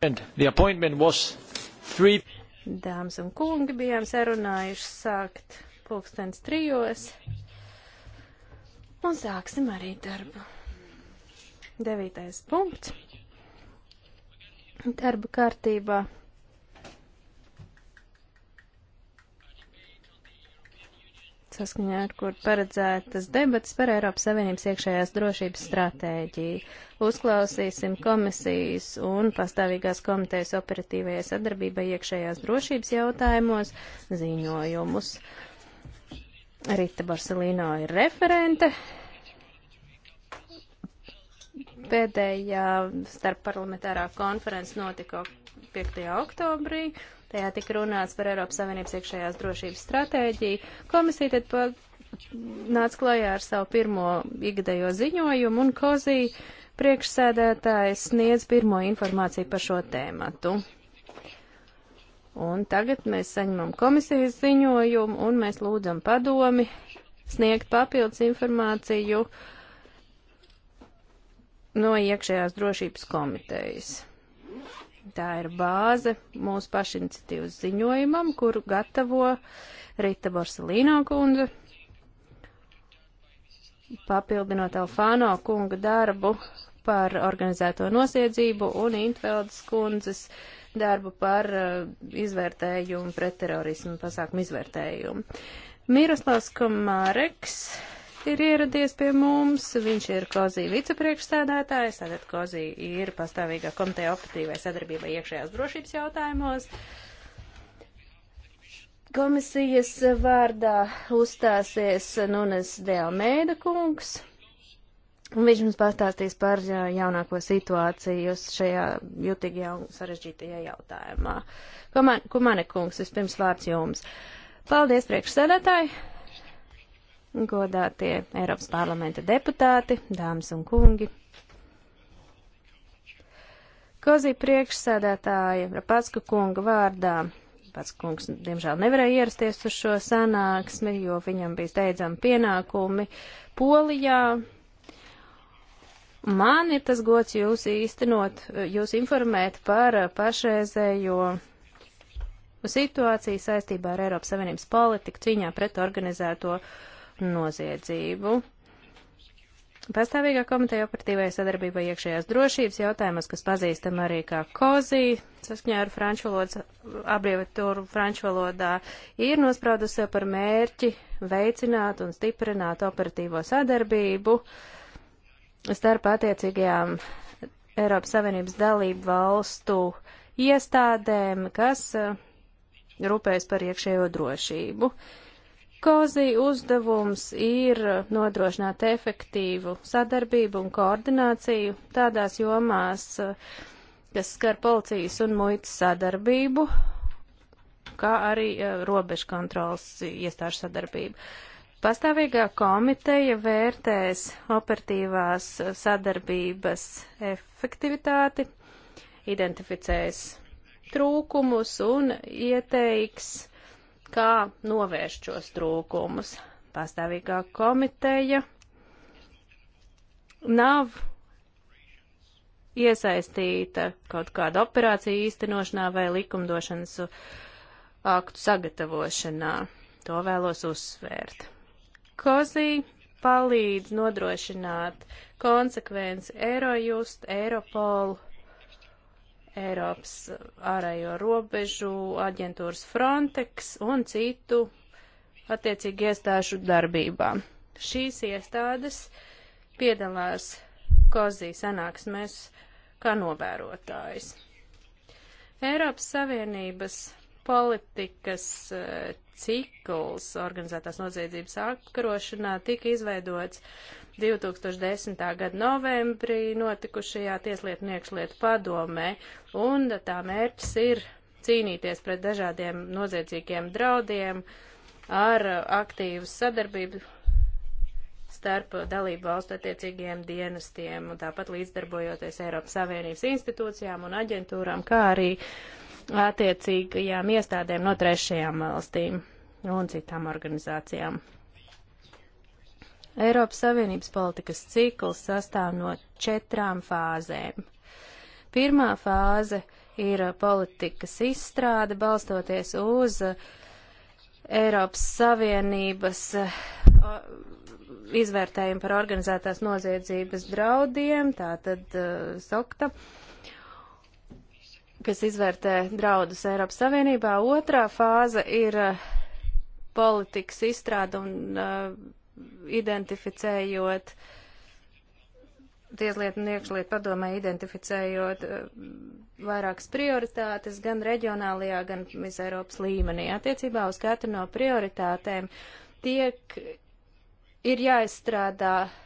Three... Dāmas un kungi bijām sarunājuši sākt pulkstens trijos. Un sāksim arī darbu. Devītais punkts. Darba kārtībā saskaņā ar kur paredzētas debatas par Eiropas Savienības iekšējās drošības stratēģiju. Uzklausīsim komisijas un pastāvīgās komitejas operatīvajai sadarbībai iekšējās drošības jautājumos ziņojumus. Rita Barcelino ir referente. Pēdējā starpparlamentārā konferences notika 5. oktobrī, Tajā tika runāts par Eiropas Savienības iekšējās drošības stratēģiju. Komisija tad pa, nāca klajā ar savu pirmo ikgadējo ziņojumu un Kozī priekšsēdētājs sniedz pirmo informāciju par šo tēmatu. Un tagad mēs saņemam komisijas ziņojumu un mēs lūdzam padomi sniegt papildus informāciju no iekšējās drošības komitejas. Tā ir bāze mūsu pašiniciatīvas ziņojumam, kuru gatavo Rita Borsalīno kundze, papildinot Alfāno kunga darbu par organizēto nosiedzību un Intveldes kundzes darbu par uh, izvērtējumu, pretterorismu pasākumu izvērtējumu. Miroslavs Komāreks ir ieradies pie mums. Viņš ir Kozī vicepriekšsēdētājs, tātad Kozī ir pastāvīgā komiteja operatīvai sadarbībai iekšējās drošības jautājumos. Komisijas vārdā uzstāsies Nunes Delmeida kungs. Un viņš mums pastāstīs par jaunāko situāciju šajā jutīgajā un sarežģītajā jautājumā. Kumane kungs, vispirms vārds jums. Paldies, priekšsēdētāji! godātie Eiropas parlamenta deputāti, dāmas un kungi. Kozī priekšsēdētāja Rapatska kunga vārdā. Pats kungs, diemžēl, nevarēja ierasties uz šo sanāksmi, jo viņam bija steidzami pienākumi Polijā. Man ir tas gods jūs īstenot, jūs informēt par pašreizējo situāciju saistībā ar Eiropas Savienības politiku cīņā pret organizēto uh, noziedzību. Pastāvīgā komiteja operatīvajai sadarbībai iekšējās drošības jautājumos, kas pazīstama arī kā kozī, saskaņā ar franču valodas abreviatūru franču valodā, ir nospraudusi par mērķi veicināt un stiprināt operatīvo sadarbību starp attiecīgajām Eiropas Savienības dalību valstu iestādēm, kas eh, rūpējas par iekšējo drošību. Uh, Kozī uzdevums ir nodrošināt efektīvu sadarbību un koordināciju tādās jomās, kas skar policijas un muitas sadarbību, kā arī eh, robežu kontrols iestāžu sadarbību. Pastāvīgā komiteja vērtēs operatīvās sadarbības efektivitāti, identificēs trūkumus un ieteiks uh, kā novērst šos trūkumus. Pastāvīgā komiteja nav iesaistīta kaut kāda operācija īstenošanā vai likumdošanas aktu sagatavošanā. To vēlos uzsvērt. Kozī palīdz nodrošināt konsekvenci Eurojust, Europolu Eiropas ārējo robežu aģentūras Frontex un citu attiecīgi iestāžu darbībā. Šīs iestādes piedalās Kozī sanāksmēs kā novērotājs. Eiropas Savienības politikas eh, cikls organizētās noziedzības apkarošanā tika izveidots 2010. gada novembrī notikušajā tieslietu un iekšlietu padomē, un tā mērķis ir cīnīties pret dažādiem noziedzīgiem draudiem ar aktīvu sadarbību starp dalību valstu attiecīgajiem dienestiem un tāpat līdzdarbojoties Eiropas Savienības institūcijām un aģentūrām, kā arī uh, attiecīgajām iestādēm no trešajām valstīm un citām organizācijām. Eiropas Savienības politikas cikls sastāv no četrām fāzēm. Pirmā fāze ir politikas izstrāde balstoties uz Eiropas Savienības uh, izvērtējumu par organizētās noziedzības draudiem, tātad uh, SOKTA. Uh, kas izvērtē draudus Eiropas Savienībā. Otrā fāze ir eh, politikas izstrāde un uh, identificējot tieslietu un iekšlietu padomē, identificējot uh, vairākas prioritātes gan reģionālajā, gan vis Eiropas līmenī. Attiecībā uz katru no prioritātēm tiek, ir jāizstrādā uh,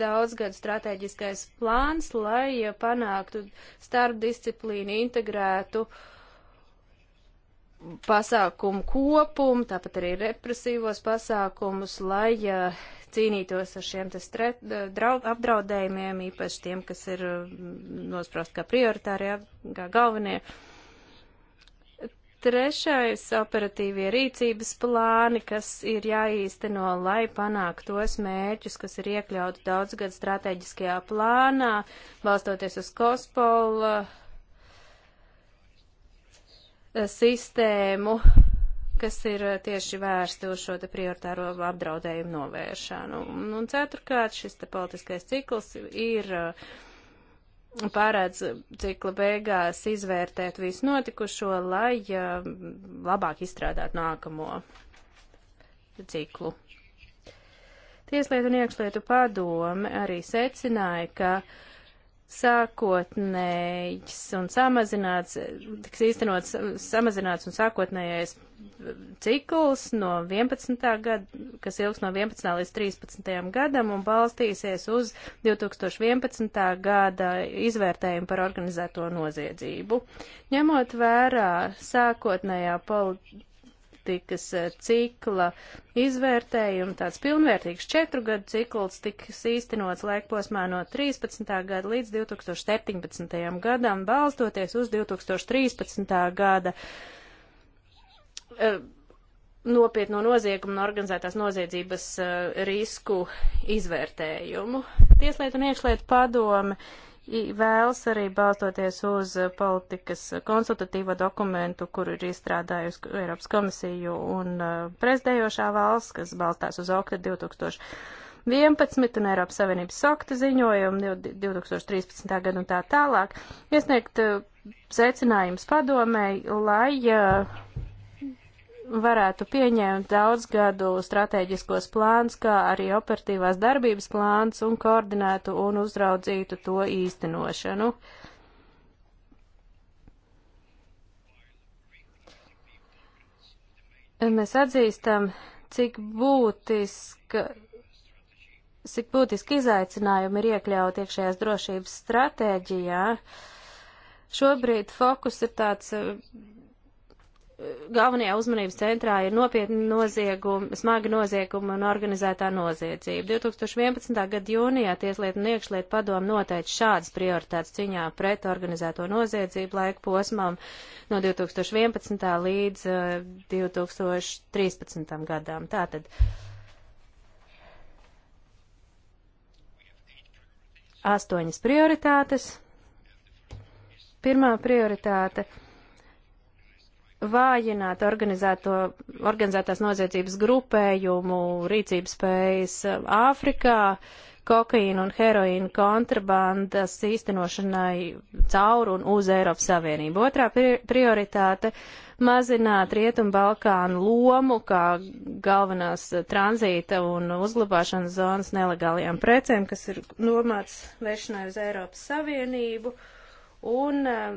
daudzgadu strateģiskais plāns, lai panāktu starpdisciplīnu integrētu pasākumu kopumu, tāpat arī represīvos pasākumus, lai cīnītos ar šiem stret, draud, apdraudējumiem, īpaši tiem, kas ir mm, nosprost kā prioritārie, kā galvenie. Uh, Trešais operatīvie rīcības plāni, kas ir jāīsteno, lai panāktu tos mērķus, kas ir iekļauti daudzgad strateģiskajā plānā, balstoties uz Kospola eh, sistēmu, kas ir eh, tieši vērsti uz šo te prioritāro apdraudējumu novēršanu. Un, un ceturkārt, šis te politiskais cikls ir uh, pārēdz cikla beigās izvērtēt visu notikušo, lai uh, labāk izstrādātu nākamo ciklu. Tieslietu un iekšlietu padome arī secināja, ka sākotnējs un samazināts, tiks īstenots samazināts un sākotnējais cikls no 11. gada, kas ilgs no 11. līdz 13. gadam un balstīsies uz 2011. gada izvērtējumu par organizēto noziedzību. Ņemot vērā sākotnējā poli politikas eh, cikla izvērtējumu. Tāds pilnvērtīgs četru gadu cikls tiks īstenots laikposmā no 13. gada līdz 2017. gadam, balstoties uz 2013. gada eh, nopietno noziegumu un organizētās noziedzības eh, risku izvērtējumu. Tieslietu un iekšlietu padome vēlas arī balstoties uz politikas konsultatīvo dokumentu, kuru ir izstrādājusi Eiropas komisiju un uh, prezidējošā valsts, kas balstās uz okta 2011 un Eiropas Savienības okta ziņojumu 2013. gadu un tā tālāk, iesniegt uh, secinājums padomēji, lai uh, varētu pieņemt daudzgadu strateģiskos plāns, kā arī operatīvās darbības plāns un koordinētu un uzraudzītu to īstenošanu. Mēs atzīstam, cik būtiska, cik būtiski izaicinājumi ir iekļauti iekšējās drošības stratēģijā. Šobrīd fokus ir tāds galvenajā uzmanības centrā ir nopietni noziegumi, smagi noziegumi un organizētā noziedzība. 2011. gada jūnijā Tieslietu un iekšlietu padomu noteica šādas prioritātes ciņā pret organizēto noziedzību laika posmam no 2011. līdz uh, 2013. gadām. Tātad. Astoņas prioritātes. Pirmā prioritāte vājināt organizētās noziedzības grupējumu rīcības spējas Āfrikā, kokaīna un heroīna kontrabandas īstenošanai caur un uz Eiropas Savienību. Otrā prioritāte - mazināt Rietumu Balkānu lomu kā galvenās tranzīta un uzglabāšanas zonas nelegālajām precēm, kas ir domāts vešanai uz Eiropas Savienību. Un uh,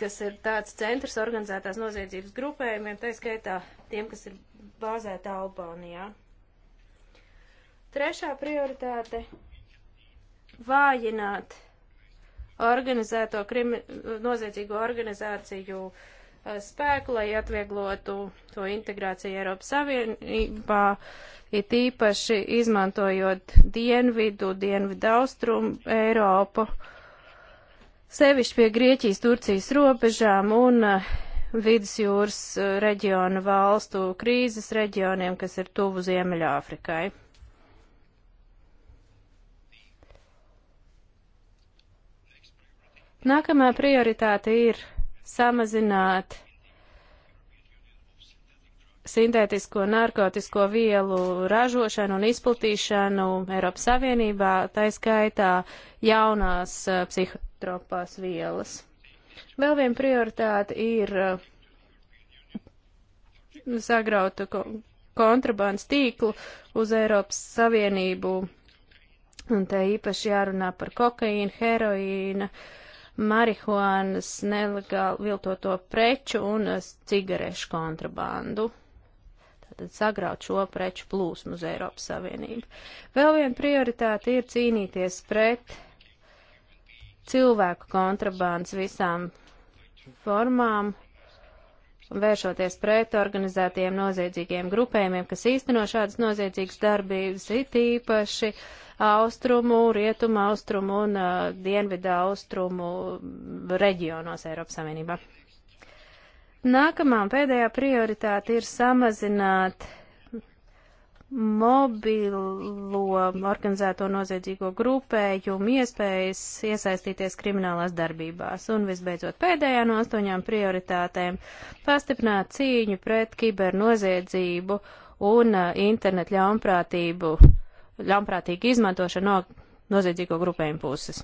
kas ir tāds centrs organizētās noziedzības grupējumiem, tā skaitā tiem, kas ir bāzēta Albānijā. Trešā prioritāte - vājināt organizēto krimi, noziedzīgo organizāciju uh, spēku, lai atvieglotu to integrāciju Eiropas Savienībā, it īpaši izmantojot dienvidu, dienvidu austrumu Eiropu. Uh, sevišķi pie Grieķijas-Turcijas robežām un eh, vidusjūras eh, reģiona valstu krīzes reģioniem, kas ir tuvu Ziemeļāfrikai. Nākamā prioritāte ir samazināt sintētisko narkotisko vielu ražošanu un izplatīšanu Eiropas Savienībā, tā skaitā jaunās uh, psihotropās vielas. Vēl viena prioritāte ir uh, eh, sagrautu ko kontrabandas tīklu uz Eiropas Savienību, un te īpaši jārunā par kokaīnu, heroīnu, marihuānas, nelegālu viltoto preču un eh, cigarešu kontrabandu sagraut šo preču plūsmu uz Eiropas Savienību. Vēl viena prioritāte ir cīnīties pret cilvēku kontrabandas visām formām, vēršoties pret organizētiem noziedzīgiem grupējumiem, kas īsteno šādas noziedzīgas darbības, it īpaši austrumu, rietumu austrumu un uh, dienvidu austrumu reģionos Eiropas Savienībā. Nākamā un pēdējā prioritāte ir samazināt mobilo organizēto noziedzīgo grupējumu iespējas iesaistīties kriminālās darbībās. Un visbeidzot pēdējā no astoņām prioritātēm - pastiprināt cīņu pret kibernoziedzību un uh, internet ļaunprātību, ļaunprātīgu izmantošanu no noziedzīgo grupējumu puses.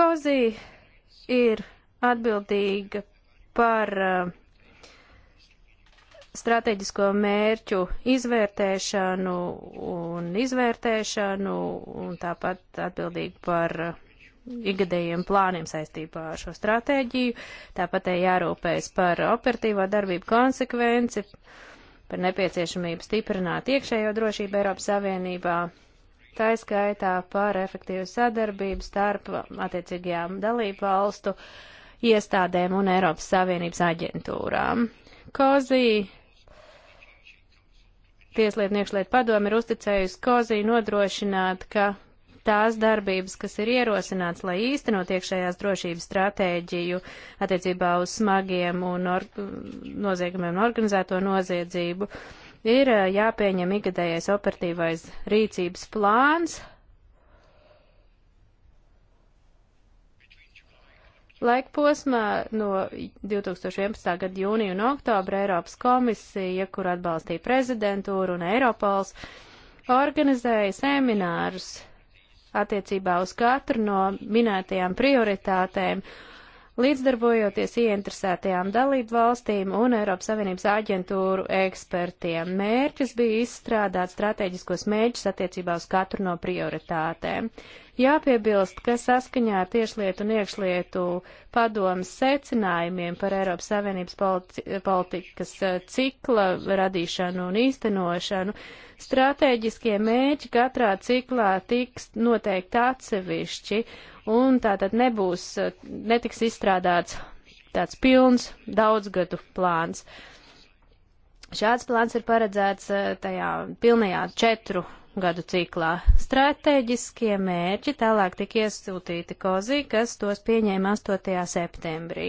Kozī ir atbildīga par eh, strateģisko mērķu izvērtēšanu un izvērtēšanu un tāpat atbildīgi par eh, ikgadējiem plāniem saistībā ar šo stratēģiju. Tāpat jārūpējas par operatīvo darbību konsekvenci, par nepieciešamību stiprināt iekšējo drošību Eiropas Savienībā, tā skaitā par efektīvu sadarbību starp attiecīgajām dalību valstu uh, iestādēm un Eiropas Savienības aģentūrām. Kozī Tieslietu un iekšlietu padomu ir uzticējusi Kozī nodrošināt, ka tās darbības, kas ir ierosināts, lai īstenot iekšējās drošības stratēģiju attiecībā uz smagiem un or noziegumiem un organizēto noziedzību, ir jāpieņem ikgadējais operatīvais rīcības plāns, Laika posmā no 2011. gada jūnija un oktobra Eiropas komisija, kur atbalstīja prezidentūru un Eiropols, organizēja seminārus attiecībā uz katru no minētajām prioritātēm, līdzdarbojoties ieinteresētajām dalību valstīm un Eiropas Savienības aģentūru ekspertiem. Mērķis bija izstrādāt strateģiskos mērķus attiecībā uz katru no prioritātēm. Jāpiebilst, ka saskaņā ar tiešlietu un iekšlietu padomas secinājumiem par Eiropas Savienības politi politikas eh, cikla radīšanu un īstenošanu, stratēģiskie mēģi katrā ciklā tiks noteikti atsevišķi un tātad nebūs, eh, netiks izstrādāts tāds pilns daudzgadu plāns. Šāds plāns ir paredzēts eh, tajā pilnajā četru gadu ciklā. Stratēģiskie mērķi tālāk tika iesūtīti Kozī, kas tos pieņēma 8. septembrī.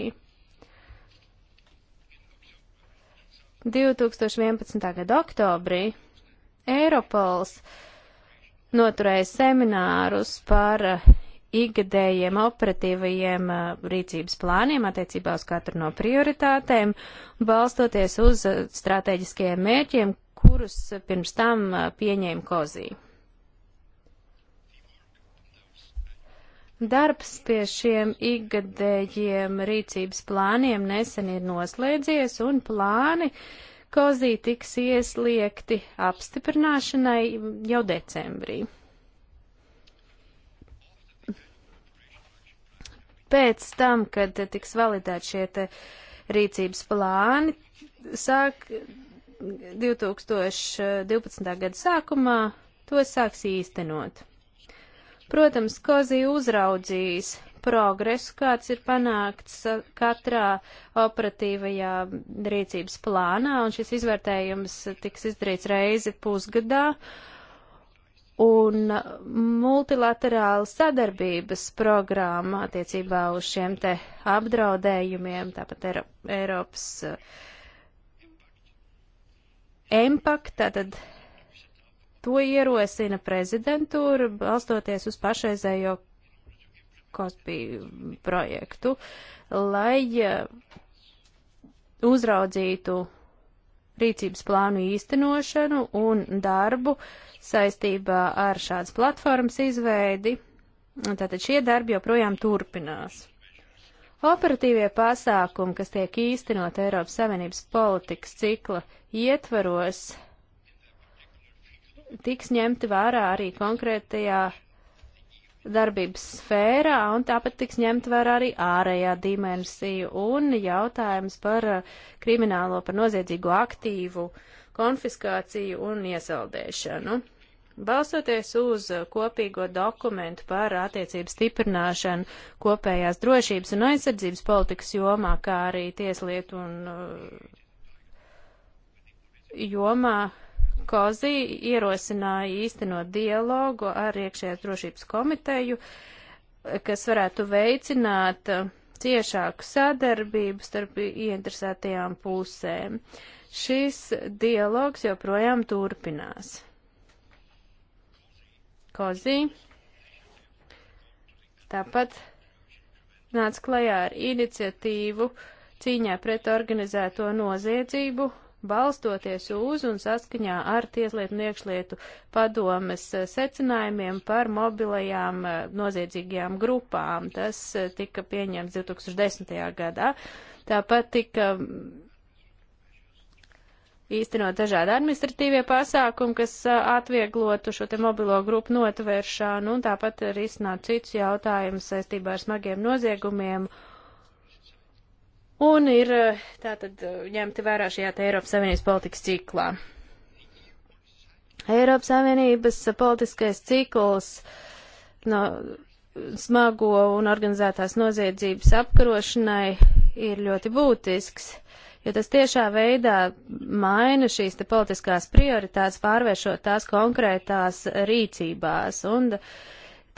2011. gada oktobrī Eiropols noturēja seminārus par eh, ikgadējiem operatīvajiem eh, rīcības plāniem attiecībā uz katru no prioritātēm, balstoties uz eh, strateģiskajiem mērķiem, kurus pirms tam pieņēma Kozī. Darbs pie šiem ikgadējiem rīcības plāniem nesen ir noslēdzies, un plāni Kozī tiks iesliegti apstiprināšanai jau decembrī. Pēc tam, kad tiks validēti šie rīcības plāni, sāk 2012. gada sākumā to sāks īstenot. Protams, Kozī uzraudzīs progresu, kāds ir panākts katrā operatīvajā rīcības plānā, un šis izvērtējums tiks izdarīts reizi pusgadā. Un multilaterāla sadarbības programma attiecībā uz šiem te apdraudējumiem, tāpat Eiropas uh, EMPAK, tātad to ierosina prezidentūra, balstoties uz pašreizējo Kosbī projektu, lai uzraudzītu rīcības plānu īstenošanu un darbu saistībā ar šādas platformas izveidi. Tātad šie darbi joprojām turpinās. Operatīvie pasākumi, kas tiek īstenot Eiropas Savienības politikas cikla ietvaros, tiks ņemti vērā arī konkrētajā darbības sfērā, un tāpat tiks ņemt vērā arī ārējā dimensija un jautājums par uh, kriminālo, par noziedzīgo aktīvu konfiskāciju un iesaldēšanu. Balsoties uz kopīgo dokumentu par attiecību stiprināšanu kopējās drošības un aizsardzības politikas jomā, kā arī tieslietu un uh, jomā, Kozī ierosināja īstenot dialogu ar iekšējās drošības komiteju, kas varētu veicināt uh, ciešāku sadarbību starp ieinteresētajām pusēm. Šis dialogs joprojām turpinās. Kozī. Tāpat nāca klajā ar iniciatīvu cīņā pret organizēto noziedzību, balstoties uz un saskaņā ar Tieslietu un iekšlietu padomes eh, secinājumiem par mobilajām eh, noziedzīgajām grupām. Tas eh, tika pieņemts 2010. gadā. Tāpat tika mm, īstenot dažādi administratīvie pasākumi, kas atvieglotu šo te mobilo grupu notvēršanu un tāpat arī izsnāt citus jautājumus saistībā ar smagiem noziegumiem. Un ir tātad ņemti vērā šajā te Eiropas Savienības politikas ciklā. Eiropas Savienības politiskais cikls no smago un organizētās noziedzības apkarošanai ir ļoti būtisks jo tas tiešā veidā maina šīs te politiskās prioritātes, pārvēršot tās konkrētās rīcībās. Un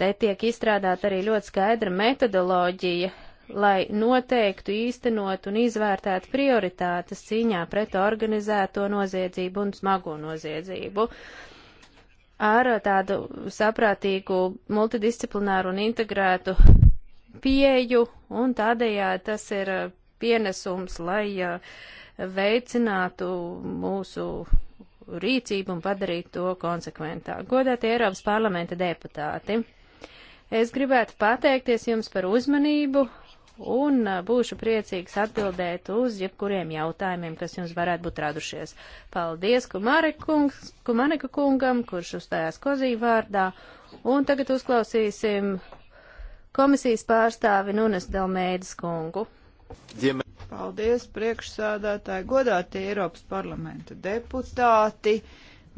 te tiek izstrādāta arī ļoti skaidra metodoloģija, lai noteiktu, īstenotu un izvērtētu prioritātes cīņā pret organizēto noziedzību un smago noziedzību ar tādu saprātīgu, multidisciplināru un integrētu pieju, un tādējādi tas ir pienesums, lai veicinātu mūsu rīcību un padarītu to konsekventāk. Godātie Eiropas parlamenta deputāti, es gribētu pateikties jums par uzmanību un būšu priecīgs atbildēt uz jebkuriem jautājumiem, kas jums varētu būt radušies. Paldies kungs, Kumarika kungam, kurš uzstājās Kozī vārdā, un tagad uzklausīsim komisijas pārstāvi Nunes Delmēdas kungu. Paldies, priekšsādātāji, godātie Eiropas parlamenta deputāti.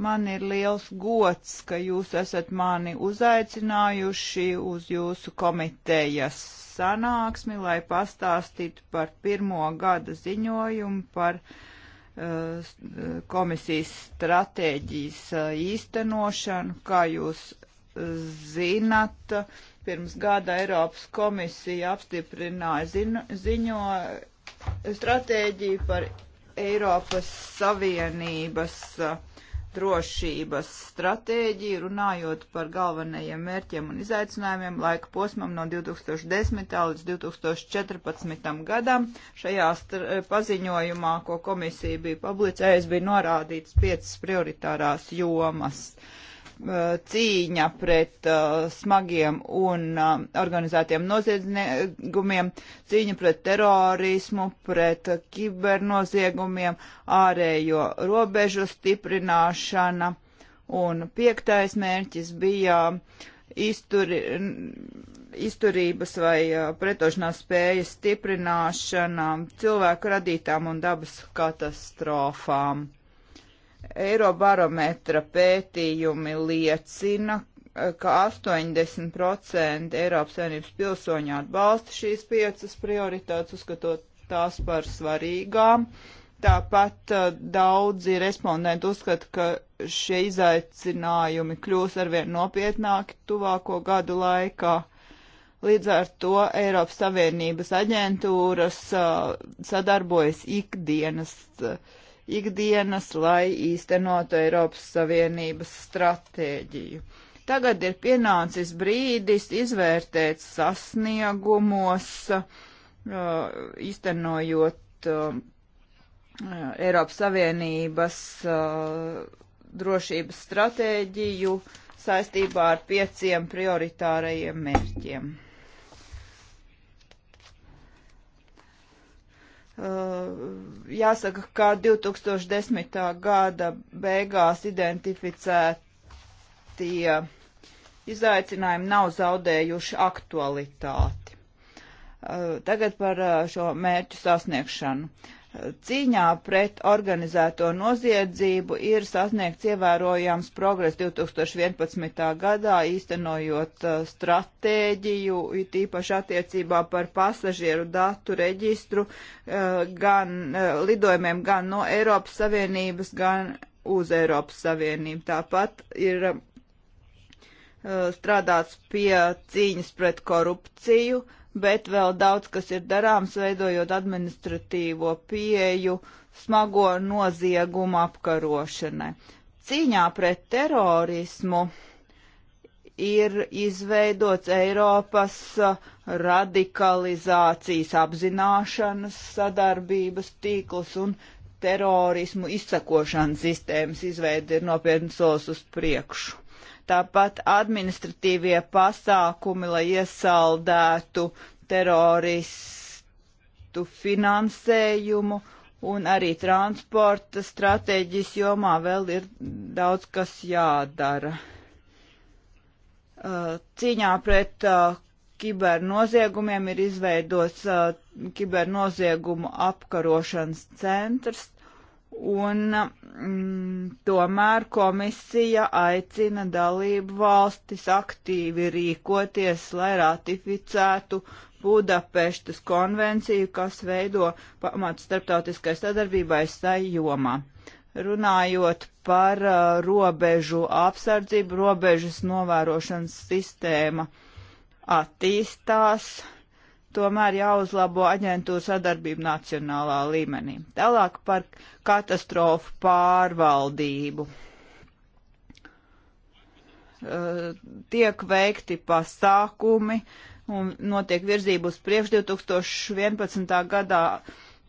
Man ir liels gods, ka jūs esat mani uzaicinājuši uz jūsu komitejas sanāksmi, lai pastāstītu par pirmo gada ziņojumu par uh, komisijas stratēģijas uh, īstenošanu, kā jūs zinat, uh, Pirms gada Eiropas komisija apstiprināja zinu, ziņo eh, stratēģiju par Eiropas Savienības eh, drošības stratēģiju, runājot par galvenajiem mērķiem un izaicinājumiem laika posmam no 2010. līdz 2014. gadam. Šajā paziņojumā, ko komisija bija publicējusi, bija norādīts piecas prioritārās jomas. Uh, Uh, cīņa pret uh, smagiem un uh, organizētiem noziegumiem, cīņa pret terorismu, pret kibernoziegumiem, ārējo robežu stiprināšana. Un piektais mērķis bija izturi, izturības vai pretošanās spējas stiprināšana cilvēku radītām un dabas katastrofām. Eirobarometra pētījumi liecina, eh, ka 80% Eiropas Savienības pilsoņu atbalsta šīs piecas prioritātes, uzskatot tās par svarīgām. Tāpat eh, daudzi respondenti uzskata, ka šie izaicinājumi kļūs arvien nopietnāki tuvāko gadu laikā. Līdz ar to Eiropas Savienības aģentūras eh, sadarbojas ikdienas uh, ikdienas, lai īstenotu Eiropas Savienības stratēģiju. Tagad ir pienācis brīdis izvērtēt sasniegumos, uh, īstenojot uh, Eiropas Savienības uh, drošības stratēģiju saistībā ar pieciem prioritārajiem mērķiem. Uh, jāsaka, ka 2010. gada beigās identificētie izaicinājumi nav zaudējuši aktualitāti. Uh, tagad par uh, šo mērķu sasniegšanu cīņā pret organizēto noziedzību ir sasniegts ievērojams progress 2011. gadā, īstenojot uh, stratēģiju, it īpaši attiecībā par pasažieru datu reģistru uh, gan uh, lidojumiem gan no Eiropas Savienības, gan uz Eiropas Savienību. Tāpat ir strādāts pie cīņas pret korupciju, bet vēl daudz kas ir darāms, veidojot administratīvo pieju smago noziegumu apkarošanai. Cīņā pret terorismu ir izveidots Eiropas radikalizācijas apzināšanas sadarbības tīkls un terorismu izsakošanas sistēmas izveida ir nopietns solis uz priekšu tāpat administratīvie pasākumi, lai iesaldētu teroristu finansējumu un arī transporta stratēģijas jomā vēl ir daudz kas jādara. Uh, cīņā pret uh, kibernoziegumiem ir izveidots uh, kibernoziegumu apkarošanas centrs, Un mm, tomēr komisija aicina dalību valstis aktīvi rīkoties, lai ratificētu Budapeštas konvenciju, kas veido pamatu starptautiskai sadarbībai sai jomā. Runājot par uh, robežu apsardzību, robežas novērošanas sistēma attīstās. Uh, tomēr jāuzlabo aģentūra sadarbība nacionālā līmenī. Tālāk par katastrofu pārvaldību. Uh, tiek veikti pasākumi un notiek virzību uz priekš 2011. gadā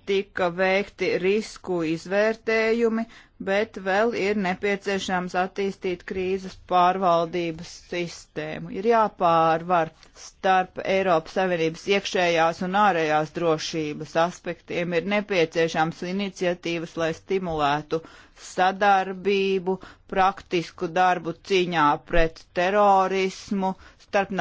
tika veikti risku izvērtējumi, bet vēl ir nepieciešams attīstīt krīzes pārvaldības sistēmu. Ir jāpārvar starp Eiropas Savienības iekšējās un ārējās drošības aspektiem, ir nepieciešams iniciatīvas, lai stimulētu sadarbību, praktisku darbu cīņā pret terorismu, starp,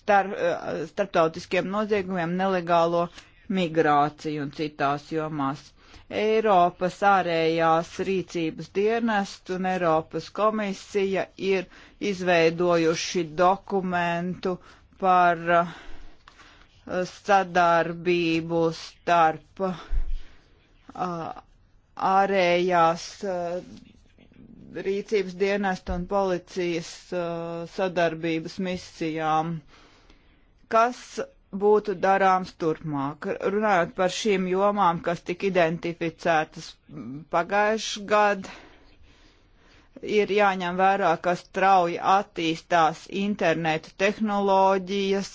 starp, eh, starptautiskiem noziegumiem, nelegālo migrāciju un citās jomās. Eiropas ārējās rīcības dienests un Eiropas komisija ir izveidojuši dokumentu par uh, sadarbību starp uh, ārējās uh, rīcības dienestu un policijas sadarbības misijām, kas būtu darāms turpmāk. Runājot par šīm jomām, kas tika identificētas pagājuši gadu, ir jāņem vērā, ka strauji attīstās internetu tehnoloģijas,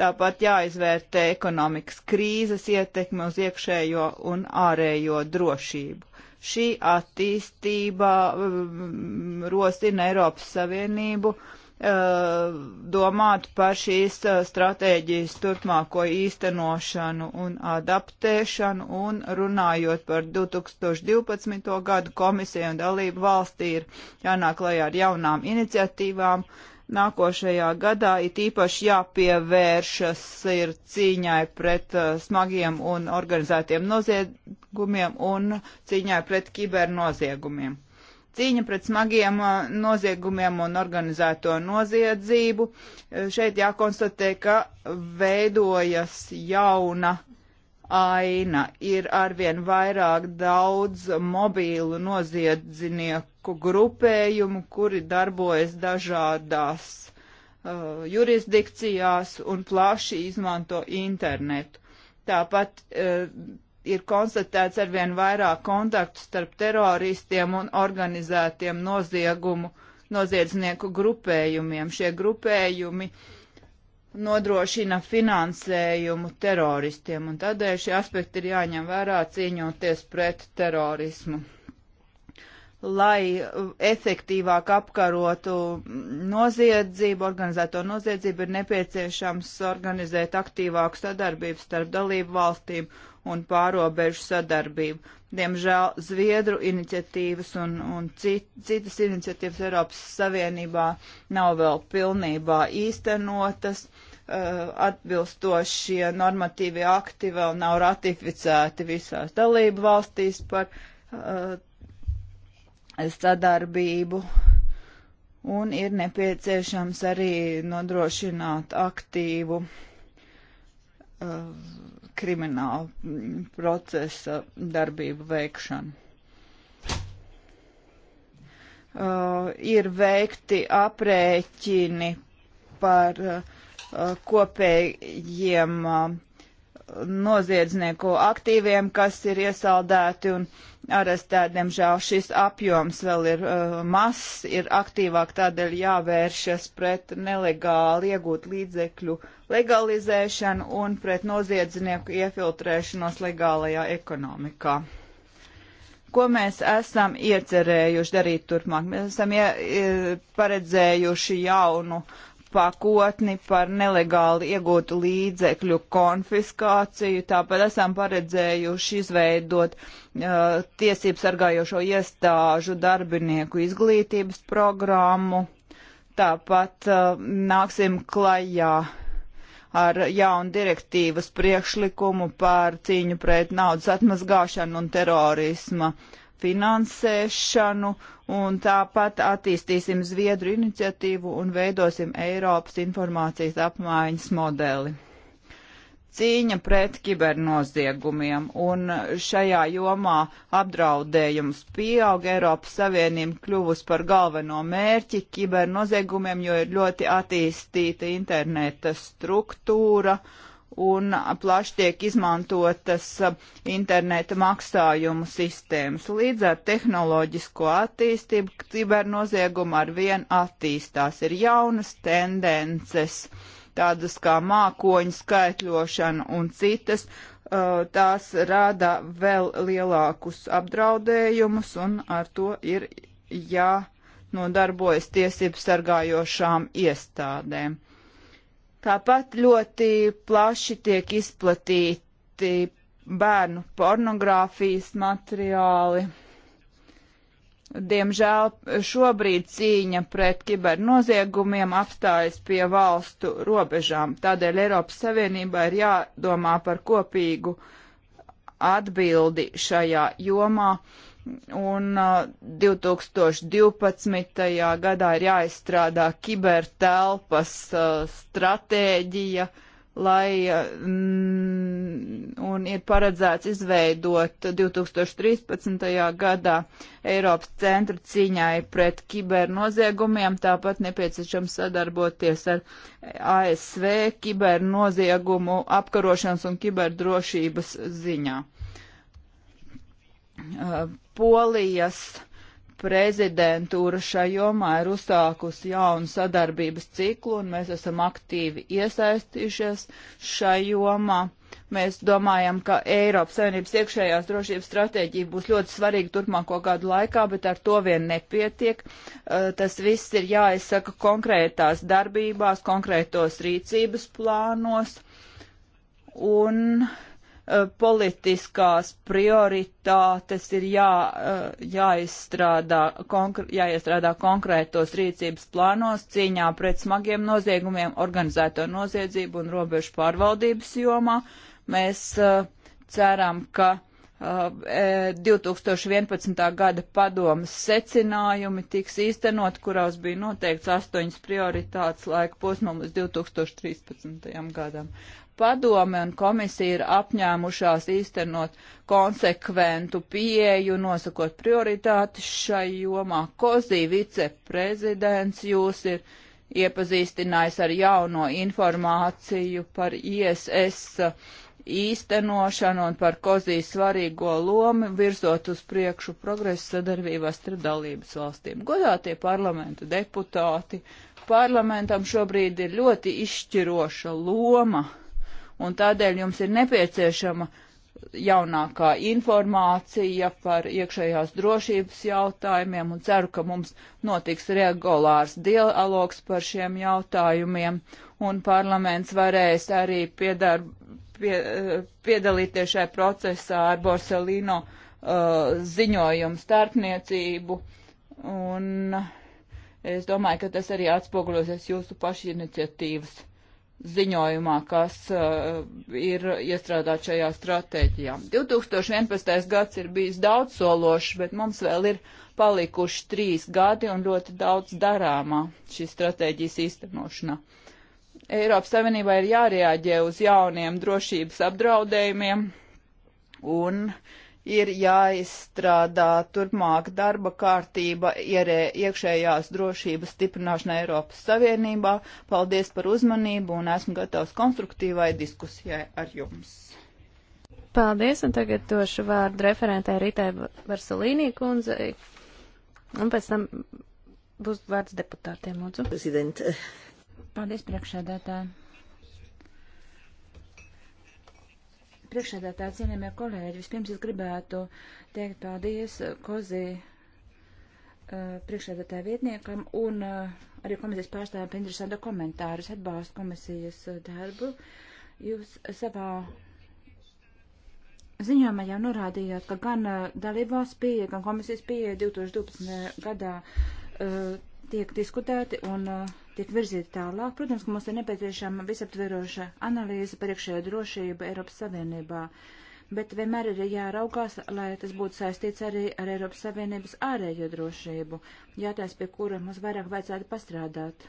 tāpat jāizvērtē ekonomikas krīzes ietekme uz iekšējo un ārējo drošību. Šī attīstība mm, rosina Eiropas Savienību uh, Uh, domāt par šīs uh, stratēģijas turpmāko īstenošanu un adaptēšanu, un runājot par 2012. gadu komisiju un dalību valstī ir jānāk lajā ar jaunām iniciatīvām. Nākošajā gadā it īpaši jāpievēršas ir cīņai pret uh, smagiem un organizētiem noziegumiem un cīņai pret kibernoziegumiem cīņa pret smagiem uh, noziegumiem un organizēto noziedzību. Uh, šeit jākonstatē, ka veidojas jauna aina. Ir arvien vairāk daudz mobīlu noziedznieku grupējumu, kuri darbojas dažādās uh, jurisdikcijās un plaši izmanto internetu. Tāpat uh, ir konstatēts arvien vairāk kontaktu starp teroristiem un organizētiem noziegumu, noziedznieku grupējumiem. Šie grupējumi nodrošina finansējumu teroristiem, un tādēļ šie aspekti ir jāņem vērā cīņoties pret terorismu lai efektīvāk apkarotu noziedzību, organizēto noziedzību, ir nepieciešams organizēt aktīvāku sadarbību starp dalību valstīm un pārobežu sadarbību. Diemžēl Zviedru iniciatīvas un, un cit, citas iniciatīvas Eiropas Savienībā nav vēl pilnībā īstenotas uh, atbilstošie normatīvi akti vēl nav ratificēti visās dalību valstīs par uh, sadarbību un ir nepieciešams arī nodrošināt aktīvu uh, kriminālu procesa darbību veikšanu. Uh, ir veikti aprēķini par uh, kopējiem uh, noziedznieku aktīviem, kas ir iesaldēti un arestēti. Diemžēl šis apjoms vēl ir uh, mazs, ir aktīvāk tādēļ jāvēršas pret nelegāli iegūt līdzekļu legalizēšanu un pret noziedznieku iefiltrēšanos legālajā ekonomikā. Ko mēs esam iecerējuši darīt turpmāk? Mēs esam ie, paredzējuši jaunu uh, pakotni par nelegāli iegūtu līdzekļu konfiskāciju. Tāpat esam paredzējuši izveidot uh, tiesību sargājošo iestāžu darbinieku izglītības programmu. Tāpat uh, nāksim klajā ar jaunu direktīvas priekšlikumu par cīņu pret naudas atmazgāšanu un terorisma uh, finansēšanu un tāpat attīstīsim Zviedru iniciatīvu un veidosim Eiropas informācijas apmaiņas modeli. Cīņa pret kibernoziegumiem un šajā jomā apdraudējums pieaug. Eiropas Savienība kļuvusi par galveno mērķi kibernoziegumiem, jo ir ļoti attīstīta interneta struktūra un plaši tiek izmantotas interneta maksājumu sistēmas. Līdz ar tehnoloģisko attīstību cibernozieguma ar vien attīstās. Ir jaunas tendences, tādas kā mākoņu skaitļošana un citas, tās rada vēl lielākus apdraudējumus un ar to ir jānodarbojas tiesību sargājošām iestādēm. Tāpat ļoti plaši tiek izplatīti bērnu pornogrāfijas materiāli. Diemžēl šobrīd cīņa pret kibernoziegumiem apstājas pie valstu robežām. Tādēļ Eiropas Savienībā ir jādomā par kopīgu atbildi šajā jomā Un uh, 2012. gadā ir jāizstrādā kibertelpas uh, stratēģija, lai mm, un ir paredzēts izveidot 2013. gadā Eiropas centru cīņai pret kibernoziegumiem, tāpat nepieciešams sadarboties ar ASV kibernoziegumu apkarošanas un kiberdrošības ziņā. Polijas prezidentūra šai jomā ir uzsākusi jaunu sadarbības ciklu, un mēs esam aktīvi iesaistījušies šai jomā. Mēs domājam, ka Eiropas Savienības iekšējās drošības stratēģija būs ļoti svarīga turpmāko gadu laikā, bet ar to vien nepietiek. Eh, tas viss ir jāizsaka konkrētās darbībās, konkrētos rīcības plānos. Un uh, Eh, politiskās prioritātes ir jā, eh, jāizstrādā, konkr jāiestrādā konkrētos rīcības plānos cīņā pret smagiem noziegumiem, organizēto noziedzību un robežu pārvaldības jomā. Mēs uh, ceram, ka uh, 2011. gada padomas secinājumi tiks īstenot, kurās bija noteikts astoņas prioritātes laika posmam uz 2013. gadam. Padome un komisija ir apņēmušās īstenot konsekventu pieeju, nosakot prioritātes šai jomā. Kozī viceprezidents jūs ir iepazīstinājis ar jauno informāciju par ISS īstenošanu un par kozīs svarīgo lomu virzot uz priekšu progresu sadarbībās starp dalības valstīm. Godātie parlamenta deputāti, parlamentam šobrīd ir ļoti izšķiroša loma un tādēļ jums ir nepieciešama jaunākā informācija par iekšējās drošības jautājumiem un ceru, ka mums notiks regulārs dialogs par šiem jautājumiem un parlaments varēs arī piedar, pie, piedalīties šajā procesā ar Borselino uh, ziņojumu starpniecību un es domāju, ka tas arī atspoguļosies jūsu pašu iniciatīvas ziņojumā, kas uh, ir iestrādāt šajā stratēģijā. 2011. gads ir bijis daudz sološs, bet mums vēl ir palikuši trīs gadi un ļoti daudz darāmā šīs stratēģijas īstenošanā. Eiropas Savienībā ir jārēģē uz jauniem drošības apdraudējumiem un uh, ir jāizstrādā turpmāk darba kārtība ierē, iekšējās drošības stiprināšana Eiropas Savienībā. Paldies par uzmanību un esmu gatavs konstruktīvai diskusijai ar jums. Paldies, un tagad došu vārdu referentē Ritai Varsalīnī kundzei, un pēc tam būs vārds deputātiem, lūdzu. Paldies, priekšsēdētāji. priekšsēdētāji, cienījamie kolēģi, vispirms es gribētu teikt paldies Kozī eh, priekšsēdētāja vietniekam un eh, arī komisijas pārstāvjiem par interesantu komentārus atbalstu komisijas eh, darbu. Jūs savā ziņojumā jau norādījāt, ka gan dalībvalsts pieeja, gan komisijas pieeja 2012. gadā tiek diskutēti un uh, tiek virzīti tālāk. Protams, ka mums ir nepieciešama visaptveroša analīze par iekšējo drošību Eiropas Savienībā, bet vienmēr ir jāraugās, lai tas būtu saistīts arī ar Eiropas Savienības ārējo drošību, jātājs, pie kura mums vairāk vajadzētu pastrādāt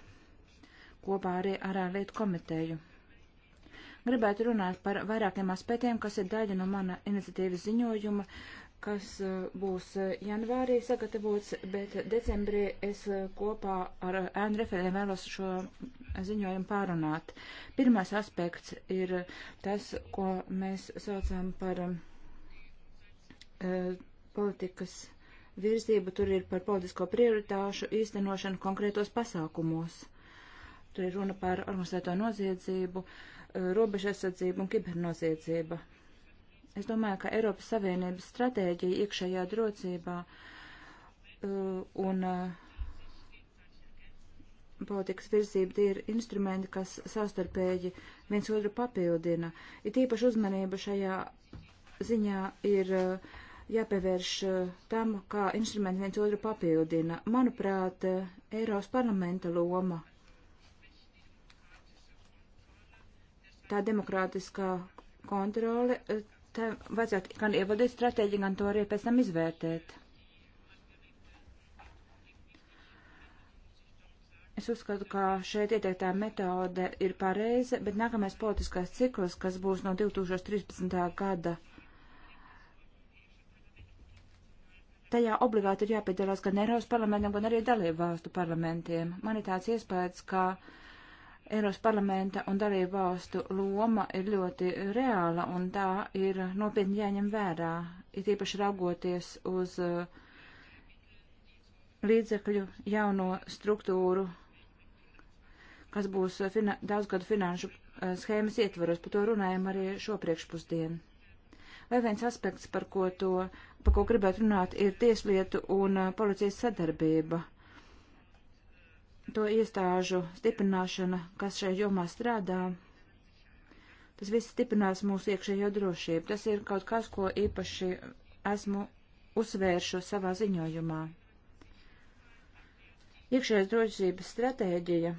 kopā arī ar ārlietu komiteju. Gribētu runāt par vairākiem aspektiem, kas ir daļa no mana iniciatīvas ziņojuma. Uh, kas e, būs e, janvārī sagatavots, bet decembrī es e, kopā ar ēnu referēm vēlos šo ziņojumu pārunāt. Pirmais aspekts ir tas, ko mēs saucam par uh, politikas virzību. Tur ir par politisko prioritāšu īstenošanu konkrētos pasākumos. Tur ir runa par organizēto noziedzību, uh, robežaizsardzību un kibernoziedzību. Es domāju, ka Eiropas Savienības stratēģija iekšējā drocībā uh, un uh, politikas virzība tie ir instrumenti, kas savstarpēji viens otru papildina. Ir tīpaši uzmanība šajā ziņā ir uh, jāpievērš tam, kā instrumenti viens otru papildina. Manuprāt, Eiropas parlamenta loma tā demokrātiskā kontrole, te vajadzētu gan ievadīt stratēģiju, gan to arī pēc tam izvērtēt. Es uzskatu, ka šeit ieteiktā metode ir pareiza, bet nākamais politiskais cikls, kas būs no 2013. gada, tajā obligāti ir jāpiedalās gan Eiropas parlamentam, gan arī dalību valstu parlamentiem. Man ir tāds iespējas, ka uh, Eiropas parlamenta un dalību valstu loma ir ļoti reāla un tā ir nopietni jāņem vērā, it īpaši raugoties uz uh, līdzekļu jauno struktūru, kas būs uh, fina daudzgadu finanšu uh, schēmas ietvaros, par to runājam arī šo priekšpusdienu. Vēl viens aspekts, par ko, to, par ko gribētu runāt, ir tieslietu un policijas sadarbība. Uh, to iestāžu stiprināšana, kas šajā jomā strādā, tas viss stiprinās mūsu iekšējo drošību. Tas ir kaut kas, ko īpaši esmu uzsvēršu savā ziņojumā. Iekšējās drošības stratēģija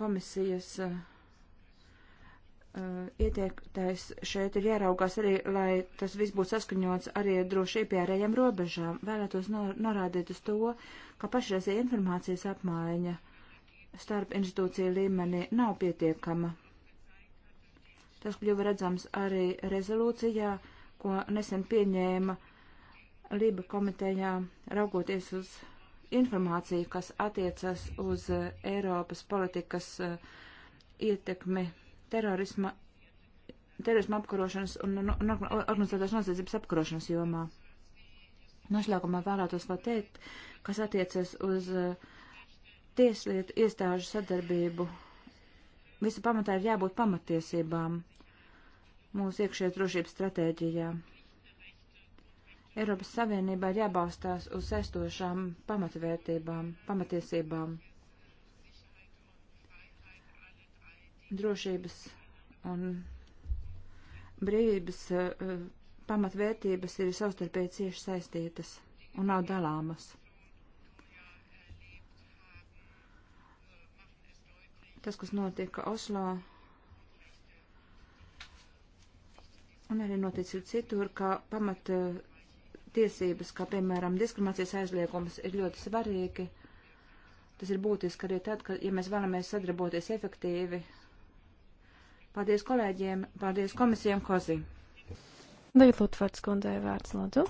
komisijas uh, Eh, ieteiktais šeit ir jāraugās arī, lai tas viss būtu saskaņots arī droši iepjārējiem robežām. Vēlētos norādīt uz to, ka pašreizēja informācijas apmaiņa starp institūciju līmenī nav pietiekama. Tas kļuva redzams arī rezolūcijā, ko nesen pieņēma Lība komitejā, raugoties uz informāciju, kas attiecas uz eh, Eiropas politikas eh, ietekmi terorisma, terorisma apkarošanas un organizētās noziedzības apkarošanas jomā. Nošlēgumā vēlētos vēl teikt, kas attiecas uz eh, tieslietu iestāžu sadarbību. Visu pamatā ir jābūt pamatiesībām mūsu iekšējās drošības stratēģijā. Eiropas Savienībā ir jābalstās uz saistošām pamatvērtībām, pamatiesībām. drošības un brīvības uh, pamatvērtības ir savstarpēji cieši saistītas un nav dalāmas. Tas, kas notika Oslo un arī noticis ir citur, ka pamat eh, tiesības, kā piemēram diskriminācijas aizliegums, ir ļoti svarīgi. Tas ir būtiski arī tad, ka, ja mēs vēlamies sadarboties efektīvi Paldies kolēģiem, paldies komisijām Kozi. Tagad Lutvards kundzei vārds lūdzu.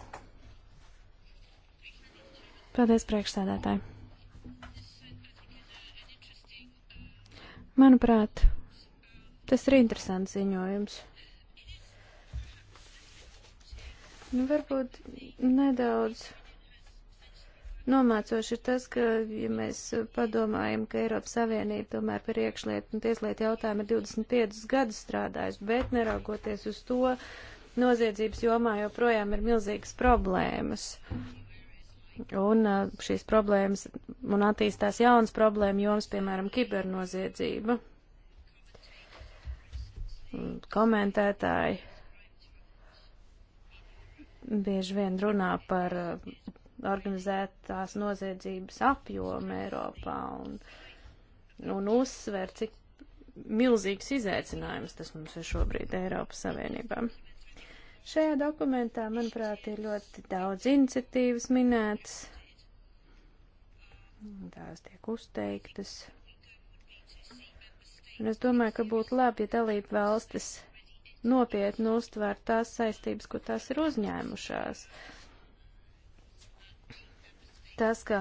Paldies priekšsēdētāji. Manuprāt, tas ir interesants ziņojums. Nu, varbūt nedaudz Nomācoši ir tas, ka, ja mēs padomājam, ka Eiropas Savienība tomēr par iekšlietu un tieslietu jautājumu ir 25 gadus strādājusi, bet neraugoties uz to, noziedzības jomā joprojām ir milzīgas problēmas. Un šīs problēmas, un attīstās jaunas problēma joms, piemēram, kibernoziedzība. Komentētāji bieži vien runā par organizētās noziedzības apjomu Eiropā un, un uzsver, cik milzīgs izaicinājums tas mums ir šobrīd Eiropas Savienībā. Šajā dokumentā, manuprāt, ir ļoti daudz iniciatīvas minētas, tās tiek uzteiktas. Un es domāju, ka būtu labi, ja dalība valstis nopietni uztvērt tās saistības, ko tās ir uzņēmušās. Uh, tas, ka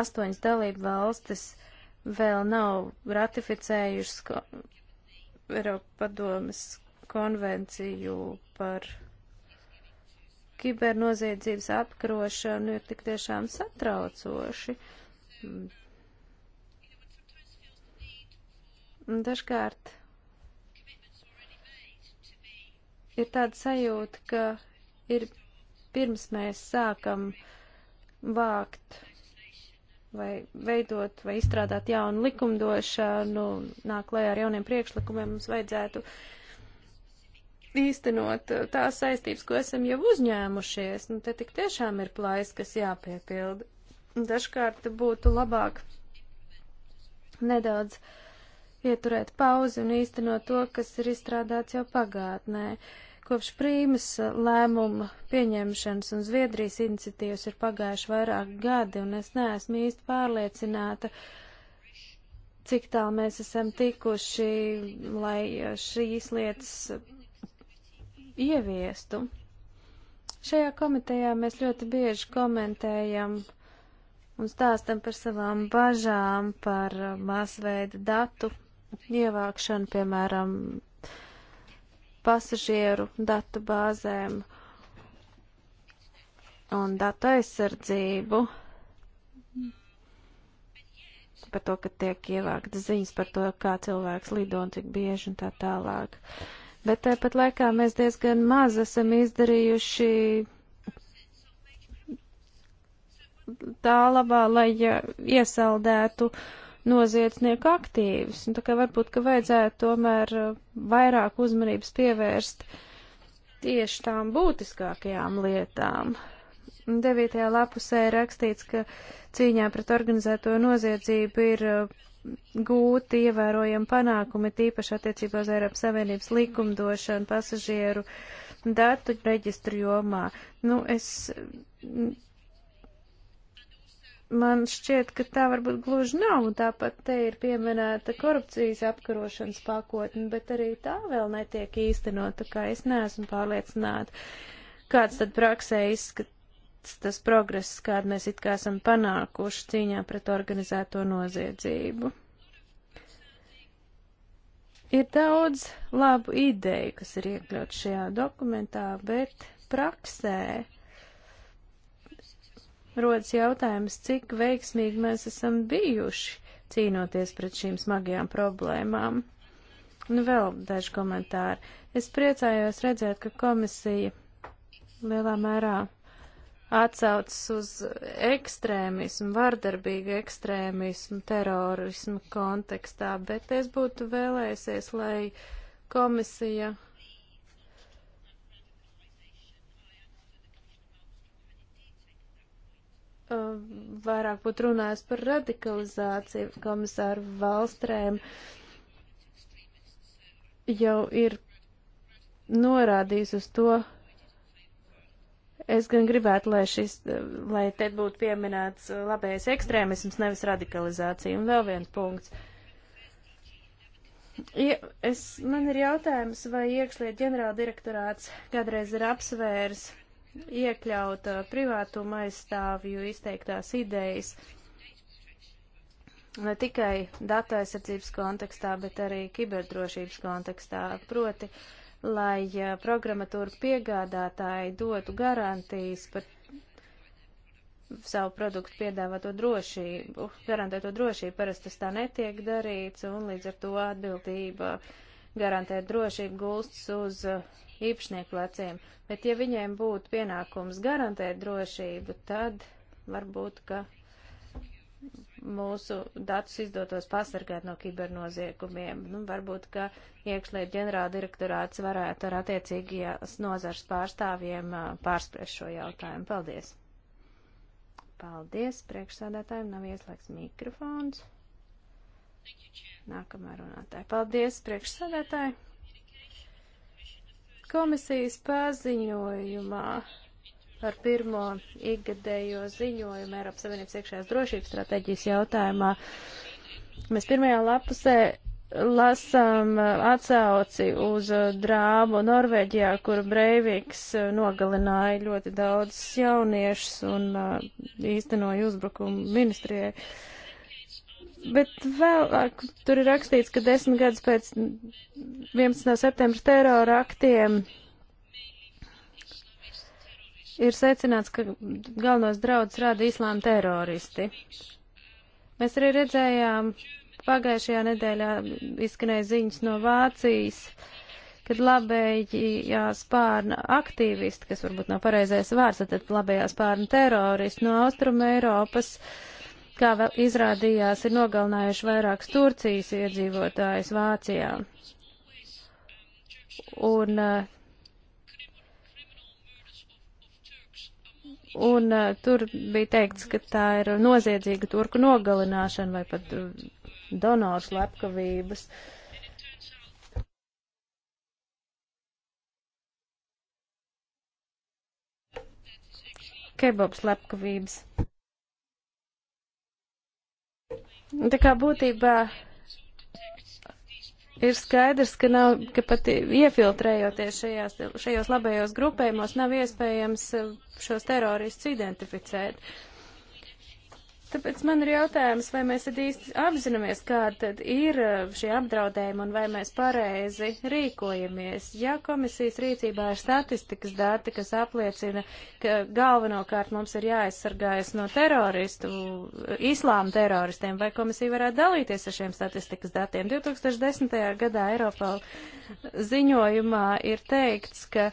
astoņas dalība valstis vēl nav ratificējušas ko Eiropadomas konvenciju par kibernoziedzības apkarošanu, ir tik tiešām satraucoši. Dažkārt ir tāda sajūta, ka ir pirms mēs sākam uh, vākt vai veidot vai izstrādāt jaunu likumdošanu, nāk lejā ar jauniem priekšlikumiem, mums vajadzētu īstenot uh, tās saistības, ko esam jau uzņēmušies. Nu, te tik tiešām ir plājas, kas jāpiepilda. Dažkārt būtu labāk nedaudz ieturēt pauzi un īstenot to, kas ir izstrādāts jau pagātnē. Uh, Kopš prīmas eh, lēmuma pieņemšanas un Zviedrijas iniciatīvas ir pagājuši vairāk gadi, un es neesmu īsti pārliecināta, cik tālu mēs esam tikuši, lai eh, šīs lietas ieviestu. Šajā komitejā mēs ļoti bieži komentējam un stāstam par savām bažām, par eh, masveida datu ievākšanu, piemēram, pasažieru datu bāzēm un datu aizsardzību, par to, ka tiek ievāktas ziņas par to, kā cilvēks lido un cik bieži un tā tālāk. Bet tāpat laikā mēs diezgan maz esam izdarījuši tā labā, lai iesaldētu uh, noziedznieku aktīvus. Un nu, tā kā varbūt, ka vajadzētu tomēr uh, vairāk uzmanības pievērst tieši tām būtiskākajām lietām. 9. lapusē rakstīts, ka cīņā pret organizēto noziedzību ir uh, gūti ievērojami panākumi, tīpaši attiecībā uz Eiropas Savienības likumdošanu pasažieru datu reģistru jomā. Nu, es man šķiet, ka tā varbūt gluži nav, un tāpat te ir pieminēta korupcijas apkarošanas pakotne, bet arī tā vēl netiek īstenota, kā es neesmu pārliecināta, kāds tad praksē izskats tas progress, kādu mēs it kā esam panākuši cīņā pret organizēto noziedzību. Ir daudz labu ideju, kas ir iekļaut šajā dokumentā, bet praksē rodas jautājums, cik veiksmīgi mēs esam bijuši cīnoties pret šīm smagajām problēmām. Un vēl daži komentāri. Es priecājos redzēt, ka komisija lielā mērā atsaucas uz ekstrēmismu, vardarbīgu ekstrēmismu, terorismu kontekstā, bet es būtu vēlējusies, lai komisija Ehm, vairāk būtu runājis par radikalizāciju, komisāru valstrēm jau ir norādījis uz to. Es gan gribētu, lai, šis, lai te būtu pieminēts labējais ekstrēmisms, nevis radikalizācija. Un vēl viens punkts. Ja, es, man ir jautājums, vai iekšliet ģenerāldirektorāts kādreiz ir apsvērs iekļaut uh, privātuma aizstāvju izteiktās idejas ne tikai datu aizsardzības kontekstā, bet arī kiberdrošības kontekstā. Proti, lai uh, programmatūra piegādātāji dotu garantijas par savu produktu piedāvāto drošību, garantēto drošību, parasti tas tā netiek darīts, un līdz ar to atbildība garantēt drošību gulsts uz uh, īpašnieku pleciem, bet ja viņiem būtu pienākums garantēt drošību, tad varbūt, ka mūsu datus izdotos pasargāt no kibernoziegumiem. Nu, varbūt, ka iekšlietu ģenerāla direktorāts varētu ar attiecīgajās nozars pārstāvjiem pārspriest šo jautājumu. Paldies! Paldies! Priekšsādātājiem nav ieslēgts mikrofons. Nākamā runātāja. Paldies, priekšsādātāji! Komisijas paziņojumā par pirmo ikgadējo ziņojumu Eiropas Savienības iekšējās drošības stratēģijas jautājumā. Mēs pirmajā lapusē lasām atsauci uz drāmu Norvēģijā, kur Breiviks nogalināja ļoti daudz jauniešus un uh, īstenoja uzbrukumu ministrijai. Uh, Bet vēlāk tur ir rakstīts, ka desmit gadus pēc 11. septembra terora aktiem ir secināts, ka galvenos draudus rada islāma teroristi. Mēs arī redzējām pagājušajā nedēļā izskanēja ziņas no Vācijas, kad labējā spārna aktīvisti, kas varbūt nav pareizais vārds, tad labējā spārna teroristi no Austrum Eiropas, uh, kā vēl izrādījās, ir nogalinājuši vairākus Turcijas iedzīvotājus Vācijā. Un, eh, un eh, tur bija teikts, ka tā ir noziedzīga turku nogalināšana vai pat eh, donors lepkavības. Kebabs lepkavības. Tā kā būtībā ir skaidrs, ka, nav, ka pat iefiltrējoties šajās, šajos labajos grupējumos, nav iespējams šos teroristus identificēt. Tāpēc man ir jautājums, vai mēs tad īsti apzināmies, kāda tad ir eh, šie apdraudējumi un vai mēs pareizi rīkojamies. Ja komisijas rīcībā ir statistikas dati, kas apliecina, ka galvenokārt mums ir jāaizsargājas no teroristu, islāma teroristiem, vai komisija varētu dalīties ar šiem statistikas datiem? 2010. gadā Eiropā ziņojumā ir teikts, ka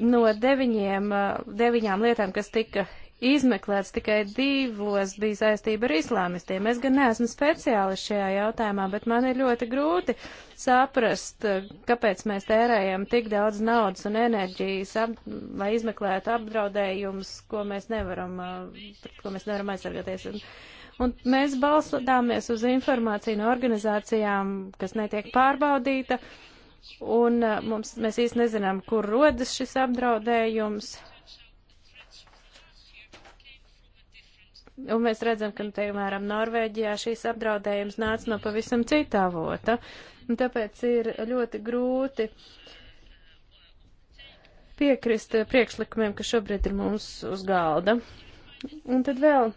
no deviņiem, eh, deviņām lietām, kas tika izmeklēts, tikai divos bija saistība ar islāmistiem. Es gan neesmu speciālists šajā jautājumā, bet man ir ļoti grūti saprast, eh, kāpēc mēs tērējam tik daudz naudas un enerģijas, ap, lai izmeklētu apdraudējumus, ko mēs nevaram, pret eh, ko mēs nevaram aizsargāties. Un, un mēs balstāmies uz informāciju no organizācijām, kas netiek pārbaudīta. Un eh, mums, mēs īsti nezinām, kur rodas šis apdraudējums, Un mēs redzam, ka, piemēram, Norvēģijā šīs apdraudējums nāca no pavisam citā avota. Un tāpēc ir ļoti grūti piekrist priekšlikumiem, kas šobrīd ir mums uz galda. Un tad vēl.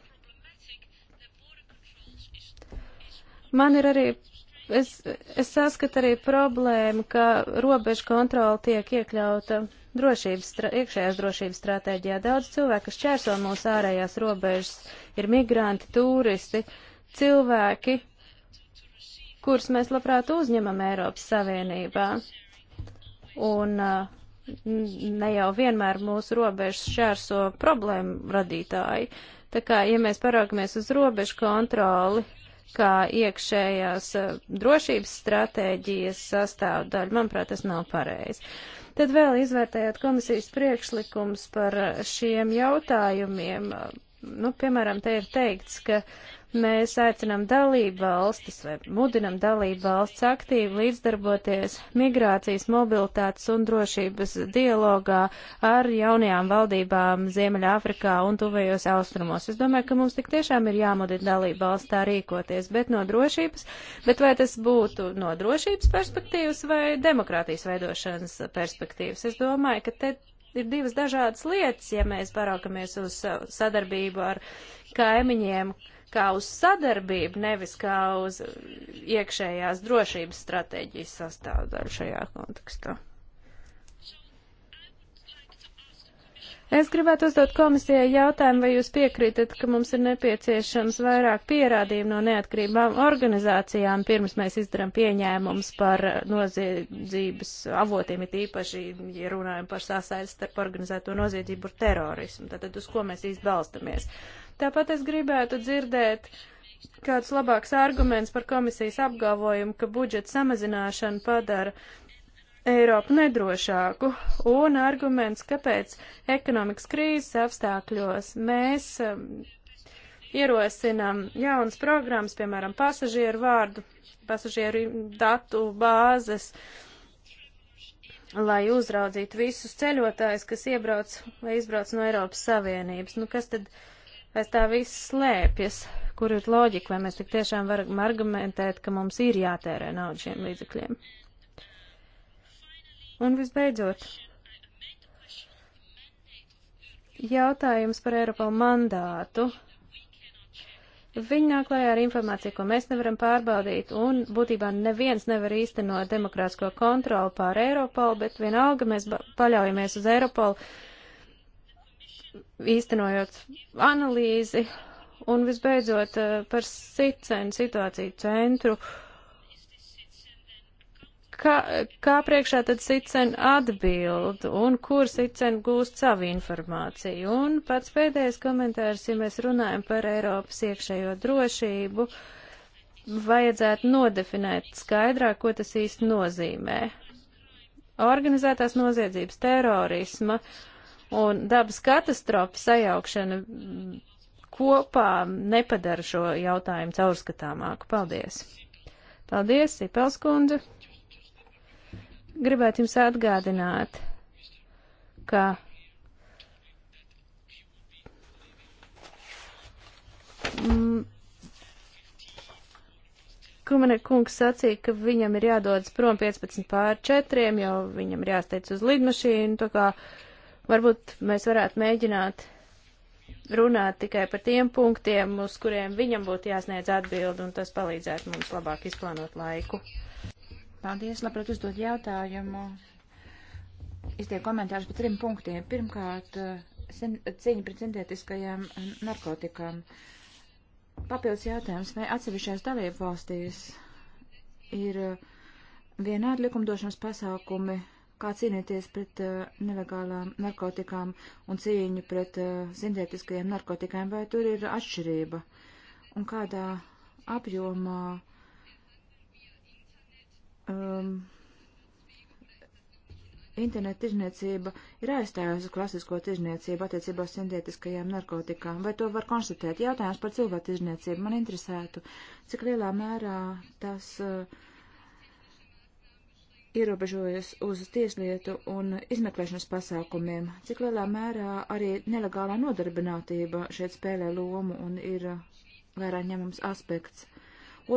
Man ir arī Es, es saskatu arī problēmu, ka robežu kontrola tiek iekļauta drošības, iekšējās drošības stratēģijā. Daudz cilvēku, kas čērso mūsu ārējās robežas, ir migranti, turisti, cilvēki, kurus mēs labprāt uzņemam Eiropas Savienībā. Un uh, ne jau vienmēr mūsu robežas šķērso problēmu radītāji. Tā kā, ja mēs paraugamies uz robežu kontroli, kā iekšējās eh, drošības stratēģijas sastāvdaļa. Manuprāt, tas nav pareizi. Tad vēl izvērtējot komisijas priekšlikums par eh, šiem jautājumiem, eh, nu, piemēram, te ir teikts, ka uh, Mēs aicinām dalību valstis vai mudinam dalību valsts aktīvi līdzdarboties migrācijas, mobilitātes un drošības dialogā ar jaunajām valdībām Ziemeļāfrikā un tuvējos austrumos. Es domāju, ka mums tik tiešām ir jāmudina dalību valsts tā rīkoties, bet no drošības, bet vai tas būtu no drošības perspektīvas vai demokrātijas veidošanas perspektīvas? Es domāju, ka te ir divas dažādas lietas, ja mēs paraugamies uz sadarbību ar kaimiņiem, uh, kā uz sadarbību, nevis kā uz iekšējās drošības stratēģijas sastāvdaļu šajā kontekstā. Es gribētu uzdot komisijai jautājumu, vai jūs piekrītat, ka mums ir nepieciešams vairāk pierādījumu no neatkarībām organizācijām, pirms mēs izdarām pieņēmums par noziedzības avotiem, it īpaši, ja runājam par sasaisti starp organizēto noziedzību un terorismu. Tātad uz ko mēs īsti balstamies? Uh, Tāpat es gribētu dzirdēt kāds labāks arguments par komisijas apgalvojumu, ka budžeta samazināšana padara Eiropu nedrošāku, un arguments, kāpēc ekonomikas krīzes apstākļos mēs um, ierosinam jaunas programmas, piemēram, pasažieru vārdu, pasažieru datu bāzes, lai uzraudzītu visus ceļotājus, kas iebrauc vai izbrauc no Eiropas Savienības. Nu, kas tad? Uh, aiz tā viss slēpjas, kur ir loģika, vai mēs tik tiešām varam argumentēt, ka mums ir jātērē naudu šiem līdzekļiem. Un visbeidzot, jautājums par Eiropalu mandātu. Viņi nāk klajā ar informāciju, ko mēs nevaram pārbaudīt, un būtībā neviens nevar īstenot demokrātisko kontroli pār Eiropolu, bet vienalga mēs paļaujamies uz Eiropolu, īstenojot analīzi, un visbeidzot eh, par sicenu situāciju centru. Kā, kā priekšā tad sicen atbild un kur sicen gūst savu informāciju? Un pats pēdējais komentārs, ja mēs runājam par Eiropas iekšējo drošību, vajadzētu nodefinēt skaidrāk, ko tas īsti nozīmē. Organizētās noziedzības terorisma uh, un dabas katastrofa sajaukšana kopā nepadara šo jautājumu caurskatāmāku. Paldies! Paldies, Sipelskundze! Gribētu jums atgādināt, ka mm. Kumanek kungs sacīja, ka viņam ir jādodas prom 15 pār 4, jo viņam ir jāsteidz uz lidmašīnu, tā kā uh, Varbūt mēs varētu mēģināt runāt tikai par tiem punktiem, uz kuriem viņam būtu jāsniedz atbildi, un tas palīdzētu mums labāk izplānot laiku. Paldies, labprāt uzdot jautājumu. Iztiek komentārus par trim punktiem. Pirmkārt, cīņa pret sintētiskajām narkotikām. Papildus jautājums, vai atsevišķās dalību valstīs ir vienādi likumdošanas pasākumi kā cīnīties pret uh, nelegālām narkotikām un cīņu pret uh, sintētiskajiem narkotikām, vai tur ir atšķirība un kādā apjomā um, internet tirzniecība ir aizstājusi klasisko tirzniecību attiecībā uz sintētiskajām narkotikām, vai to var konstatēt? Jautājums par cilvēku tirzniecību man interesētu, cik lielā mērā tas. Uh, ierobežojas uz tieslietu un izmeklēšanas pasākumiem, cik lielā mērā arī nelegālā nodarbinātība šeit spēlē lomu un ir vērā ņemams aspekts.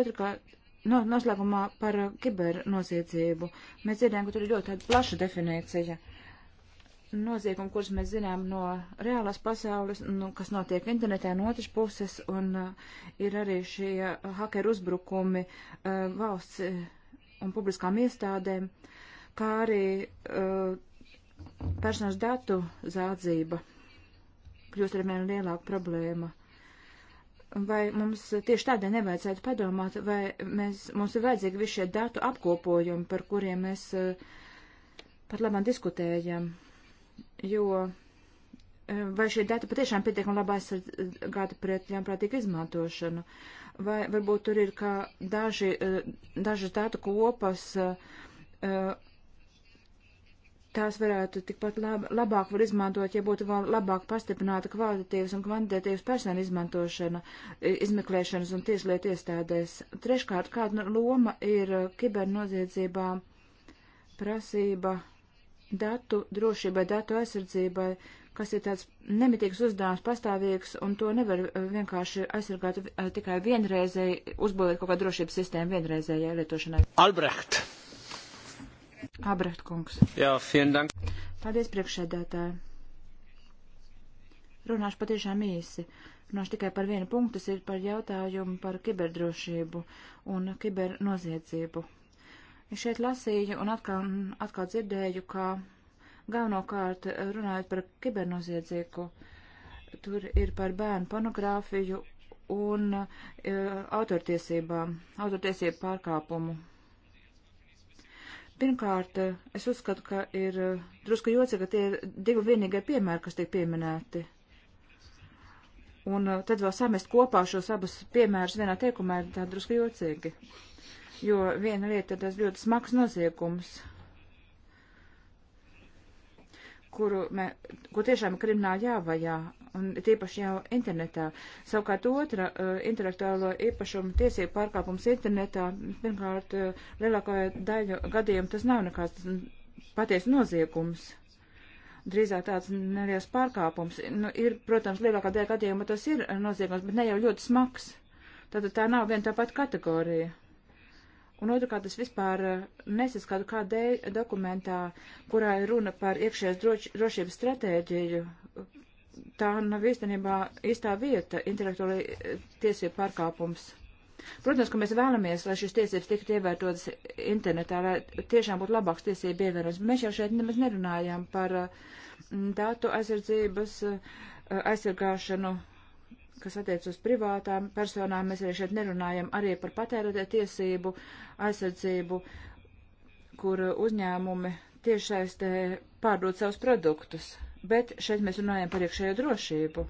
Otrakārt, no, noslēgumā par kibernoziedzību. Mēs dzirdējām, ka tur ir ļoti tāda plaša definīcija. Noziegumi, kurus mēs zinām no reālās pasaules, nu, kas notiek internetā no otras puses, un uh, ir arī šie hakeru uzbrukumi uh, valsts. Uh, un publiskām iestādēm, kā arī uh, personas datu zādzība kļūst ar vien lielāku problēmu. Vai mums tieši tādēļ nevajadzētu padomāt, vai mēs, mums ir vajadzīgi visi šie datu apkopojumi, par kuriem mēs uh, pat labāk diskutējam, jo eh, vai šie dati patiešām pietiekami labi aizsargāti pret ļaunprātīgu izmantošanu vai varbūt tur ir kā daži, eh, dažas datu kopas, eh, tās varētu tikpat lab, labāk var izmantot, ja būtu vēl labāk pastiprināta kvalitatīvas un kvantitatīvas personu izmantošana, izmeklēšanas un tieslietu iestādēs. Treškārt, kāda loma ir eh, kibernoziedzībā prasība datu drošībai, datu aizsardzībai, uh, kas ir tāds nemitīgs uzdevums, pastāvīgs, un to nevar uh, vienkārši aizsargāt uh, tikai vienreizēji, uzbūvēt kaut kādu drošības sistēmu vienreizējai lietošanai. Albrecht. Albrecht kungs. Jā, vielen dank. Paldies priekšsēdētāji. Runāšu patiešām īsi. Runāšu tikai par vienu punktu, tas ir par jautājumu par kiberdrošību un kibernoziedzību. Es šeit lasīju un atkal, atkal dzirdēju, ka Galvenokārt eh, runājot par kibernoziedzīgu, tur ir par bērnu pornogrāfiju un e, autortiesībām, autortiesību pārkāpumu. Pirmkārt, eh, es uzskatu, ka ir drusku jocīgi, ka tie ir divi vienīgie piemēri, kas tiek pieminēti. Un tad vēl samest kopā šos abus piemērus vienā teikumā ir tā drusku jocīgi. Jo viena lieta ir tas ļoti smags noziegums, kuru mē, ko tiešām ir krimināli jāvajā, un tīpaši jau internetā. Savukārt otra uh, intelektuālo īpašumu tiesību pārkāpums internetā, pirmkārt, uh, eh, lielākajā daļa gadījumu tas nav nekāds paties noziegums. Drīzāk tāds neliels pārkāpums. Nu, ir, protams, lielākā daļa gadījuma tas ir noziegums, bet ne jau ļoti smags. Tātad tā nav viena tā pati kategorija. Un otrkārt, es vispār eh, nesaskatu, kādēļ dokumentā, kurā ir runa par iekšējās droš, drošības stratēģiju, tā nav īstenībā īstā vieta intelektuālajai eh, tiesību pārkāpums. Protams, ka mēs vēlamies, lai šīs tiesības tiktu ievērtotas internetā, lai tiešām būtu labāks tiesību ievērojums. Mēs jau šeit nemaz nerunājām par eh, datu aizsardzības aizsargāšanu kas attiec uz privātām personām, mēs arī šeit nerunājam arī par patērētē tiesību aizsardzību, kur uzņēmumi tiešsaistē pārdod savus produktus. Bet šeit mēs runājam par iekšējo drošību.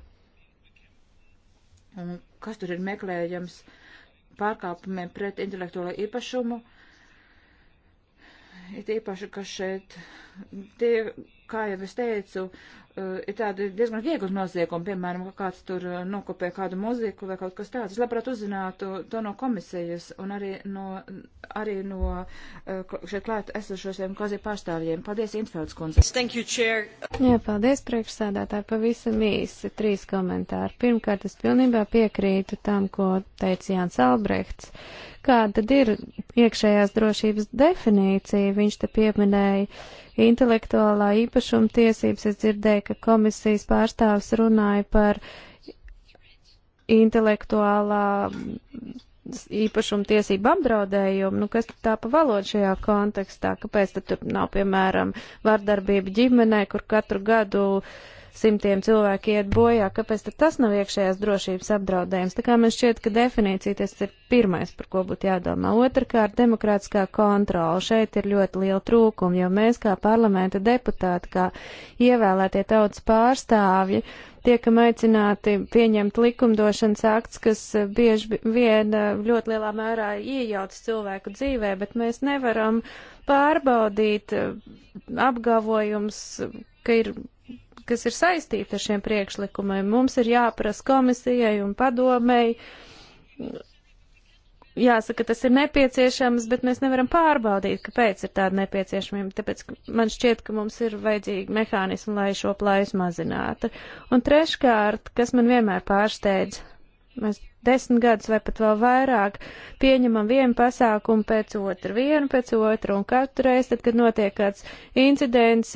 Un kas tur ir meklējams pārkāpumiem pret intelektuālo īpašumu? Ir īpaši, ka šeit tie, kā jau es teicu, Eh, ir tādi diezgan viegli noziegumi, piemēram, ka kāds tur eh, nokopē kādu muziku vai kaut kas tāds. Es labprāt uzzinātu to no komisijas un arī no, arī no eh, šeit klāt esošajiem kazi pārstāvjiem. Paldies, Infelds kundze. Thank you, chair. Jā, paldies, priekšsēdētāji. Pavisam īsi trīs komentāri. Pirmkārt, es pilnībā piekrītu tam, ko teica Jānis Albrechts. Kāda tad ir iekšējās drošības definīcija? Viņš te pieminēja intelektuālā īpašuma tiesības. Es dzirdēju, ka komisijas pārstāvs runāja par intelektuālā īpašuma tiesību apdraudējumu, nu kas tā pa valodu šajā kontekstā, kāpēc tad tur nav, piemēram, vardarbība ģimenē, kur katru gadu uh, simtiem cilvēki iet bojā, kāpēc tad tas nav iekšējās drošības apdraudējums? Tā kā man šķiet, ka definīcija tas ir pirmais, par ko būtu jādomā. Otrakārt, demokrātiskā kontrola. Šeit ir ļoti liela trūkuma, jo mēs kā parlamenta deputāti, kā ievēlētie tautas pārstāvji, tiekam aicināti pieņemt likumdošanas akts, kas bieži vien eh, ļoti lielā mērā iejauc cilvēku dzīvē, bet mēs nevaram pārbaudīt eh, apgalvojums, ka ir kas ir saistīti ar šiem priekšlikumiem. Mums ir jāprasa komisijai un padomēji. Jāsaka, tas ir nepieciešams, bet mēs nevaram pārbaudīt, kāpēc ir tāda nepieciešamība. Tāpēc man šķiet, ka mums ir vajadzīgi mehānismi, lai šo plaisu mazinātu. Un treškārt, kas man vienmēr pārsteidz, mēs desmit gadus vai pat vēl vairāk pieņemam vienu pasākumu pēc otru, vienu pēc otru, un katru reizi, tad, kad notiek kāds incidents,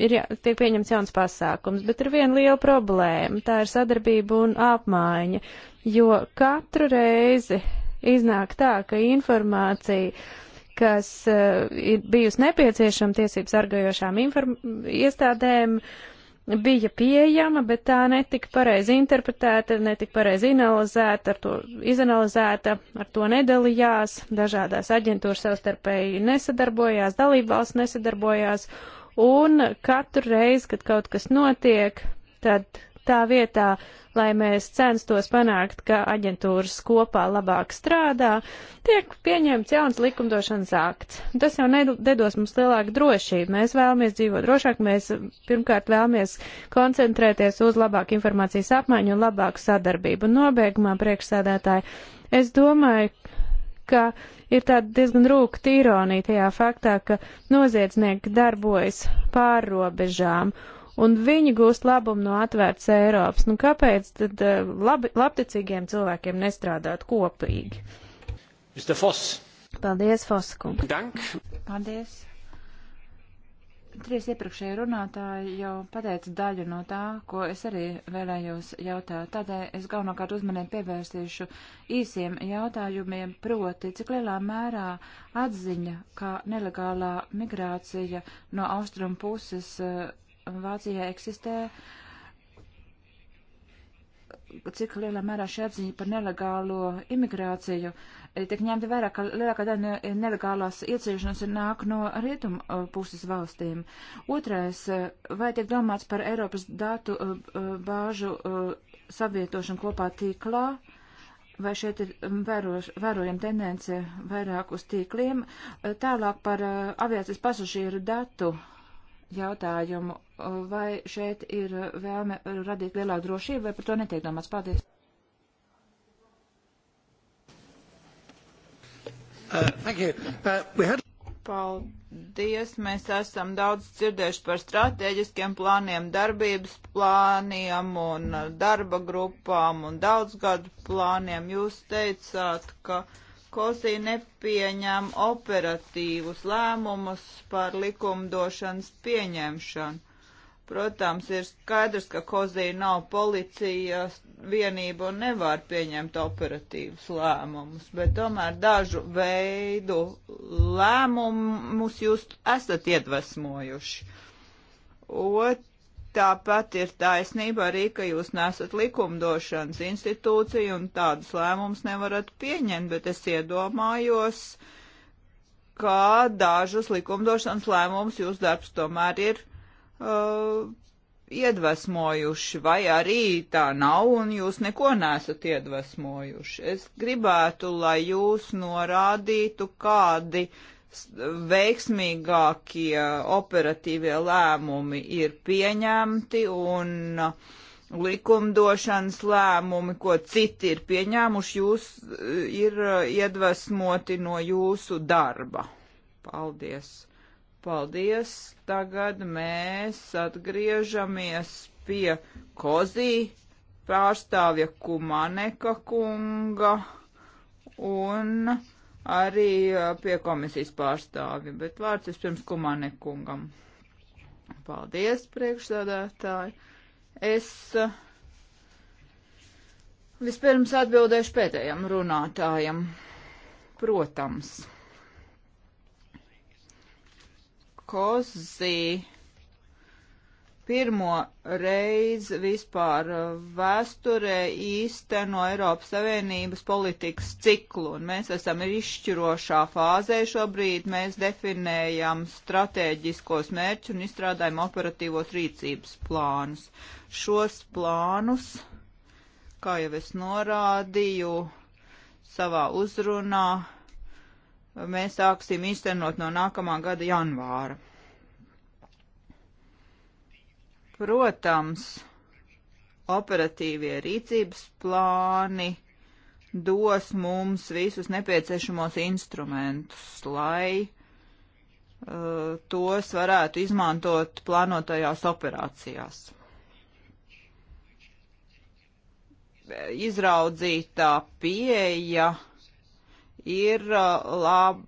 ir jā, tiek pieņemts jauns pasākums, bet ir viena liela problēma, tā ir sadarbība un apmaiņa, jo katru reizi iznāk tā, ka informācija, kas uh, ir bijusi nepieciešama tiesības argojošām iestādēm, bija pieejama, bet tā netika pareizi interpretēta, netika pareizi analizēta, ar to izanalizēta, ar to nedalījās, dažādās aģentūras savstarpēji nesadarbojās, dalībvalsts nesadarbojās, un katru reizi, kad kaut kas notiek, tad tā vietā, lai mēs censtos panākt, ka aģentūras kopā labāk strādā, tiek pieņemts jauns likumdošanas akts. Tas jau nedos mums lielāku drošību. Mēs vēlamies dzīvot drošāk, mēs pirmkārt vēlamies koncentrēties uz labāku informācijas apmaiņu un labāku sadarbību. Un nobeigumā priekšsēdētāji, es domāju, ka ir tāda diezgan rūka tīronija tajā faktā, ka noziedznieki darbojas pārrobežām. Un viņi gūst labumu no atvērtas Eiropas. Nu, kāpēc tad eh, labi, labticīgiem cilvēkiem nestrādāt kopīgi? Mr. Foss. Paldies, Foskungs. Dank. Paldies. Trīs iepriekšēji runātāji jau pateica daļu no tā, ko es arī vēlējos jautāt. Tādēļ es galvenokārt uzmanību pievērsīšu īsiem jautājumiem, proti, cik lielā mērā atziņa, ka nelegālā migrācija no austrumu puses eh, Vācijā eksistē, cik lielā mērā šī atziņa par nelegālo imigrāciju uh, tiek ņemta vērā, ka lielākā daļa nelegālās ieceļšanas nāk no rietumu uh, puses valstīm. Otrais, uh, vai tiek domāts par Eiropas datu uh, bāžu savietošanu kopā tīklā? vai šeit ir um, vēroš, vērojama tendence vairāk uz tīkliem. Tālāk par uh, aviācijas pasažieru datu jautājumu, vai šeit ir vēlme radīt lielāku drošību, vai par to netiek domāts. Paldies! Uh, uh, Paldies! Mēs esam daudz dzirdējuši par strateģiskiem plāniem, darbības plāniem un darba grupām un daudzgadu plāniem. Jūs teicāt, ka Kosī nepieņem operatīvus lēmumus par likumdošanas pieņemšanu. Protams, ir skaidrs, ka Kozī nav policijas vienību nevar pieņemt operatīvus lēmumus, bet tomēr dažu veidu lēmumus jūs esat iedvesmojuši. Ot, tāpat ir taisnība arī, ka jūs nesat likumdošanas institūcija un tādus lēmumus nevarat pieņemt, bet es iedomājos, ka dažus likumdošanas lēmumus jūs darbs tomēr ir uh, iedvesmojuši, vai arī tā nav, un jūs neko nesat iedvesmojuši. Es gribētu, lai jūs norādītu, kādi veiksmīgākie operatīvie lēmumi ir pieņemti un likumdošanas lēmumi, ko citi ir pieņēmuši, jūs ir iedvesmoti no jūsu darba. Paldies! Paldies! Tagad mēs atgriežamies pie Kozī pārstāvja Kumaneka kunga un arī uh, pie komisijas pārstāvja, bet vārds vispirms Kumaneka kungam. Paldies, priekšsādātāji! Es uh, vispirms atbildēšu pēdējam runātājam. Protams. Sarkozy pirmo reizi vispār uh, vēsturē īsteno Eiropas Savienības politikas ciklu, un mēs esam izšķirošā fāzē šobrīd, mēs definējam strateģiskos mērķus un izstrādājam operatīvos rīcības plānus. Šos plānus, kā jau es norādīju savā uzrunā, mēs sāksim īstenot no nākamā gada janvāra. Protams, operatīvie rīcības plāni dos mums visus nepieciešamos instrumentus, lai uh, tos varētu izmantot plānotajās operācijās. Izraudzītā pieeja uh, ir uh, labs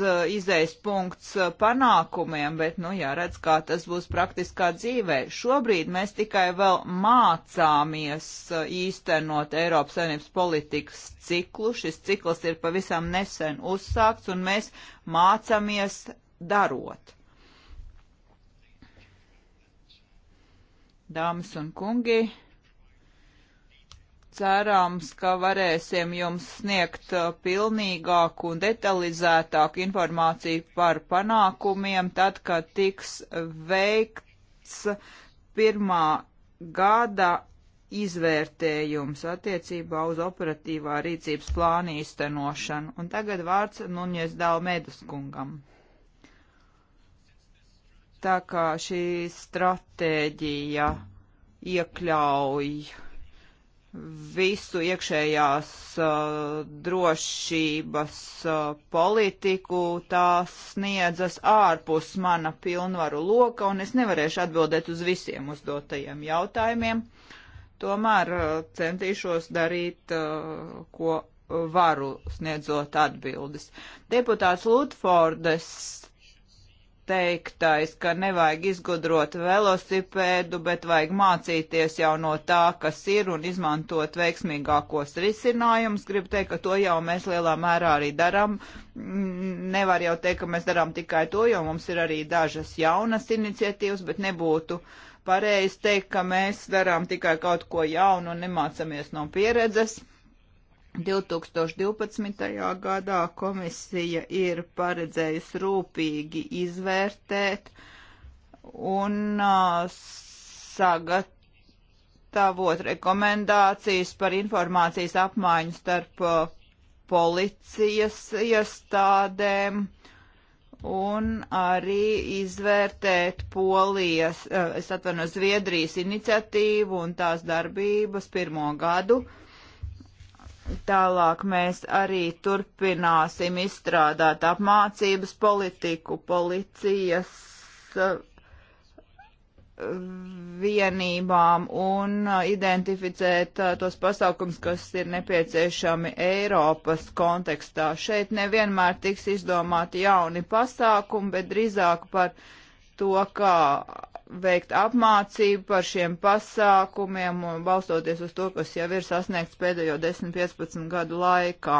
uh, izējas punkts uh, panākumiem, bet, nu, jāredz, kā tas būs praktiskā dzīvē. Šobrīd mēs tikai vēl mācāmies īstenot Eiropas Savienības politikas ciklu. Šis cikls ir pavisam nesen uzsākts, un mēs mācāmies darot. Dāmas un kungi, cerams, ka varēsim jums sniegt uh, pilnīgāku un detalizētāku informāciju par panākumiem, tad, kad tiks veikts pirmā gada izvērtējums attiecībā uz operatīvā rīcības plāna īstenošanu. Un tagad vārds Nuņies Dalmedas kungam. Tā kā šī stratēģija iekļauj visu iekšējās uh, drošības uh, politiku, tās sniedzas ārpus mana pilnvaru loka, un es nevarēšu atbildēt uz visiem uzdotajiem jautājumiem. Tomēr uh, centīšos darīt, uh, ko varu sniedzot atbildes. Deputāts Lutfordes teiktais, ka nevajag izgudrot velosipēdu, bet vajag mācīties jau no tā, kas ir un izmantot veiksmīgākos risinājumus. Gribu teikt, ka to jau mēs lielā mērā arī darām. Mm, nevar jau teikt, ka mēs darām tikai to, jo mums ir arī dažas jaunas iniciatīvas, bet nebūtu pareizi teikt, ka mēs darām tikai kaut ko jaunu un nemācamies no pieredzes. 2012. gadā komisija ir paredzējusi rūpīgi izvērtēt un sagatavot rekomendācijas par informācijas apmaiņu starp policijas iestādēm un arī izvērtēt polijas, es atvainu, Zviedrijas iniciatīvu un tās darbības pirmo gadu Tālāk mēs arī turpināsim izstrādāt apmācības politiku policijas uh, vienībām un uh, identificēt uh, tos pasākums, kas ir nepieciešami Eiropas kontekstā. Šeit nevienmēr tiks izdomāti jauni pasākumi, bet drīzāk par uh, to, kā veikt apmācību par šiem pasākumiem, balstoties uz to, kas jau ir sasniegts pēdējo 10-15 gadu laikā.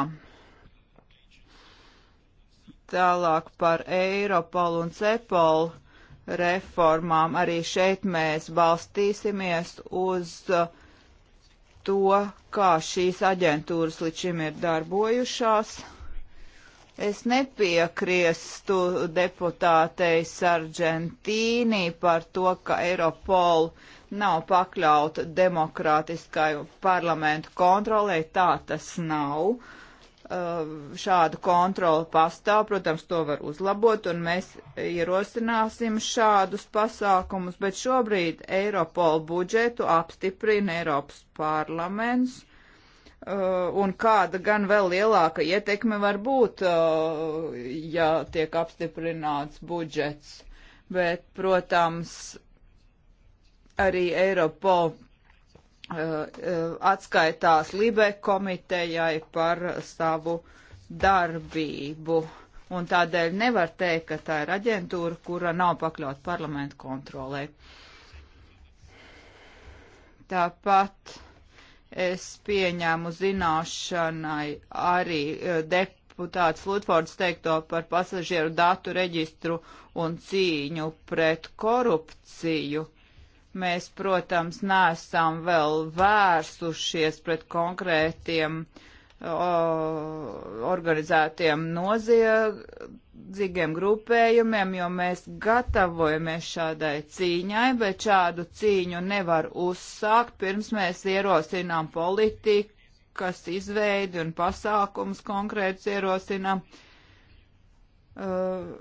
Tālāk par Eiropolu un Cepolu reformām. Arī šeit mēs balstīsimies uz to, kā šīs aģentūras līdz šim ir darbojušās Es nepiekriestu deputātei Sargentīnī par to, ka Eiropola nav pakļauta demokrātiskai parlamentu kontrolē. Tā tas nav. Uh, šādu kontroli pastāv, protams, to var uzlabot, un mēs ierosināsim šādus pasākumus, bet šobrīd Eiropola budžetu apstiprina Eiropas parlaments Uh, un kāda gan vēl lielāka ietekme var būt, uh, ja tiek apstiprināts budžets. Bet, protams, arī Eiropol uh, atskaitās Libe komitejai par savu darbību. Un tādēļ nevar teikt, ka tā ir aģentūra, kura nav pakļaut parlamentu kontrolē. Tāpat Es pieņēmu zināšanai arī eh, deputāts Lutfords teikto par pasažieru datu reģistru un cīņu pret korupciju. Mēs, protams, neesam vēl vērsušies pret konkrētiem uh, organizētiem noziegumiem draudzīgiem grupējumiem, jo mēs gatavojamies šādai cīņai, bet šādu cīņu nevar uzsākt, pirms mēs ierosinām politikas izveidi un pasākums konkrēts ierosinām. Uh,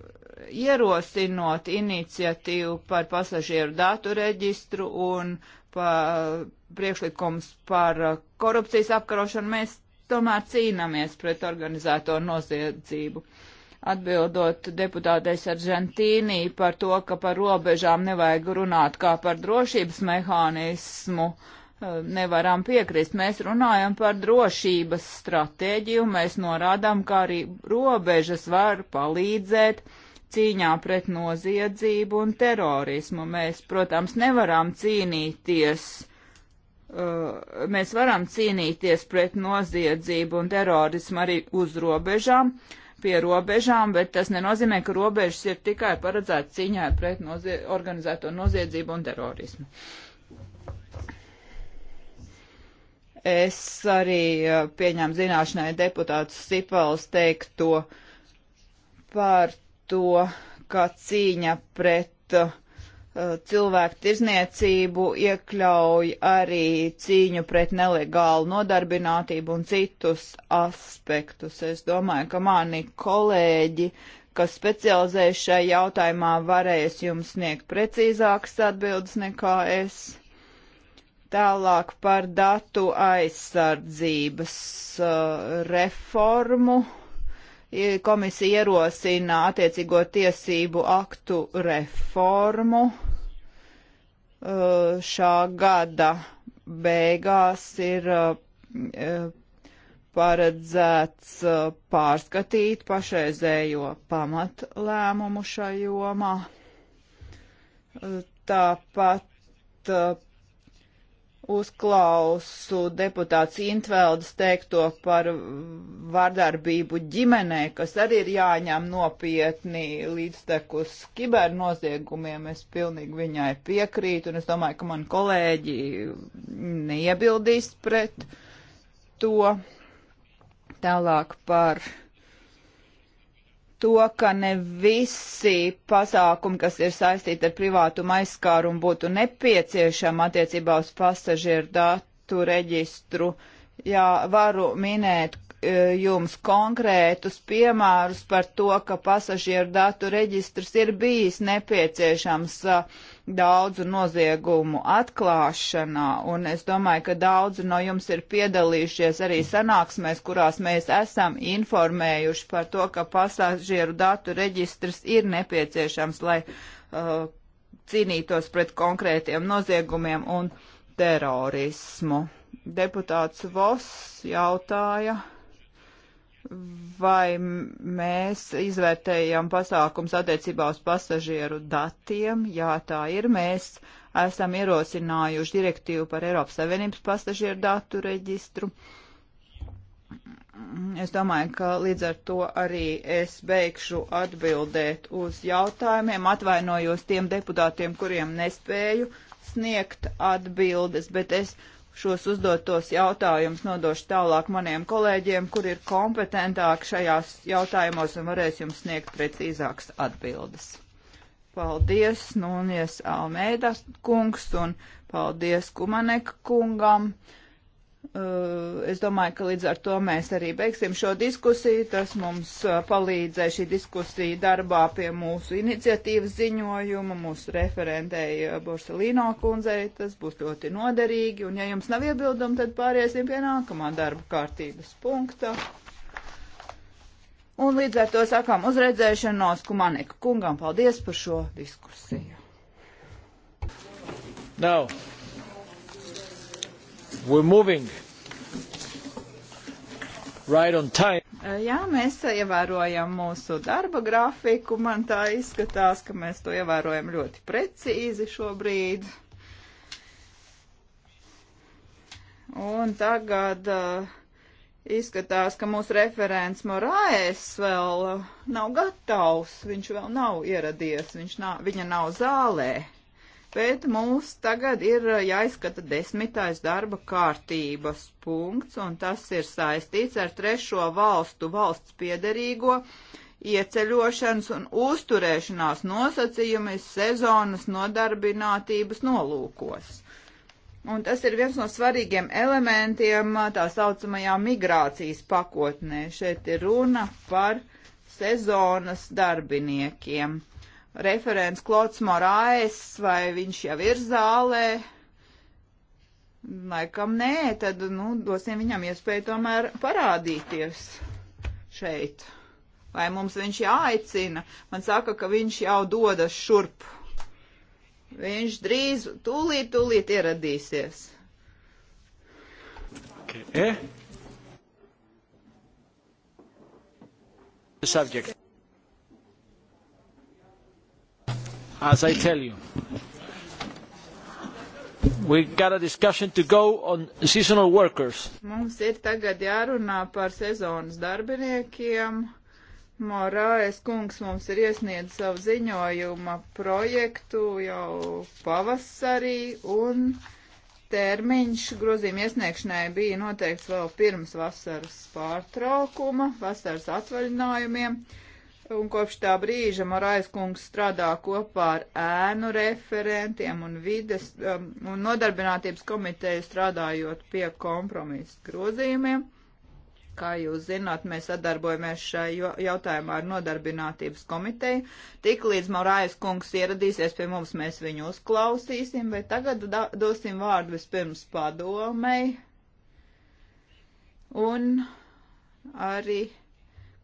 ierosinot iniciatīvu par pasažieru datu reģistru un pa, priekšlikums par korupcijas apkarošanu, mēs tomēr cīnāmies pret organizēto noziedzību atbildot deputātais ar Žentīnī par to, ka par robežām nevajag runāt kā par drošības mehānismu, eh, nevaram piekrist. Mēs runājam par drošības stratēģiju, mēs norādām, kā arī robežas var palīdzēt cīņā pret noziedzību un terorismu. Mēs, protams, nevaram cīnīties eh, mēs varam cīnīties pret noziedzību un terorismu arī uz robežām, pie robežām, bet tas nenozīmē, ka robežas ir tikai paredzētas cīņai pret nozie organizēto noziedzību un terorismu. Es arī eh, pieņēmu zināšanai deputātu Sipels teikto par to, ka cīņa pret uh, Eh, cilvēku tirzniecību iekļauj arī cīņu pret nelegālu nodarbinātību un citus aspektus. Es domāju, ka mani kolēģi, kas specializējas šajā jautājumā, varēs jums sniegt precīzākas atbildes nekā es. Tālāk par datu aizsardzības uh, reformu. Uh, komisija ierosina attiecīgo tiesību aktu reformu uh, šā gada beigās ir uh, paredzēts uh, pārskatīt pašreizējo pamatlēmumu šajā jomā. Tāpat uzklausu deputāts Intveldes teikto par vardarbību ģimenē, kas arī ir jāņem nopietni līdztekus kibernoziegumiem. Es pilnīgi viņai piekrītu, un es domāju, ka man kolēģi neiebildīs pret to. Tālāk par to, ka ne visi pasākumi, kas ir saistīti ar privātumu aizskārumu, būtu nepieciešami attiecībā uz pasažieru datu reģistru. Jā, varu minēt E, jums konkrētus piemērus par to, ka pasažieru datu reģistrs ir bijis nepieciešams e, daudzu noziegumu atklāšanā, un es domāju, ka daudzi no jums ir piedalījušies arī sanāksmēs, kurās mēs esam informējuši par to, ka pasažieru datu reģistrs ir nepieciešams, lai uh, cīnītos pret konkrētiem noziegumiem un terorismu. Deputāts Voss jautāja vai mēs izvērtējam pasākums attiecībā uz pasažieru datiem. Jā, tā ir. Mēs esam ierosinājuši direktīvu par Eiropas Savienības pasažieru datu reģistru. Es domāju, ka līdz ar to arī es beigšu atbildēt uz jautājumiem. Atvainojos tiem deputātiem, kuriem nespēju sniegt atbildes, bet es šos uzdotos jautājumus nodošu tālāk maniem kolēģiem, kur ir kompetentāki šajās jautājumos un varēs jums sniegt precīzākas atbildes. Paldies, Nunies Almeidas kungs un paldies Kumaneka kungam. Eh, es domāju, ka līdz ar to mēs arī beigsim šo diskusiju. Tas mums eh, palīdzēja šī diskusija darbā pie mūsu iniciatīvas ziņojuma. Mūsu referentēja eh, Borsalīno kundzei. Tas būs ļoti noderīgi. Un ja jums nav iebildumi, tad pāriesim pie nākamā darba kārtības punkta. Un līdz ar to sakām uzredzēšanos Kumanika kungam. Paldies par šo diskusiju. Now, we're moving right on time. Eh, jā, mēs ievērojam mūsu darba grafiku. Man tā izskatās, ka mēs to ievērojam ļoti precīzi šobrīd. Un tagad uh, izskatās, ka mūsu referents Morāēs vēl eh, nav gatavs. Viņš vēl nav ieradies, viņš nav, viņa nav zālē. Bet mums tagad ir eh, jāizskata desmitais darba kārtības punkts, un tas ir saistīts ar trešo valstu valsts piederīgo ieceļošanas un uzturēšanās nosacījumus sezonas nodarbinātības nolūkos. Un tas ir viens no svarīgiem elementiem eh, tā saucamajā migrācijas pakotnē. Šeit ir runa par sezonas darbiniekiem referents Klods Morais, vai viņš jau ir zālē. Laikam nē, tad nu, dosim viņam iespēju tomēr parādīties šeit. Vai mums viņš jāaicina? Man saka, ka viņš jau dodas šurp. Viņš drīz, tūlīt, tūlīt ieradīsies. Okay. Eh? Subject. as I tell you. We got a discussion to go on seasonal workers. Mums ir tagad jārunā par sezonas darbiniekiem. Morāes kungs mums ir iesniedz savu ziņojuma projektu jau pavasarī un termiņš grozījuma iesniegšanai bija noteikts vēl pirms vasaras pārtraukuma, vasaras atvaļinājumiem. Uh, Un kopš tā brīža Morais kungs strādā kopā ar ēnu referentiem un vides um, un nodarbinātības komiteju strādājot pie kompromisu grozījumiem. Kā jūs zināt, mēs sadarbojamies šai jautājumā ar nodarbinātības komiteju. Tik līdz Maurājas kungs ieradīsies pie mums, mēs viņu uzklausīsim, bet tagad dosim vārdu vispirms padomei. Un arī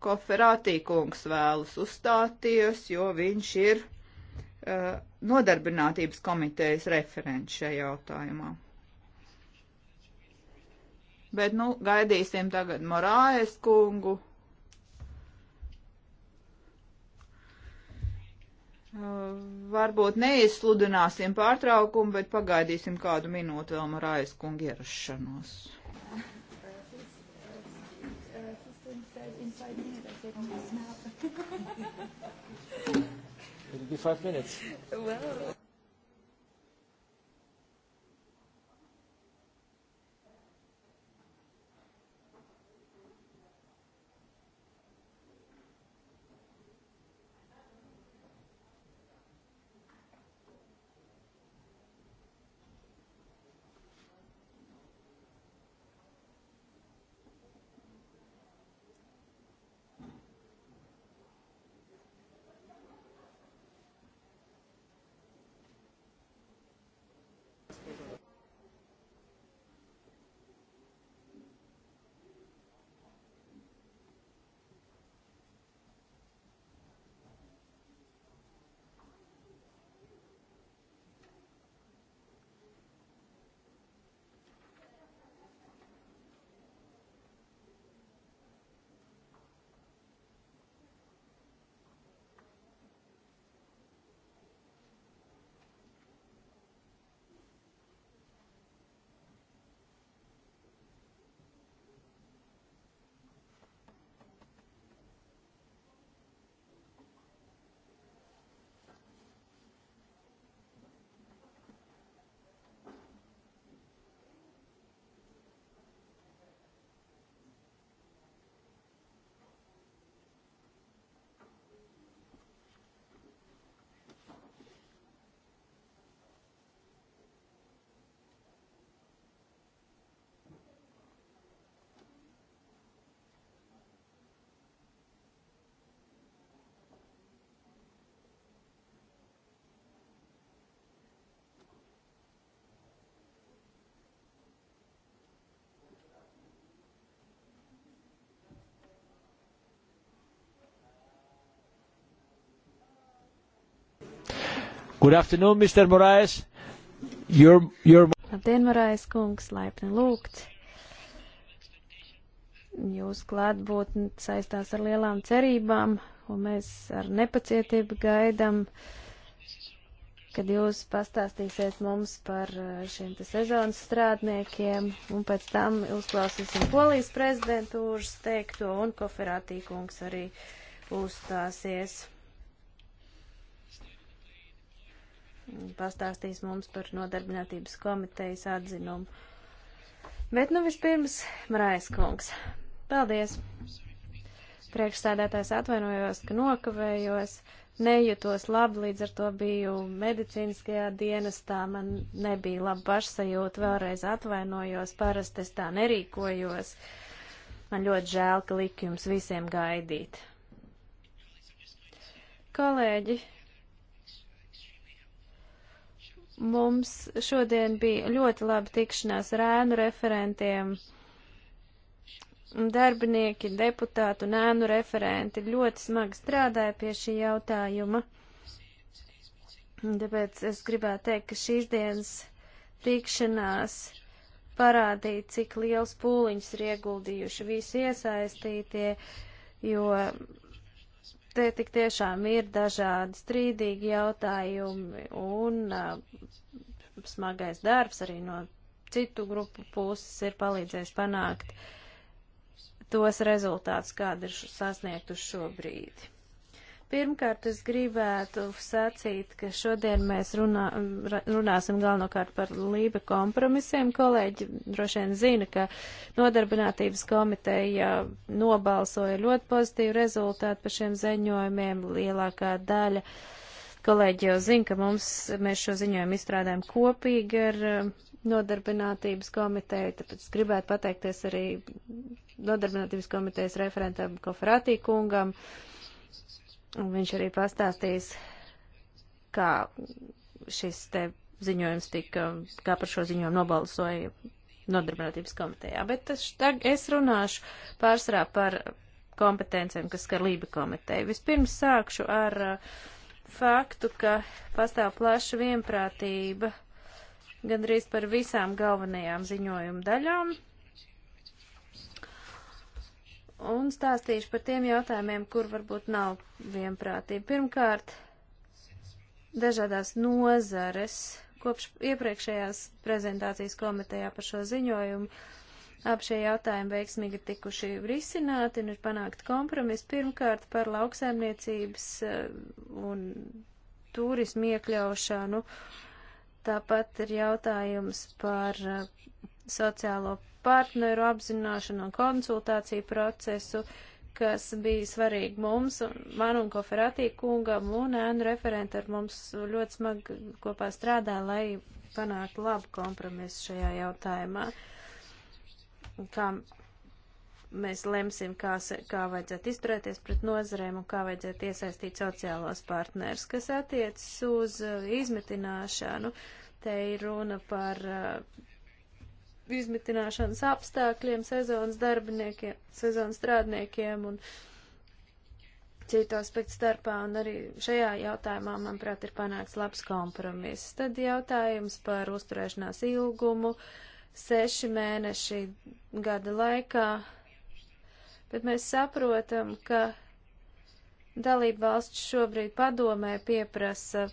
Koferātī kungs vēlas uzstāties, jo viņš ir uh, nodarbinātības komitejas referents šajā jautājumā. Bet, nu, gaidīsim tagad Morāes kungu. Uh, varbūt neizsludināsim pārtraukumu, bet pagaidīsim kādu minūti vēl Morāes kungu ierašanos. It'll be five minutes. Wow. Good afternoon, Mr. Morais. Your, your... Labdien, Morais kungs, laipni lūgt. Jūsu klātbūtne saistās ar lielām cerībām, un mēs ar nepacietību gaidam, kad jūs pastāstīsiet mums par uh, šiem te sezonas strādniekiem, un pēc tam uzklausīsim Polijas prezidentūras teikto, un Koferātī kungs arī uzstāsies. pastāstīs mums par nodarbinātības komitejas atzinumu. Bet nu vispirms Marais kungs. Paldies! Priekšstādātājs atvainojos, ka nokavējos, nejutos labi, līdz ar to biju medicīniskajā dienestā, man nebija laba pašsajūta, vēlreiz atvainojos, parasti es tā nerīkojos. Man ļoti žēl, ka liku jums visiem gaidīt. Kolēģi, Mums šodien bija ļoti laba tikšanās ar ēnu referentiem. Darbinieki, deputāti un ēnu referenti ļoti smagi strādāja pie šī jautājuma. Tāpēc es gribētu teikt, ka šīs dienas tikšanās parādīja, cik liels pūliņš ir ieguldījuši visi iesaistītie, jo te tik tiešām ir dažādi strīdīgi jautājumi un smagais darbs arī no citu grupu puses ir palīdzējis panākt tos rezultātus, kādi ir sasniegti uz šo brīdi. Pirmkārt, es gribētu sacīt, ka šodien mēs runā, runāsim galvenokārt par Lība kompromisiem. Kolēģi droši vien zina, ka nodarbinātības komiteja nobalsoja ļoti pozitīvu rezultātu par šiem ziņojumiem. Lielākā daļa kolēģi jau zina, ka mums, mēs šo ziņojumu izstrādājam kopīgi ar uh, nodarbinātības komiteju, tāpēc gribētu pateikties arī nodarbinātības komitejas referentam Koferātī kungam Un viņš arī pastāstīs, kā šis te ziņojums tika, kā par šo ziņojumu nobalsoja nodarbinātības komitejā. Bet es, es runāšu pārsvarā par kompetencijām, kas skar Lība komiteju. Vispirms sākšu ar uh, faktu, ka pastāv plaša vienprātība gandrīz par visām galvenajām ziņojuma daļām un stāstīšu par tiem jautājumiem, kur varbūt nav vienprātība. Pirmkārt, dažādās nozares. Kopš iepriekšējās prezentācijas komitejā par šo ziņojumu ap šie jautājumi veiksmīgi tikuši risināti un ir panākt kompromis. Pirmkārt, par lauksaimniecības eh, un turismu iekļaušanu. Tāpat ir jautājums par eh, sociālo partneru apzināšanu un konsultāciju procesu, kas bija svarīgi mums, man un Koferatī kungam un ēnu referenti ar mums ļoti smagi kopā strādā, lai panāktu labu kompromisu šajā jautājumā. Kā mēs lemsim, kā, kā vajadzētu izturēties pret nozarēm un kā vajadzētu iesaistīt sociālos partners, kas attiecas uz uh, izmitināšanu. Te ir runa par uh, izmitināšanas apstākļiem, sezonas darbiniekiem, sezonas strādniekiem un citu aspektu starpā, un arī šajā jautājumā, manuprāt, ir panāks labs kompromiss. Tad jautājums par uzturēšanās ilgumu, seši mēneši gada laikā, bet mēs saprotam, ka dalība valsts šobrīd padomē pieprasa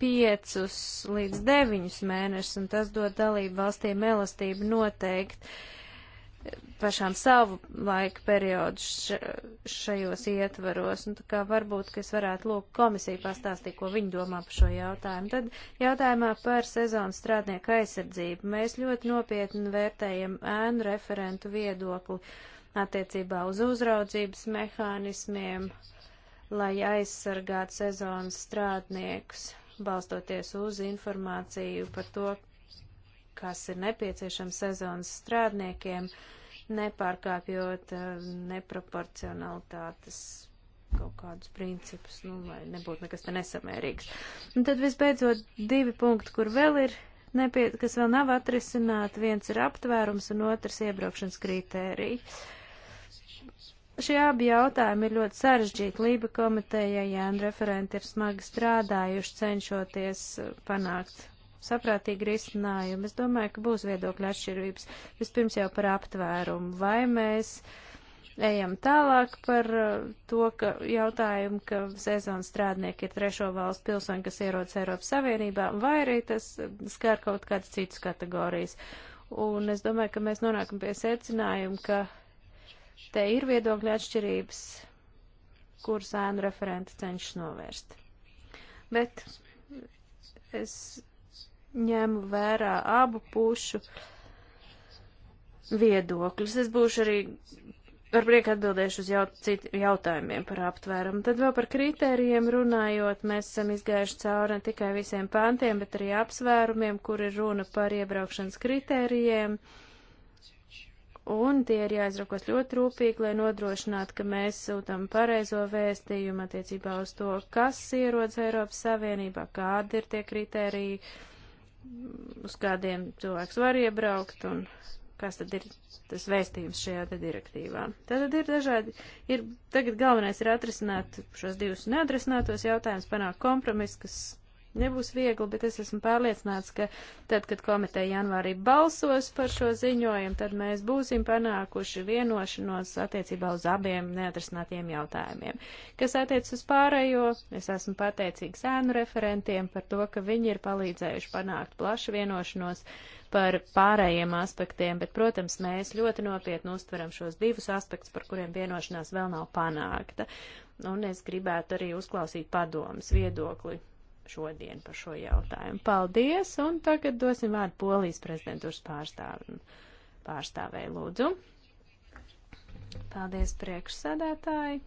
piecus līdz deviņus mēnešus, un tas dod dalību valstīm elastību noteikt pašām savu laika periodu šajos ietvaros. Un tā kā varbūt, ka es varētu lūgt komisiju pastāstīt, ko viņi domā par šo jautājumu. Tad jautājumā par sezonu strādnieku aizsardzību. Mēs ļoti nopietni vērtējam ēnu referentu viedokli attiecībā uz uzraudzības mehānismiem, lai aizsargātu sezonas strādniekus balstoties uz informāciju par to, kas ir nepieciešams sezonas strādniekiem, nepārkāpjot eh, neproporcionalitātes kaut kādus principus, nu, lai nebūtu nekas te nesamērīgs. Un tad visbeidzot divi punkti, kur vēl ir, nepie, kas vēl nav atrisināti, viens ir aptvērums un otrs iebraukšanas kritērija. Šie abi jautājumi ir ļoti sarežģīti. Lība komitejai un referenti ir smagi strādājuši, cenšoties eh, panākt saprātīgi risinājumu. Es domāju, ka būs viedokļa atšķirības. Vispirms jau par aptvērumu. Vai mēs ejam tālāk par eh, to, ka jautājumu, ka sezonas strādnieki ir trešo valstu pilsoņi, kas ierodas Eiropas Savienībā, vai arī tas eh, skar kaut kādas citas kategorijas. Un es domāju, ka mēs nonākam pie secinājuma, ka Te ir viedokļa atšķirības, kuras ēnu referenti cenšas novērst. Bet es ņemu vērā abu pušu viedokļus. Es būšu arī ar prieku atbildēšu uz jaut jautājumiem par aptvērumu. Tad vēl par kritērijiem runājot, mēs esam izgājuši cauri ne tikai visiem pāntiem, bet arī apsvērumiem, kur ir runa par iebraukšanas kritērijiem. Uh, un tie ir jāizrakos ļoti rūpīgi, lai nodrošinātu, ka mēs sūtam pareizo vēstījumu attiecībā uz to, kas ierodas Eiropas Savienībā, kādi ir tie kriteriji, uz kādiem cilvēks var iebraukt un kas tad ir tas vēstījums šajā te direktīvā. Tātad ir dažādi, ir, tagad galvenais ir atrisināt šos divus neatrisinātos jautājumus, panākt kompromisu, kas Nebūs viegli, bet es esmu pārliecināts, ka tad, kad komiteja janvārī balsos par šo ziņojumu, tad mēs būsim panākuši vienošanos attiecībā uz abiem neatrisinātiem jautājumiem. Kas attiec uz pārējo, es esmu pateicīgs ēnu referentiem par to, ka viņi ir palīdzējuši panākt plašu vienošanos par pārējiem aspektiem, bet, protams, mēs ļoti nopietni uztveram šos divus aspektus, par kuriem vienošanās vēl nav panākta. Un es gribētu arī uzklausīt padomas viedokli šodien par šo jautājumu. Paldies, un tagad dosim vārdu Polijas prezidentūras pārstāvim. Pārstāvēju lūdzu. Paldies, priekšsēdētāji.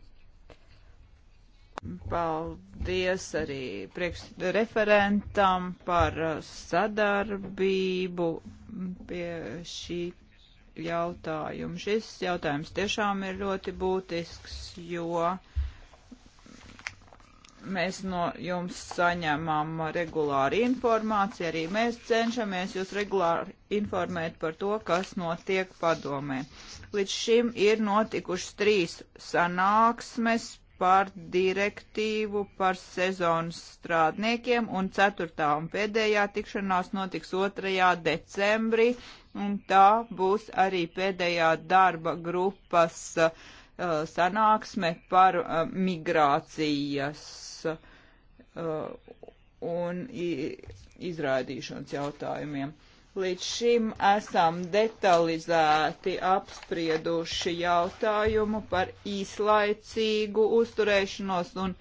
Paldies arī priekšreferentam par uh, sadarbību pie šī jautājuma. Šis jautājums tiešām ir ļoti būtisks, jo mēs no jums saņemam regulāri informāciju, arī mēs cenšamies jūs regulāri informēt par to, kas notiek padomē. Līdz šim ir notikušas trīs sanāksmes par direktīvu par sezonas strādniekiem, un ceturtā un pēdējā tikšanās notiks 2. decembrī, un tā būs arī pēdējā darba grupas uh, Uh, sanāksme par uh, migrācijas uh, un izrādīšanas jautājumiem. Līdz šim esam detalizēti apsprieduši jautājumu par īslaicīgu uzturēšanos un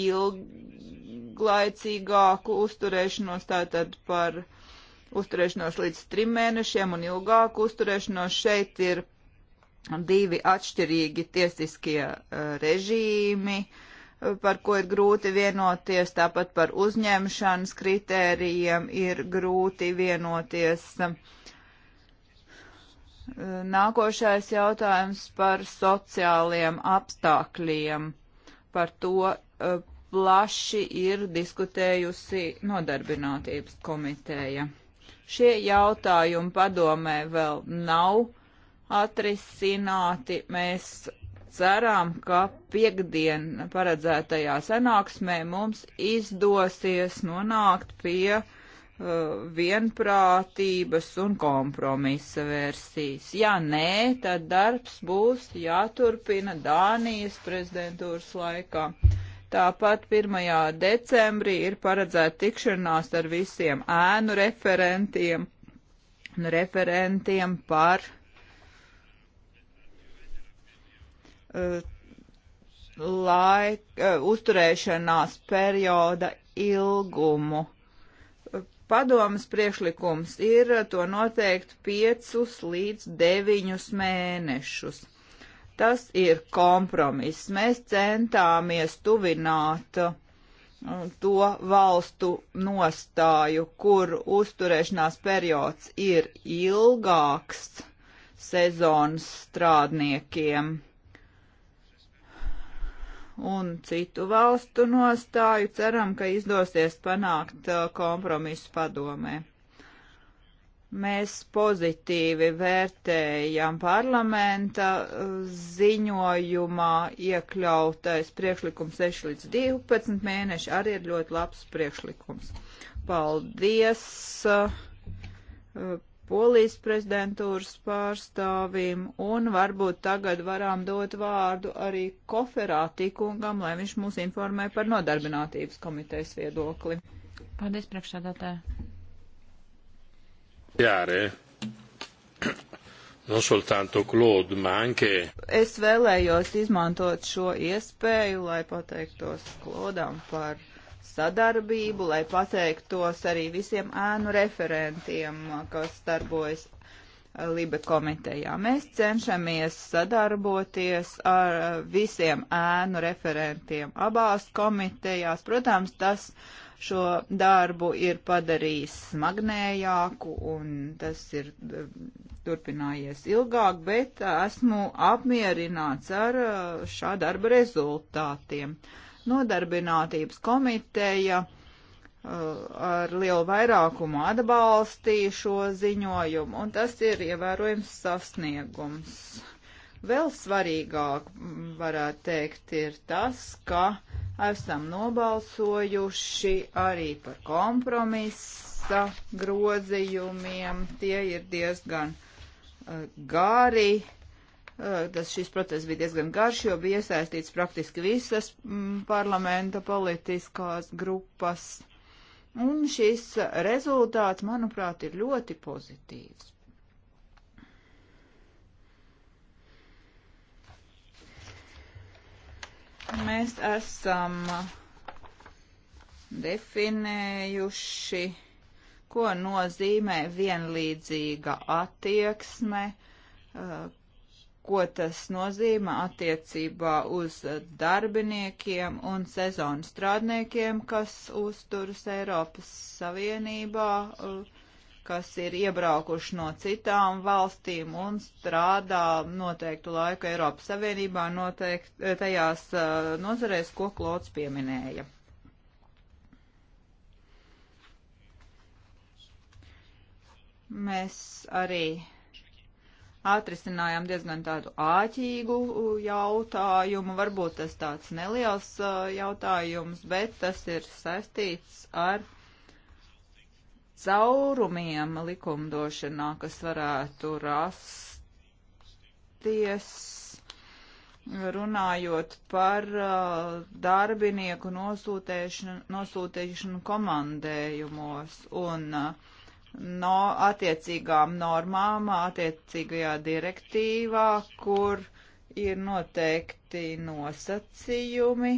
ilglaicīgāku uzturēšanos, tātad par uzturēšanos līdz trim mēnešiem un ilgāku uzturēšanos. Šeit ir divi atšķirīgi tiesiskie e, režīmi, e, par ko ir grūti vienoties, tāpat par uzņemšanas kritērijiem ir grūti vienoties. E, nākošais jautājums par sociāliem apstākļiem. Par to plaši ir diskutējusi nodarbinātības komiteja. Šie jautājumi padomē vēl nav atrisināti. Mēs ceram, ka piekdien paredzētajā sanāksmē mums izdosies nonākt pie uh, vienprātības un kompromisa versijas. Ja nē, tad darbs būs jāturpina Dānijas prezidentūras laikā. Tāpat 1. decembrī ir paredzēta tikšanās ar visiem ēnu referentiem, referentiem par laika, eh, uzturēšanās perioda ilgumu. Padomas priekšlikums ir to noteikt piecus līdz deviņus mēnešus. Tas ir kompromiss. Mēs centāmies tuvināt eh, to valstu nostāju, kur uzturēšanās periods ir ilgāks sezonas strādniekiem un citu valstu nostāju. Ceram, ka izdosies panākt uh, kompromisu padomē. Mēs pozitīvi vērtējam parlamenta uh, ziņojumā iekļautais priekšlikums 6 līdz 12 mēneši arī ir ļoti labs priekšlikums. Paldies! Uh, polijas prezidentūras pārstāvim, un varbūt tagad varam dot vārdu arī koferātī kungam, lai viņš mūs informē par nodarbinātības komitejas viedokli. Paldies, priekšsēdētē. Jāre. Non soltanto Claude, ma anche. Es vēlējos izmantot šo iespēju, lai pateiktos Klodam par sadarbību, lai pateiktos arī visiem ēnu referentiem, kas darbojas eh, Libe komitejā. Mēs cenšamies sadarboties ar eh, visiem ēnu referentiem abās komitejās. Protams, tas šo darbu ir padarījis smagnējāku un tas ir eh, turpinājies ilgāk, bet esmu apmierināts ar šā darba rezultātiem. Uh, Nodarbinātības komiteja uh, ar lielu vairākumu atbalstīja šo ziņojumu, un tas ir ievērojams sasniegums. Vēl svarīgāk, mm, varētu teikt, ir tas, ka esam nobalsojuši arī par kompromisa grozījumiem. Tie ir diezgan uh, gari Eh, tas šis process bija diezgan garš, jo bija iesaistīts praktiski visas mm, parlamenta politiskās grupas. Un šis rezultāts, manuprāt, ir ļoti pozitīvs. Mēs esam definējuši, ko nozīmē vienlīdzīga attieksme, eh, ko tas nozīmē attiecībā uz darbiniekiem un sezonu strādniekiem, kas uzturas Eiropas Savienībā, kas ir iebraukuši no citām valstīm un strādā noteiktu laiku Eiropas Savienībā noteikt, tajās nozarēs, ko Klots pieminēja. Mēs arī atrisinājām diezgan tādu āķīgu jautājumu. Varbūt tas tāds neliels jautājums, bet tas ir saistīts ar caurumiem likumdošanā, kas varētu rasties runājot par darbinieku nosūtēšanu, nosūtēšanu komandējumos un uh, no attiecīgām normām, attiecīgajā direktīvā, kur ir noteikti nosacījumi,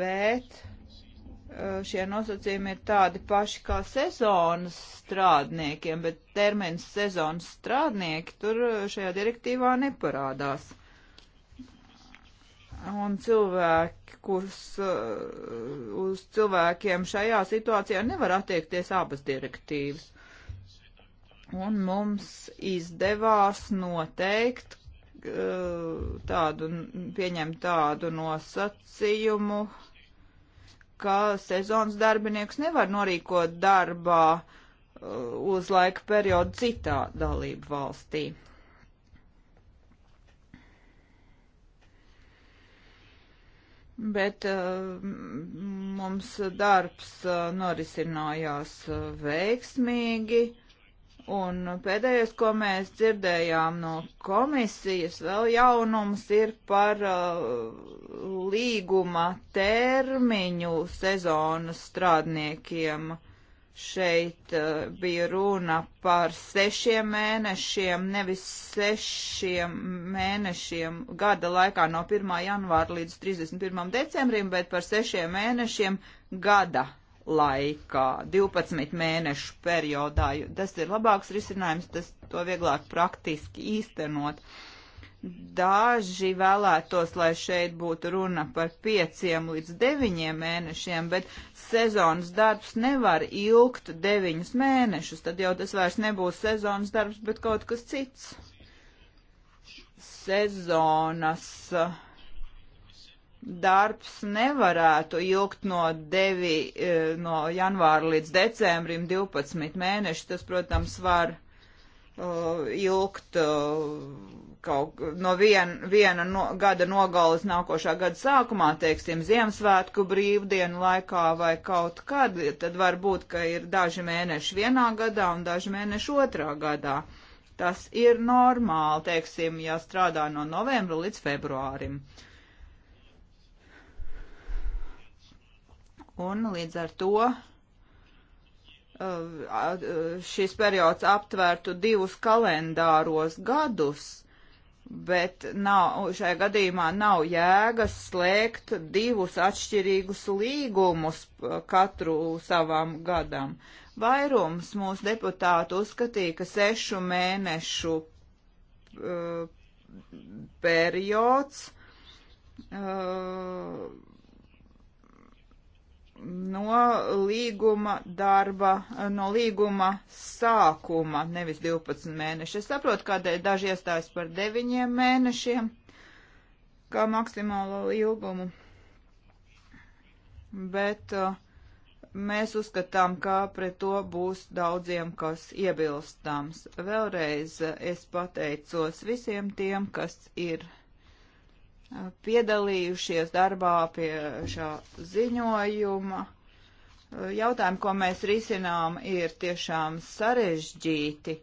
bet eh, šie nosacījumi ir tādi paši kā sezonas strādniekiem, bet termins sezonas strādnieki tur eh, šajā direktīvā neparādās. Un cilvēki, kurus uh, uz cilvēkiem šajā situācijā nevar attiekties abas direktīvas. Un mums izdevās noteikt uh, tādu, pieņemt tādu nosacījumu, ka sezonas darbinieks nevar norīkot darbā uh, uz laika periodu citā dalību valstī. bet eh, mums darbs eh, norisinājās eh, veiksmīgi. Un pēdējais, ko mēs dzirdējām no komisijas, vēl jaunums ir par uh, līguma termiņu sezonas strādniekiem. Uh, šeit eh, bija runa par sešiem mēnešiem, nevis sešiem mēnešiem gada laikā no 1. janvāra līdz 31. decembrim, bet par sešiem mēnešiem gada laikā, 12 mēnešu periodā. Tas ir labāks risinājums, tas to vieglāk praktiski īstenot. Uh, Daži vēlētos, lai šeit būtu runa par pieciem līdz deviņiem mēnešiem, bet sezonas darbs nevar ilgt deviņus mēnešus. Tad jau tas vairs nebūs sezonas darbs, bet kaut kas cits. Sezonas uh, darbs nevarētu ilgt no, devi, uh, no janvāra līdz decembrim 12 mēneši. Tas, protams, var uh, ilgt uh, kaut no vien, viena no, gada nogalas nākošā gada sākumā, teiksim, Ziemassvētku brīvdienu laikā vai kaut kad, tad varbūt, ka ir daži mēneši vienā gadā un daži mēneši otrā gadā. Tas ir normāli, teiksim, ja strādā no novembra līdz februārim. Un līdz ar to Uh, uh, šis periods aptvērtu divus kalendāros gadus, bet nav, šajā gadījumā nav jēgas slēgt divus atšķirīgus līgumus uh, katru savam gadam. Vairums mūsu deputātu uzskatīja, ka sešu mēnešu uh, periods uh, no līguma darba, no līguma sākuma, nevis 12 mēneši. Es saprotu, kādēļ daži iestājas par 9 mēnešiem, kā maksimālo ilgumu. Bet uh, mēs uzskatām, ka pret to būs daudziem, kas iebilstams. Vēlreiz es pateicos visiem tiem, kas ir piedalījušies darbā pie šā ziņojuma. Jautājumi, ko mēs risinām, ir tiešām sarežģīti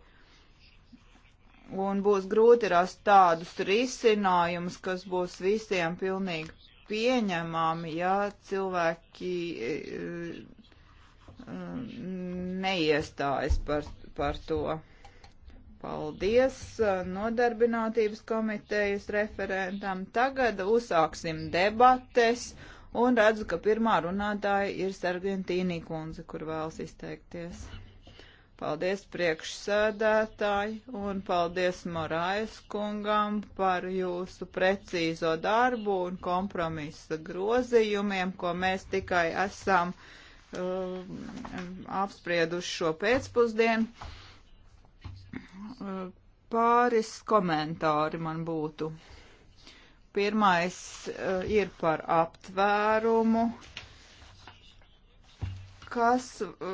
un būs grūti rast tādus risinājumus, kas būs visiem pilnīgi pieņemami, ja cilvēki eh, eh, neiestājas par, par to. Paldies uh, nodarbinātības komitejas referentam. Tagad uzsāksim debates un redzu, ka pirmā runātāja ir Sargentīnī kundze, kur vēlas izteikties. Paldies priekšsēdētāji un paldies Morājas kungam par jūsu precīzo darbu un kompromisa grozījumiem, ko mēs tikai esam uh, apsprieduši šo pēcpusdienu Pāris komentāri man būtu. Pirmais eh, ir par aptvērumu, kas eh,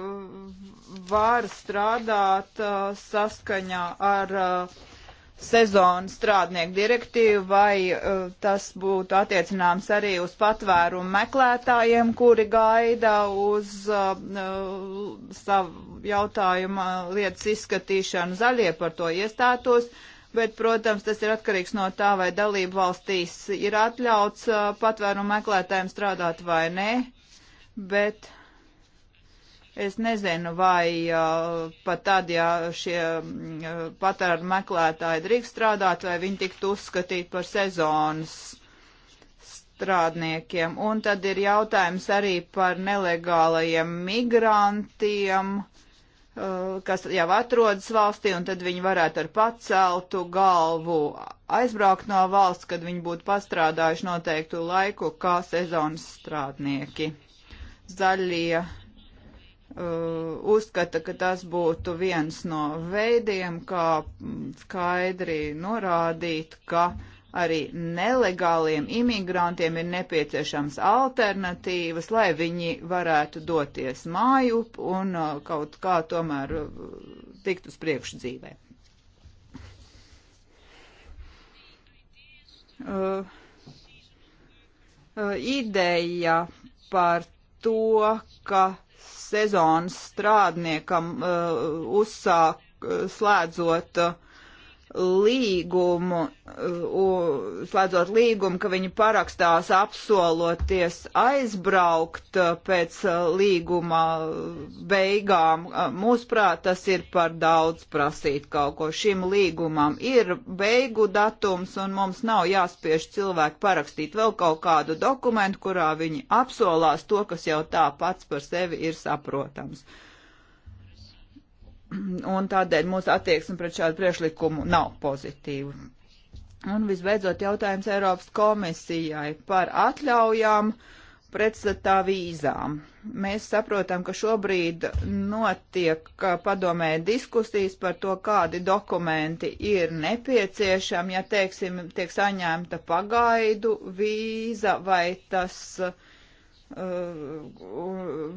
var strādāt eh, saskaņā ar uh, sezonu strādnieku direktīvu, vai uh, tas būtu attiecināms arī uz patvērumu meklētājiem, kuri gaida uz uh, savu jautājuma lietas izskatīšanu. Zaļie par to iestātos, bet, protams, tas ir atkarīgs no tā, vai dalību valstīs ir atļauts uh, patvērumu meklētājiem strādāt vai nē. Bet Es nezinu, vai uh, pat tad, ja šie uh, patērnu meklētāji drīkst strādāt, vai viņi tiktu uzskatīti par sezonas strādniekiem. Un tad ir jautājums arī par nelegālajiem migrantiem, uh, kas jau atrodas valstī, un tad viņi varētu ar paceltu galvu aizbraukt no valsts, kad viņi būtu pastrādājuši noteiktu laiku kā sezonas strādnieki. Zaļie Uh, uzskata, ka tas būtu viens no veidiem, kā skaidri norādīt, ka arī nelegāliem imigrantiem ir nepieciešams alternatīvas, lai viņi varētu doties māju un uh, kaut kā tomēr uh, tikt uz priekšu dzīvē. Uh, ideja par to, ka sezonas strādniekam uh, uzsāk uh, slēdzot uh, līgumu, slēdzot līgumu, ka viņi parakstās apsoloties aizbraukt uh, pēc uh, līguma beigām. Uh, mūsuprāt, tas ir par daudz prasīt kaut ko. Šim līgumam ir beigu datums un mums nav jāspiež cilvēku parakstīt vēl kaut kādu dokumentu, kurā viņi apsolās to, kas jau tā pats par sevi ir saprotams. Uh, un tādēļ mūsu attieksme pret šādu priešlikumu nav pozitīva. Un visbeidzot jautājums Eiropas komisijai par atļaujām pretstatā vīzām. Mēs saprotam, ka šobrīd notiek padomē diskusijas par to, kādi dokumenti ir nepieciešami, ja, teiksim, tiek saņemta pagaidu vīza vai tas uh, Uh,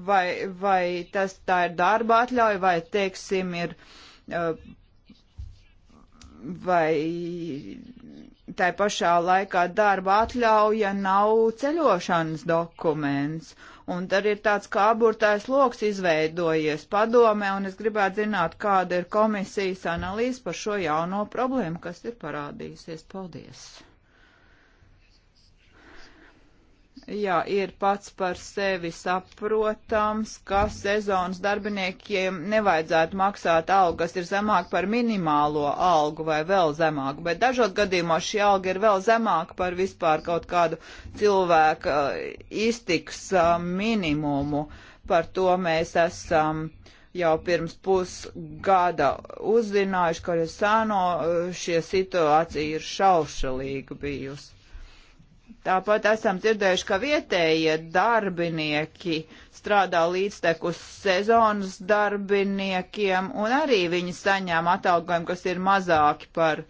vai, vai tas tā ir darba atļauja, vai, teiksim, ir, uh, vai tai pašā laikā darba atļauja nav ceļošanas dokuments. Un tad ir tāds kā aburtais loks izveidojies padomē, un es gribētu zināt, kāda ir komisijas analīze par šo jauno problēmu, kas ir parādījusies. Paldies! Jā, ir pats par sevi saprotams, ka sezonas darbiniekiem nevajadzētu maksāt algu, kas ir zemāk par minimālo algu vai vēl zemāku, bet dažos gadījumos šī alga ir vēl zemāka par vispār kaut kādu cilvēku uh, iztiks uh, minimumu. Par to mēs esam jau pirms pusgada uzzinājuši, ka Resāno uh, šie situācija ir šaušalīga bijusi. Tāpat esam dzirdējuši, ka vietējie darbinieki strādā līdztekus sezonas darbiniekiem, un arī viņi saņem atalgojumu, kas ir mazāki par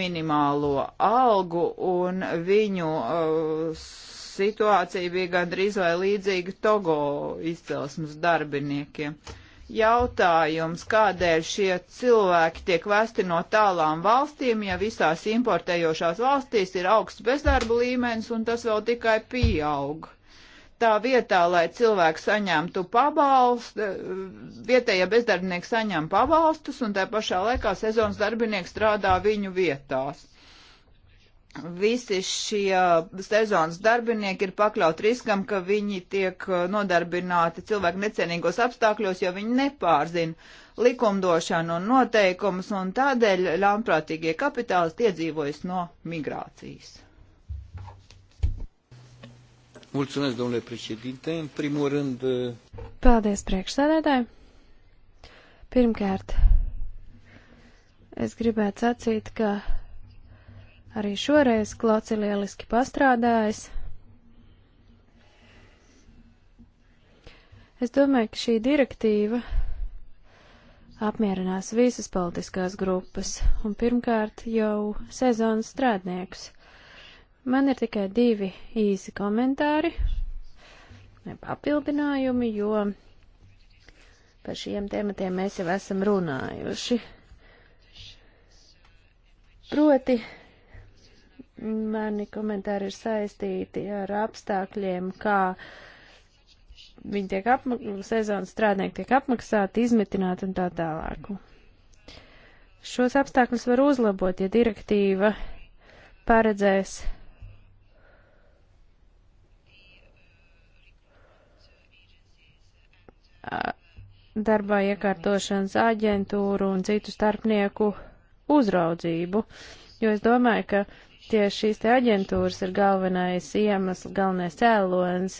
minimālo algu, un viņu uh, situācija bija gandrīz vai līdzīga Togo izcelsmes darbiniekiem. Uh, jautājums, kādēļ šie cilvēki tiek vesti no tālām valstīm, ja visās importējošās valstīs ir augsts bezdarba līmenis un tas vēl tikai pieaug. Tā vietā, lai cilvēki saņemtu pabalstu, vietējie bezdarbinieki saņem pabalstus un tā pašā laikā sezonas darbinieki strādā viņu vietās visi šie sezonas darbinieki ir pakļaut riskam, ka viņi tiek uh, nodarbināti cilvēku necienīgos apstākļos, jo viņi nepārzina likumdošanu un noteikumus, un tādēļ ļaunprātīgie kapitālisti iedzīvojas no migrācijas. Mulțumesc, domnule președinte. În primul rând... Uh, Paldies, priekšsēdētāji. Pirmkārt, es gribētu sacīt, ka Arī šoreiz Klots ir lieliski pastrādājis. Es domāju, ka šī direktīva apmierinās visas politiskās grupas un pirmkārt jau sezonas strādniekus. Man ir tikai divi īsi komentāri, papildinājumi, jo par šiem tematiem mēs jau esam runājuši. Proti, mani komentāri ir saistīti ar apstākļiem, kā viņi tiek apmaksāti, sezonas strādnieki tiek apmaksāti, izmitināti un tā tālāk. Šos apstākļus var uzlabot, ja direktīva paredzēs darbā iekārtošanas aģentūru un citu starpnieku uzraudzību, jo es domāju, ka uh, tieši šīs te aģentūras ir galvenais iemesls, galvenais cēlons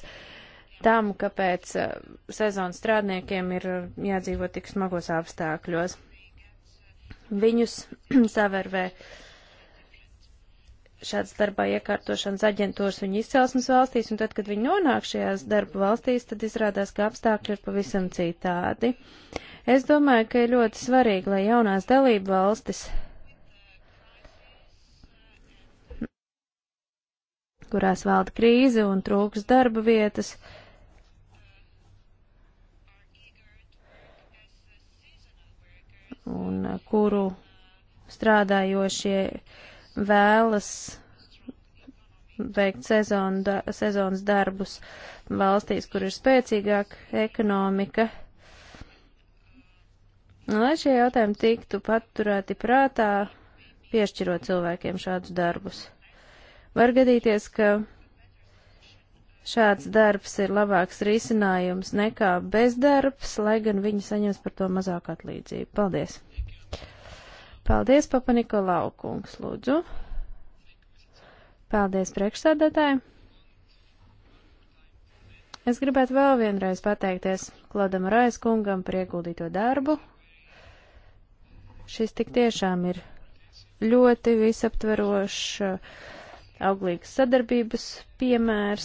tam, kāpēc eh, sezonas strādniekiem ir jādzīvo tik smagos apstākļos. Viņus savērvē šāds darbā iekārtošanas aģentūras viņu izcelsmes valstīs, un tad, kad viņi nonāk šajās darba valstīs, tad izrādās, ka apstākļi ir pavisam citādi. Es domāju, ka ir ļoti svarīgi, lai jaunās dalība valstis kurās valda krīze un trūks darba vietas. un kuru strādājošie vēlas veikt sezonu, da, sezonas darbus valstīs, kur ir spēcīgāka ekonomika. Lai šie jautājumi tiktu paturēti prātā, piešķirot cilvēkiem šādus darbus. Var gadīties, ka šāds darbs ir labāks risinājums nekā bezdarbs, lai gan viņi saņems par to mazāk atlīdzību. Paldies! Paldies, Papa Nikolau kungs, lūdzu! Paldies, priekšsādātāji! Es gribētu vēl vienreiz pateikties Klodam Rais kungam par ieguldīto darbu. Šis tik tiešām ir ļoti visaptverošs auglīgas sadarbības piemērs.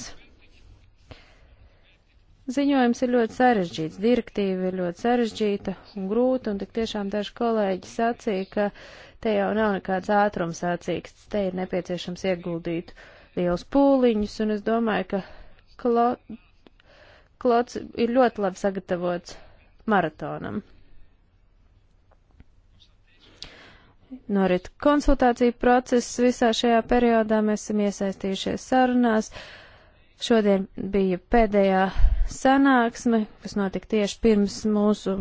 Ziņojums ir ļoti sarežģīts, direktīva ir ļoti sarežģīta un grūta, un tik tiešām daži kolēģi sacīja, ka te jau nav nekāds ātrums sacīksts, te ir nepieciešams ieguldīt liels pūliņus, un es domāju, ka klo, klots ir ļoti labi sagatavots maratonam. norit konsultāciju process visā šajā periodā, mēs esam iesaistījušies sarunās. Šodien bija pēdējā sanāksme, kas notika tieši pirms mūsu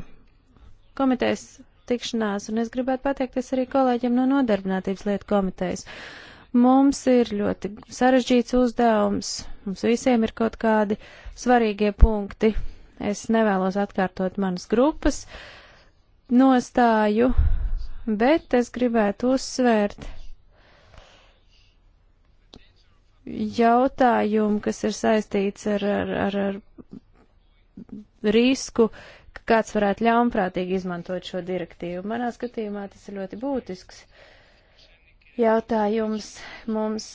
komitejas tikšanās, un es gribētu pateikties arī kolēģiem no Nodarbinātības lietu komitejas. Mums ir ļoti sarežģīts uzdevums, mums visiem ir kaut kādi svarīgie punkti. Es nevēlos atkārtot manas grupas nostāju, bet es gribētu uzsvērt jautājumu, kas ir saistīts ar, ar, ar, ar risku, ka kāds varētu ļaunprātīgi izmantot šo direktīvu. Manā skatījumā tas ir ļoti būtisks jautājums mums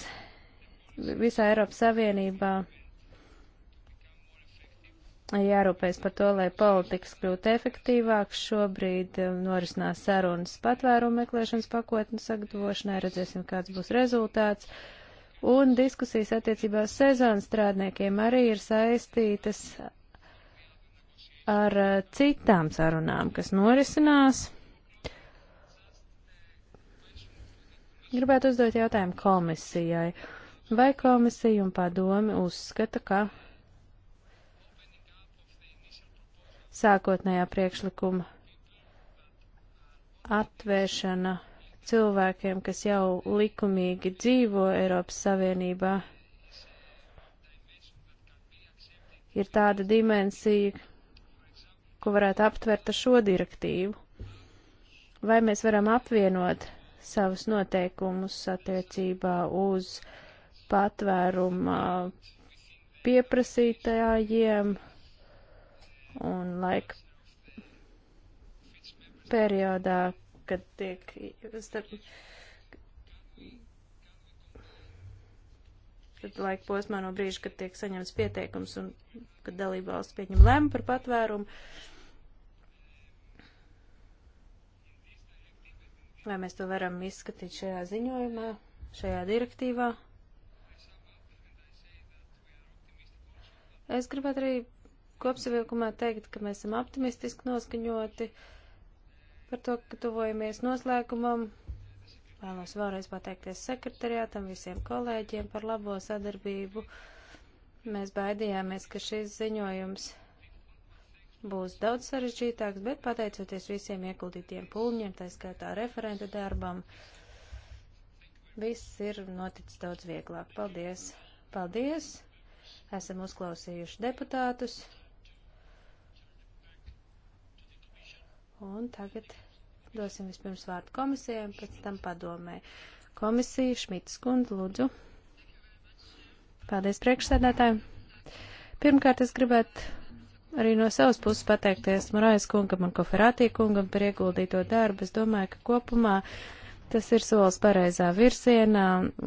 visā Eiropas Savienībā jārūpēs par to, lai politikas kļūtu efektīvāk. Šobrīd um, norisinās sarunas patvērumu meklēšanas pakotni sagatavošanai, redzēsim, kāds būs rezultāts. Un diskusijas attiecībā uz sezonas strādniekiem arī ir saistītas ar uh, citām sarunām, kas norisinās. Gribētu uzdot jautājumu komisijai. Vai komisija un padomi uzskata, ka sākotnējā priekšlikuma atvēršana cilvēkiem, kas jau likumīgi dzīvo Eiropas Savienībā, ir tāda dimensija, ko varētu aptvert ar šo direktīvu. Vai mēs varam apvienot savus noteikumus attiecībā uz patvēruma pieprasītājiem? Ja un laika periodā, kad tiek starp, tad laika posmā no brīža, kad tiek saņemts pieteikums un kad dalībvalsts pieņem lēmu par patvērumu. Vai mēs to varam izskatīt šajā ziņojumā, šajā direktīvā? Es gribētu arī kopsavilkumā teikt, ka mēs esam optimistiski noskaņoti par to, ka tuvojamies noslēgumam. Vēlos vēlreiz pateikties sekretariātam, visiem kolēģiem par labo sadarbību. Mēs baidījāmies, ka šis ziņojums būs daudz sarežģītāks, bet pateicoties visiem ieguldītiem pūliņiem, tā skaitā referenta darbam, viss ir noticis daudz vieglāk. Paldies! Paldies! Esam uzklausījuši deputātus. Un tagad dosim vispirms vārdu komisijai un pēc tam padomē. Komisija Šmitas kundze, lūdzu. Paldies priekšsēdētājiem. Pirmkārt, es gribētu arī no savas puses pateikties Marais kungam un Koferātī kungam par ieguldīto darbu. Es domāju, ka kopumā tas ir solis pareizā virsienā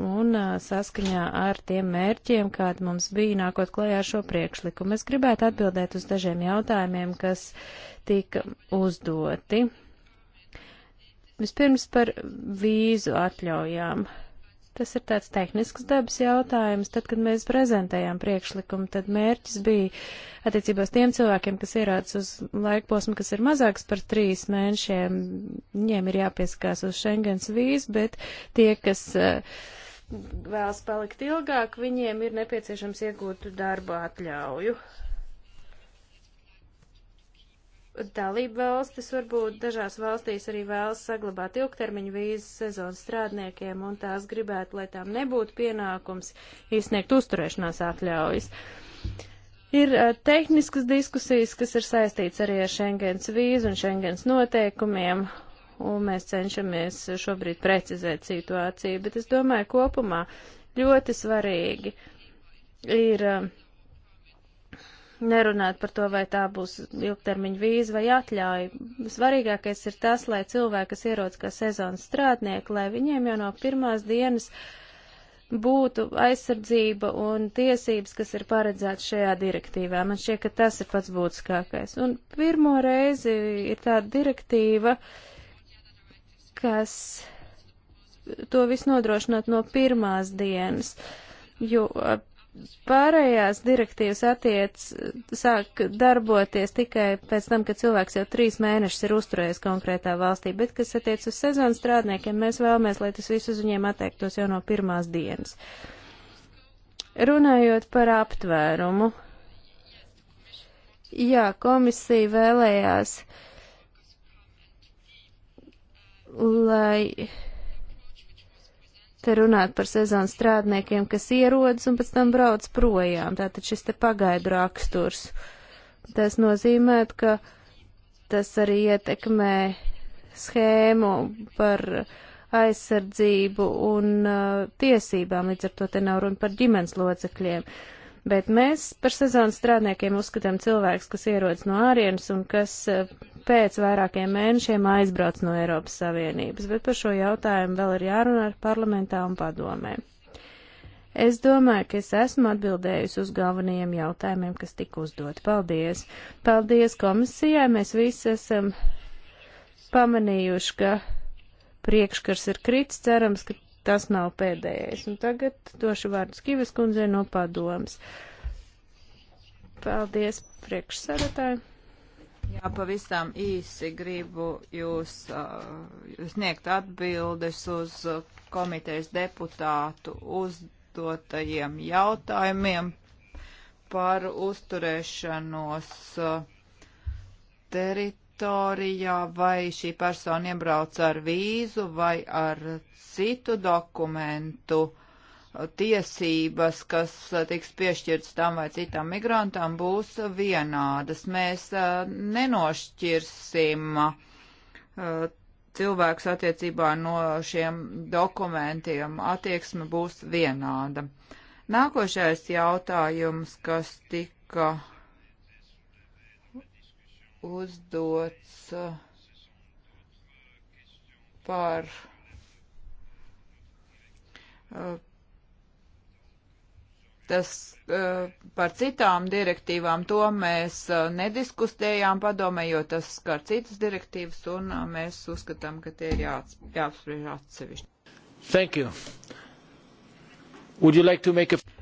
un saskaņā ar tiem mērķiem, kāda mums bija nākot klajā ar šo priekšlikumu. Es gribētu atbildēt uz dažiem jautājumiem, kas tika uzdoti. Vispirms par vīzu atļaujām. Tas ir tāds tehnisks dabas jautājums. Tad, kad mēs prezentējām priekšlikumu, tad mērķis bija attiecībās tiem cilvēkiem, kas ierāds uz laikposmu, kas ir mazāks par trīs mēnešiem, viņiem ir jāpieskās uz Schengens vīzu, bet tie, kas eh, vēlas palikt ilgāk, viņiem ir nepieciešams iegūt darba atļauju dalību valstis varbūt dažās valstīs arī vēlas saglabāt ilgtermiņu vīzas sezonas strādniekiem un tās gribētu, lai tām nebūtu pienākums izsniegt uzturēšanās atļaujas. Ir uh, tehniskas diskusijas, kas ir saistīts arī ar Schengens vīzu un Schengens noteikumiem, un mēs cenšamies šobrīd precizēt situāciju, bet es domāju kopumā ļoti svarīgi ir uh, nerunāt par to, vai tā būs ilgtermiņa vīza vai atļauja. Svarīgākais ir tas, lai cilvēki, kas ierodas kā sezonas strādnieki, lai viņiem jau no pirmās dienas būtu aizsardzība un tiesības, kas ir paredzētas šajā direktīvā. Man šķiet, ka tas ir pats būtiskākais. Un pirmo reizi ir tāda direktīva, kas to visu nodrošināt no pirmās dienas, jo Pārējās direktīvas attiec, sāk darboties tikai pēc tam, kad cilvēks jau trīs mēnešus ir uzturējis konkrētā valstī, bet kas attiec uz sezonas strādniekiem, mēs vēlamies, lai tas viss uz viņiem attiektos jau no pirmās dienas. Runājot par aptvērumu, jā, komisija vēlējās, lai te runāt par sezonu strādniekiem, kas ierodas un pēc tam brauc projām. Tātad šis te pagaidu raksturs. Tas nozīmē, ka tas arī ietekmē schēmu par aizsardzību un uh, tiesībām, līdz ar to te nav runa par ģimenes locekļiem. Bet mēs par sezonas strādniekiem uzskatām cilvēks, kas ierodas no ārienes un kas uh, pēc vairākiem mēnešiem aizbrauc no Eiropas Savienības, bet par šo jautājumu vēl ir jārunā ar parlamentā un padomē. Es domāju, ka es esmu atbildējusi uz galvenajiem jautājumiem, kas tika uzdot. Paldies! Paldies komisijai! Mēs visi esam pamanījuši, ka priekškars ir krits, cerams, ka tas nav pēdējais. Un tagad došu vārdu Skivas kundzei no padomas. Paldies priekšsēdētāji! Jā, pavisam īsi gribu jūs uh, sniegt atbildes uz uh, komitejas deputātu uzdotajiem jautājumiem par uzturēšanos uh, teritorijā, vai šī persona iebrauc ar vīzu vai ar citu dokumentu. Uh, tiesības, kas uh, tiks piešķirts tam vai citam migrantam, būs vienādas. Mēs uh, nenošķirsim uh, cilvēks attiecībā no šiem dokumentiem. Attieksme būs vienāda. Nākošais jautājums, kas tika uzdots par Tas eh, par citām direktīvām to mēs eh, nediskustējām padomē, jo tas skar citas direktīvas un eh, mēs uzskatām, ka tie ir jāats, jāapspriež atsevišķi. Thank you. Would you like to make a...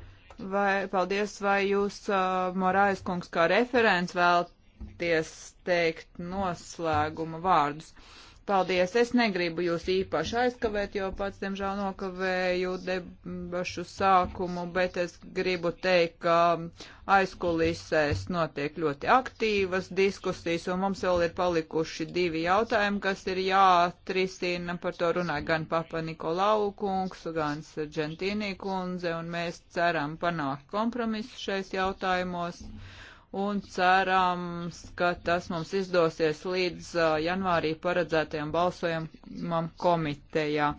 Vai, paldies, vai jūs, uh, Morājas kungs, kā referents vēlties teikt noslēguma vārdus? Uh, Paldies! Es negribu jūs īpaši aizkavēt, jo pats, diemžēl, nokavēju debašu sākumu, bet es gribu teikt, ka aizkulisēs notiek ļoti aktīvas diskusijas, un mums vēl ir palikuši divi jautājumi, kas ir jāatrisina. Par to runāja gan Papa Nikolau kungs, gan Sargentīnī kundze, un mēs ceram panākt kompromisu šais jautājumos. Mm un cerams, ka tas mums izdosies līdz uh, janvārī paredzētajam balsojumam komitejā.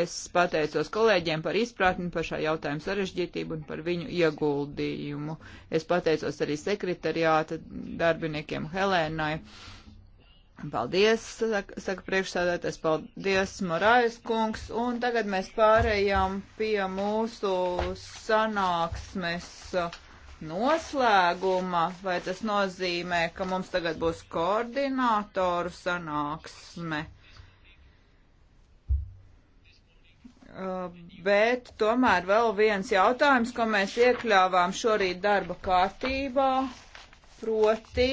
Es pateicos kolēģiem par izpratni par šā jautājuma sarežģītību un par viņu ieguldījumu. Es pateicos arī sekretariāta darbiniekiem Helēnai. Paldies, saka, saka priekšsādātais, paldies, Morais kungs. Un tagad mēs pārējām pie mūsu sanāksmes. Uh, noslēguma, vai tas nozīmē, ka mums tagad būs koordinātoru sanāksme. Uh, bet tomēr vēl viens jautājums, ko mēs iekļāvām šorīt darba kārtībā, proti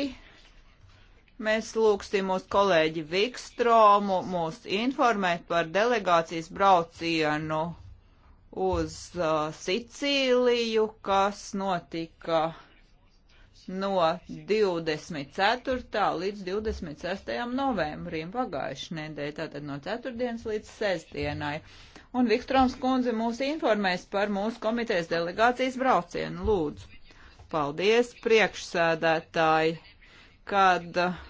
mēs lūgsim mūsu kolēģi Vikstromu mūs informēt par delegācijas braucienu uz uh, Sicīliju, kas notika no 24. līdz 26. novembrim pagājušajā nedēļā, tātad no 4. līdz 6. dienai un Viktrons kundze mūs informēs par mūsu komitejas delegācijas braucienu. Lūdzu, paldies priekšsēdētāji, kad uh,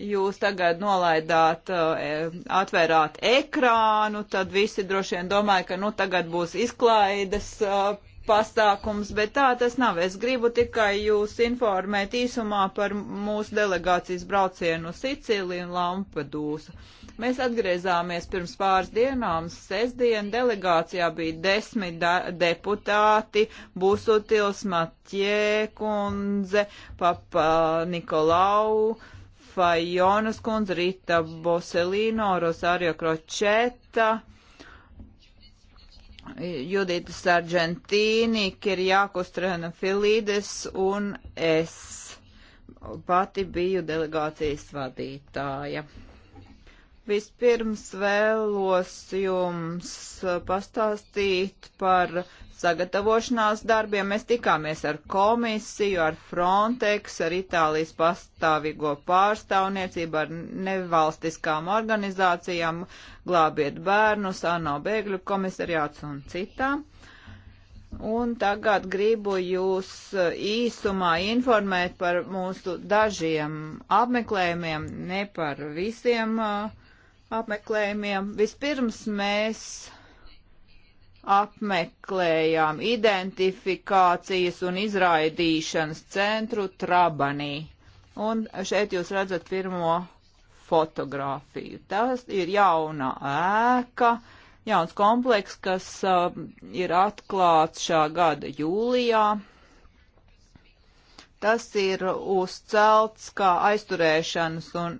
jūs tagad nolaidāt, eh, atvērāt ekrānu, tad visi droši vien domāja, ka nu tagad būs izklaides eh, pasākums, bet tā tas nav. Es gribu tikai jūs informēt īsumā par mūsu delegācijas braucienu uz Siciliju un Lampedūsu. Mēs atgriezāmies pirms pāris dienām. Sesdien delegācijā bija desmit deputāti - Busutils, Matjē kundze, Papa Nikolau, uh, Fajonas kundze, Rita Boselino, Rosario Kročeta, Judita Sargentīni, Kirjākos Trenafilides un es pati biju delegācijas vadītāja. Vispirms vēlos jums pastāstīt par uh, sagatavošanās darbiem. Mēs tikāmies ar komisiju, ar Frontex, ar Itālijas pastāvīgo pārstāvniecību, ar nevalstiskām organizācijām, glābiet bērnus, ANO bēgļu komisariāts un citām. Un tagad gribu jūs uh, īsumā informēt par mūsu dažiem apmeklējumiem, ne par visiem uh, apmeklējumiem. Vispirms mēs apmeklējām identifikācijas un izraidīšanas centru Trabanī. Un šeit jūs redzat pirmo fotografiju. Tas ir jauna ēka, jauns kompleks, kas uh, ir atklāts šā gada jūlijā. Tas ir uzcelts kā aizturēšanas un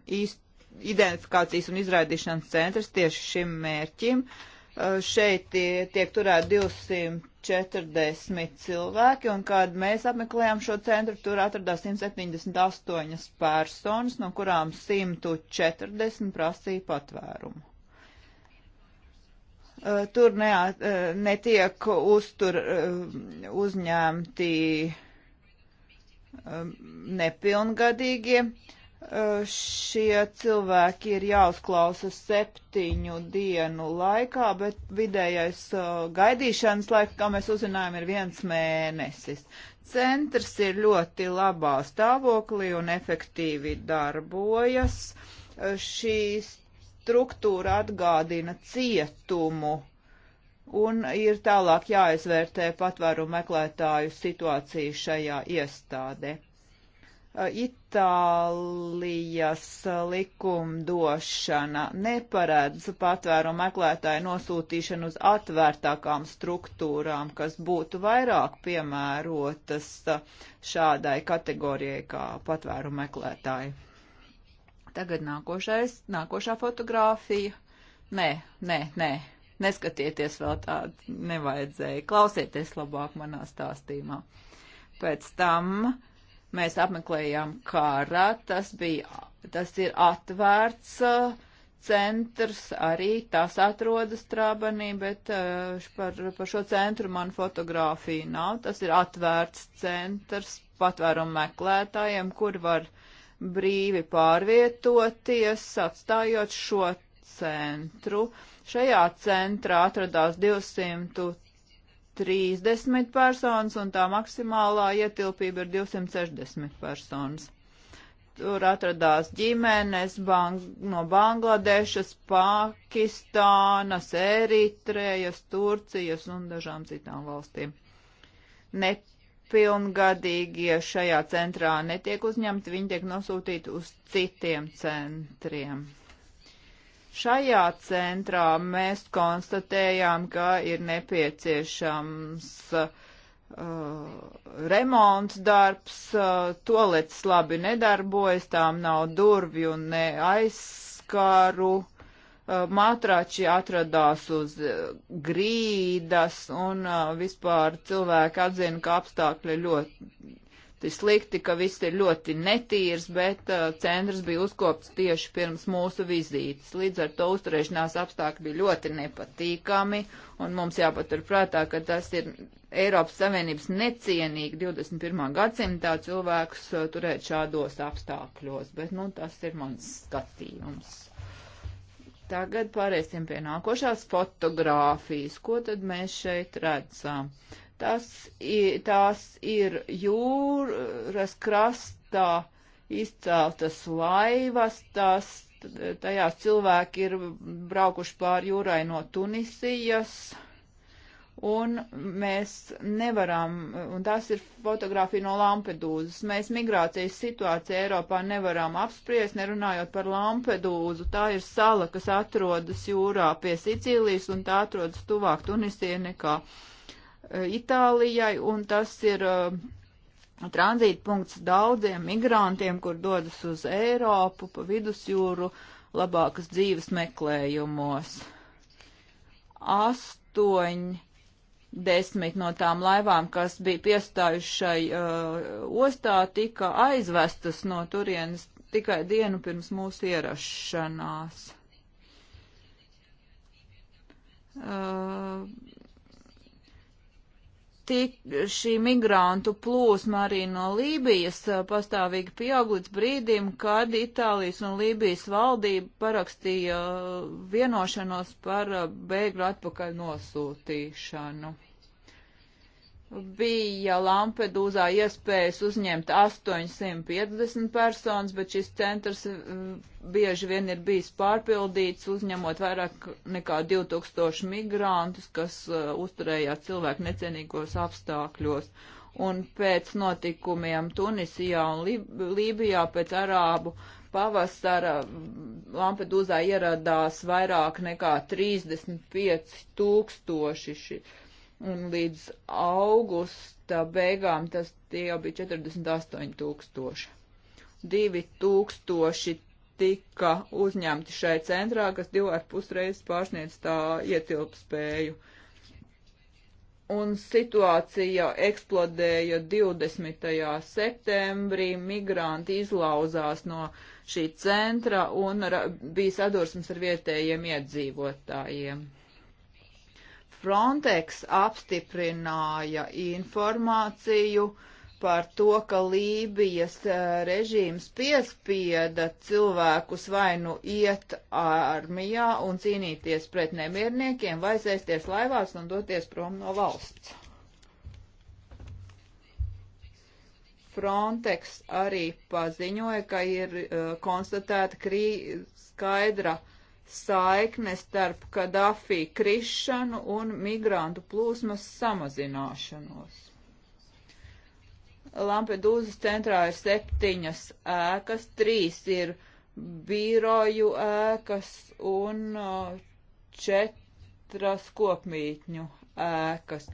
identifikācijas un izraidīšanas centrs tieši šim mērķim. Uh, Eh, šeit tiek turēt 240 cilvēki, un kad mēs apmeklējām šo centru, tur atradās 178 personas, no kurām 140 prasīja patvērumu. Eh, tur neat, eh, netiek uztur uzņemti nepilngadīgie. Eh, šie cilvēki ir jāuzklausa septiņu dienu laikā, bet vidējais eh, gaidīšanas laiks, kā mēs uzzinājām, ir viens mēnesis. Centrs ir ļoti labā stāvoklī un efektīvi darbojas. Eh, šī struktūra atgādina cietumu un ir tālāk jāizvērtē patvēru meklētāju situāciju šajā iestādē. Itālijas likumdošana neparedz patvēru meklētāju nosūtīšanu uz atvērtākām struktūrām, kas būtu vairāk piemērotas šādai kategorijai kā patvēru meklētāji. Tagad nākošais, nākošā fotografija. Nē, nē, nē, neskatieties vēl tādu, nevajadzēja. Klausieties labāk manā stāstījumā. Pēc tam Mēs apmeklējām kārā, tas, bija, tas ir atvērts uh, centrs, arī tas atrodas Trābanī, bet uh, par, par šo centru man fotografija nav. Tas ir atvērts centrs patvērumu meklētājiem, kur var brīvi pārvietoties, atstājot šo centru. Šajā centrā atradās 200 30 personas un tā maksimālā ietilpība ir 260 personas. Tur atradās ģimenes bang no Bangladešas, Pakistānas, Eritrejas, Turcijas un dažām citām valstīm. Nepilngadīgie šajā centrā netiek uzņemti, viņi tiek nosūtīti uz citiem centriem. Šajā centrā mēs konstatējām, ka ir nepieciešams uh, remonts darbs, uh, toalets labi nedarbojas, tām nav durvju un ne aizskaru. Uh, matrači atradās uz uh, grīdas un uh, vispār cilvēki atzina, ka apstākļi ļoti ļoti slikti, ka viss ir ļoti netīrs, bet uh, centrs bija uzkopts tieši pirms mūsu vizītes. Līdz ar to uzturēšanās apstākļi bija ļoti nepatīkami, un mums jāpaturprātā, ka tas ir Eiropas Savienības necienīgi 21. gadsimtā cilvēkus uh, turēt šādos apstākļos, bet nu, tas ir mans skatījums. Tagad pāriesim pie nākošās fotogrāfijas. Ko tad mēs šeit redzam? Uh, Tas, tās ir jūras krastā izceltas laivas, tās, tajās cilvēki ir braukuši pāri jūrai no Tunisijas. Un mēs nevaram, un tās ir fotografija no Lampedūzas. Mēs migrācijas situāciju Eiropā nevaram apspriest, nerunājot par Lampedūzu. Tā ir sala, kas atrodas jūrā pie Sicīlijas, un tā atrodas tuvāk Tunisijai nekā uh, Itālijai, un tas ir uh, tranzītpunkts daudziem migrantiem, kur dodas uz Eiropu pa vidusjūru labākas dzīves meklējumos. Astoņi desmit no tām laivām, kas bija piestājušai uh, ostā, tika aizvestas no turienes tikai dienu pirms mūsu ierašanās. Uh, tik, šī migrantu plūsma arī no Lībijas eh, pastāvīgi pieaug līdz brīdim, kad Itālijas un Lībijas valdība parakstīja eh, vienošanos par eh, bēgļu atpakaļ nosūtīšanu bija Lampedūzā iespējas uzņemt 850 personas, bet šis centrs mm, bieži vien ir bijis pārpildīts, uzņemot vairāk nekā 2000 migrantus, kas uh, uzturējās cilvēku necienīgos apstākļos. Un pēc notikumiem Tunisijā un Lib Lībijā pēc arābu pavasara mm, Lampedūzā ieradās vairāk nekā 35 tūkstoši šī un līdz augusta beigām tas tie jau bija 48 tūkstoši. 2 tūkstoši tika uzņemti šai centrā, kas divu ar pusreiz pārsniedz tā ietilpspēju. Un situācija eksplodēja 20. septembrī, migranti izlauzās no šī centra un bija sadursmes ar vietējiem iedzīvotājiem. Frontex apstiprināja informāciju par to, ka Lībijas eh, režīms piespieda cilvēkus vai nu iet armijā un cīnīties pret nemierniekiem, vai sēsties laivās un doties prom no valsts. Frontex arī paziņoja, ka ir uh, konstatēta krī, skaidra uh, saikne starp Kadafī krišanu un migrantu plūsmas samazināšanos. Lampedūzas centrā ir septiņas ēkas, trīs ir bīroju ēkas un četras kopmītņu ēkas.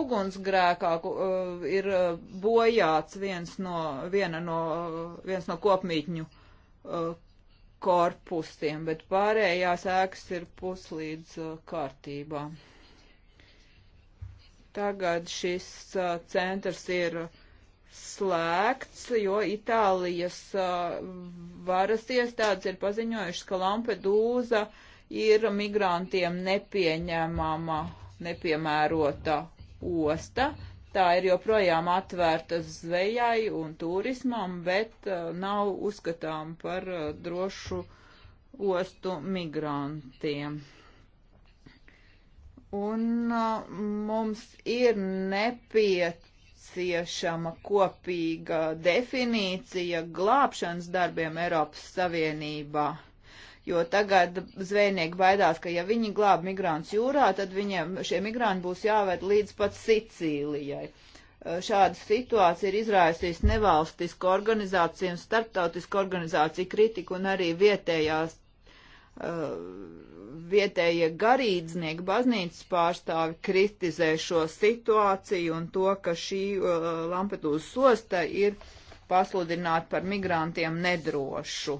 Ugunsgrēkā uh, ir bojāts viens no, viena no, viens no kopmītņu uh, korpusiem, bet pārējās ēkas ir puslīdz uh, kārtībā. Tagad šis uh, centrs ir slēgts, jo Itālijas uh, varas iestādes ir paziņojušas, ka Lampedūza ir migrantiem nepieņemama, nepiemērota osta, tā ir joprojām atvērta zvejai un turismam, bet uh, nav uzskatām par uh, drošu ostu migrantiem. Un uh, mums ir nepieciešama kopīga definīcija glābšanas darbiem Eiropas Savienībā. Uh, jo tagad zvejnieki baidās, ka ja viņi glāb migrants jūrā, tad viņiem šie migranti būs jāved līdz pat Sicīlijai. Šāda situācija ir izraisījis nevalstisku organizāciju un starptautisku organizāciju kritiku un arī vietējās vietējie garīdznieki, baznīcas pārstāvi kritizē šo situāciju un to, ka šī Lampedūzas osta ir pasludināta par migrantiem nedrošu.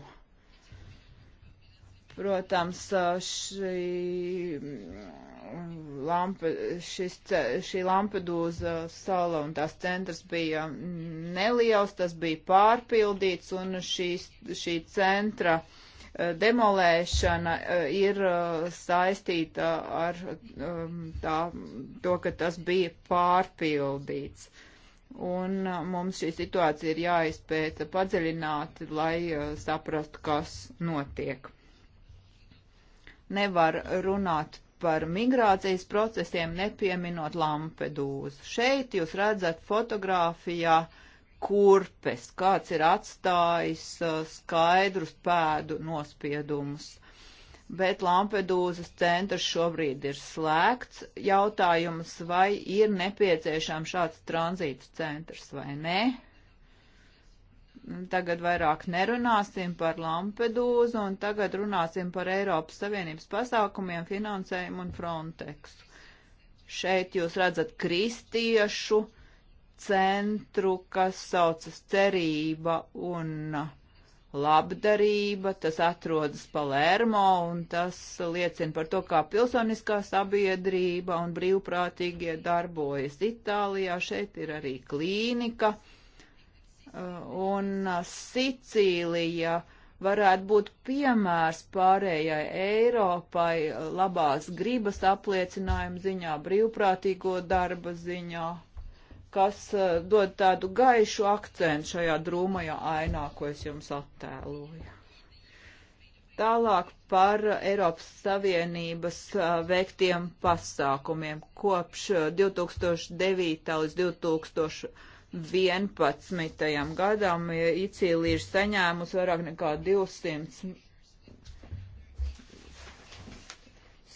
Protams, šī, mm, lampe, šis, šī Lampedūza sala un tās centrs bija neliels, tas bija pārpildīts un šī, šī centra demolēšana ir saistīta ar tā, to, ka tas bija pārpildīts. Un mums šī situācija ir jāizpēta padziļināti, lai saprastu, kas notiek nevar runāt par migrācijas procesiem, nepieminot Lampedūzu. Šeit jūs redzat fotogrāfijā kurpes, kāds ir atstājis skaidrus pēdu nospiedumus. Bet Lampedūzas centrs šobrīd ir slēgts. Jautājums, vai ir nepieciešams šāds tranzīts centrs vai nē? tagad vairāk nerunāsim par Lampedūzu un tagad runāsim par Eiropas Savienības pasākumiem, finansējumu un Frontexu. Šeit jūs redzat kristiešu centru, kas saucas cerība un labdarība, tas atrodas Palermo un tas liecina par to, kā pilsoniskā sabiedrība un brīvprātīgie darbojas Itālijā. Šeit ir arī klīnika. Uh, un uh, Sicīlija varētu būt piemērs pārējai Eiropai labās gribas apliecinājuma ziņā, brīvprātīgo darba ziņā, kas uh, dod tādu gaišu akcentu šajā drūmajā ainā, ko es jums attēloju. Tālāk par Eiropas Savienības uh, veiktiem pasākumiem kopš 2009. līdz 2000. 11. gadam Icīlija ir saņēmusi vairāk nekā 200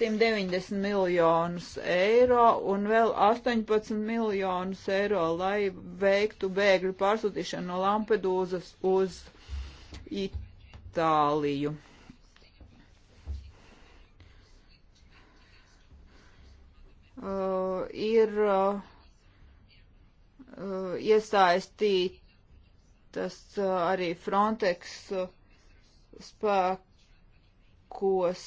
190 miljonus eiro un vēl 18 miljonus eiro, lai veiktu bēgļu pārsūtīšanu no Lampedūzas uz Itāliju. Uh, ir uh, Uh, iesaistītas uh, arī Frontex uh, spēkos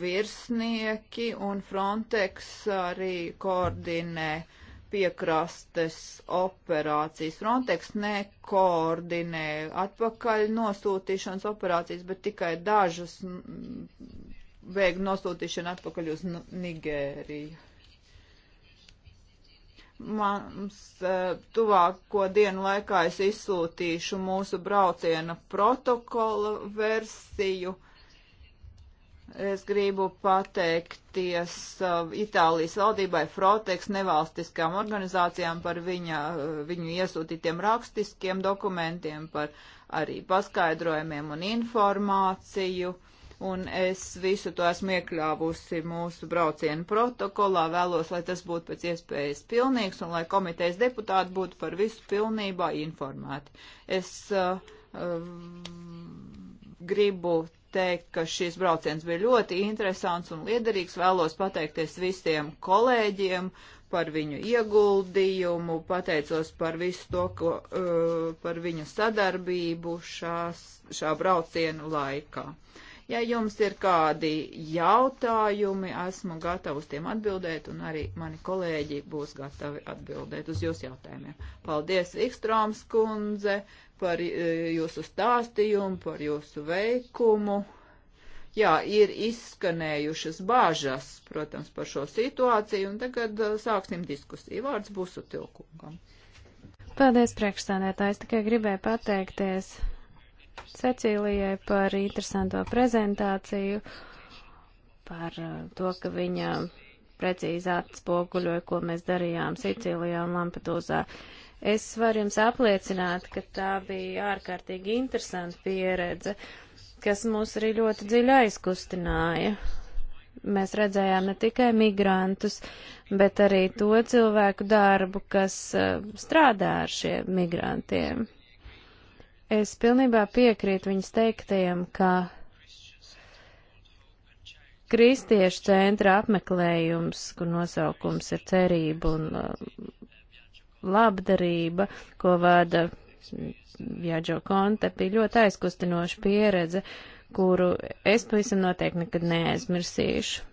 virsnieki un Frontex arī koordinē piekrastes operācijas. Frontex nekoordinē atpakaļ nosūtīšanas operācijas, bet tikai dažas bēgļu nosūtīšana atpakaļ uz Nigēriju. Mums eh, tuvāko dienu laikā es izsūtīšu mūsu brauciena protokola versiju. Es gribu pateikties eh, Itālijas valdībai, Frotex, nevalstiskām organizācijām par viņa, eh, viņu iesūtītiem rakstiskiem dokumentiem, par arī paskaidrojumiem un informāciju. Uh, un es visu to esmu iekļāvusi mūsu braucienu protokolā. Vēlos, lai tas būtu pēc iespējas pilnīgs un lai komitejas deputāti būtu par visu pilnībā informēti. Es uh, uh, gribu teikt, ka šis brauciens bija ļoti interesants un liederīgs. Vēlos pateikties visiem kolēģiem par viņu ieguldījumu, pateicos par visu to, ko, uh, par viņu sadarbību šās, šā braucienu laikā. Ja jums ir kādi jautājumi, esmu gatava uz tiem atbildēt, un arī mani kolēģi būs gatavi atbildēt uz jūsu jautājumiem. Paldies, Ikstrāms kundze, par e, jūsu stāstījumu, par jūsu veikumu. Jā, ir izskanējušas bāžas, protams, par šo situāciju, un tagad e, sāksim diskusiju. Vārds būs utilkungam. Paldies, priekšstādētājs. Tikai gribēju pateikties Cecīlijai par interesanto prezentāciju, par uh, to, ka viņa precīzi atspoguļoja, ko mēs darījām Sicīlijā un Lampedūzā. Es varu jums apliecināt, ka tā bija ārkārtīgi interesanta pieredze, kas mūs arī ļoti dziļi aizkustināja mēs redzējām ne tikai migrantus, bet arī to cilvēku darbu, kas uh, strādā ar šiem migrantiem. Es pilnībā piekrītu viņas teiktajam, ka kristiešu centra apmeklējums, kur nosaukums ir cerība un uh, labdarība, ko vada Jāģo Konte, bija ļoti aizkustinoša pieredze, kuru es pavisam noteikti nekad neaizmirsīšu.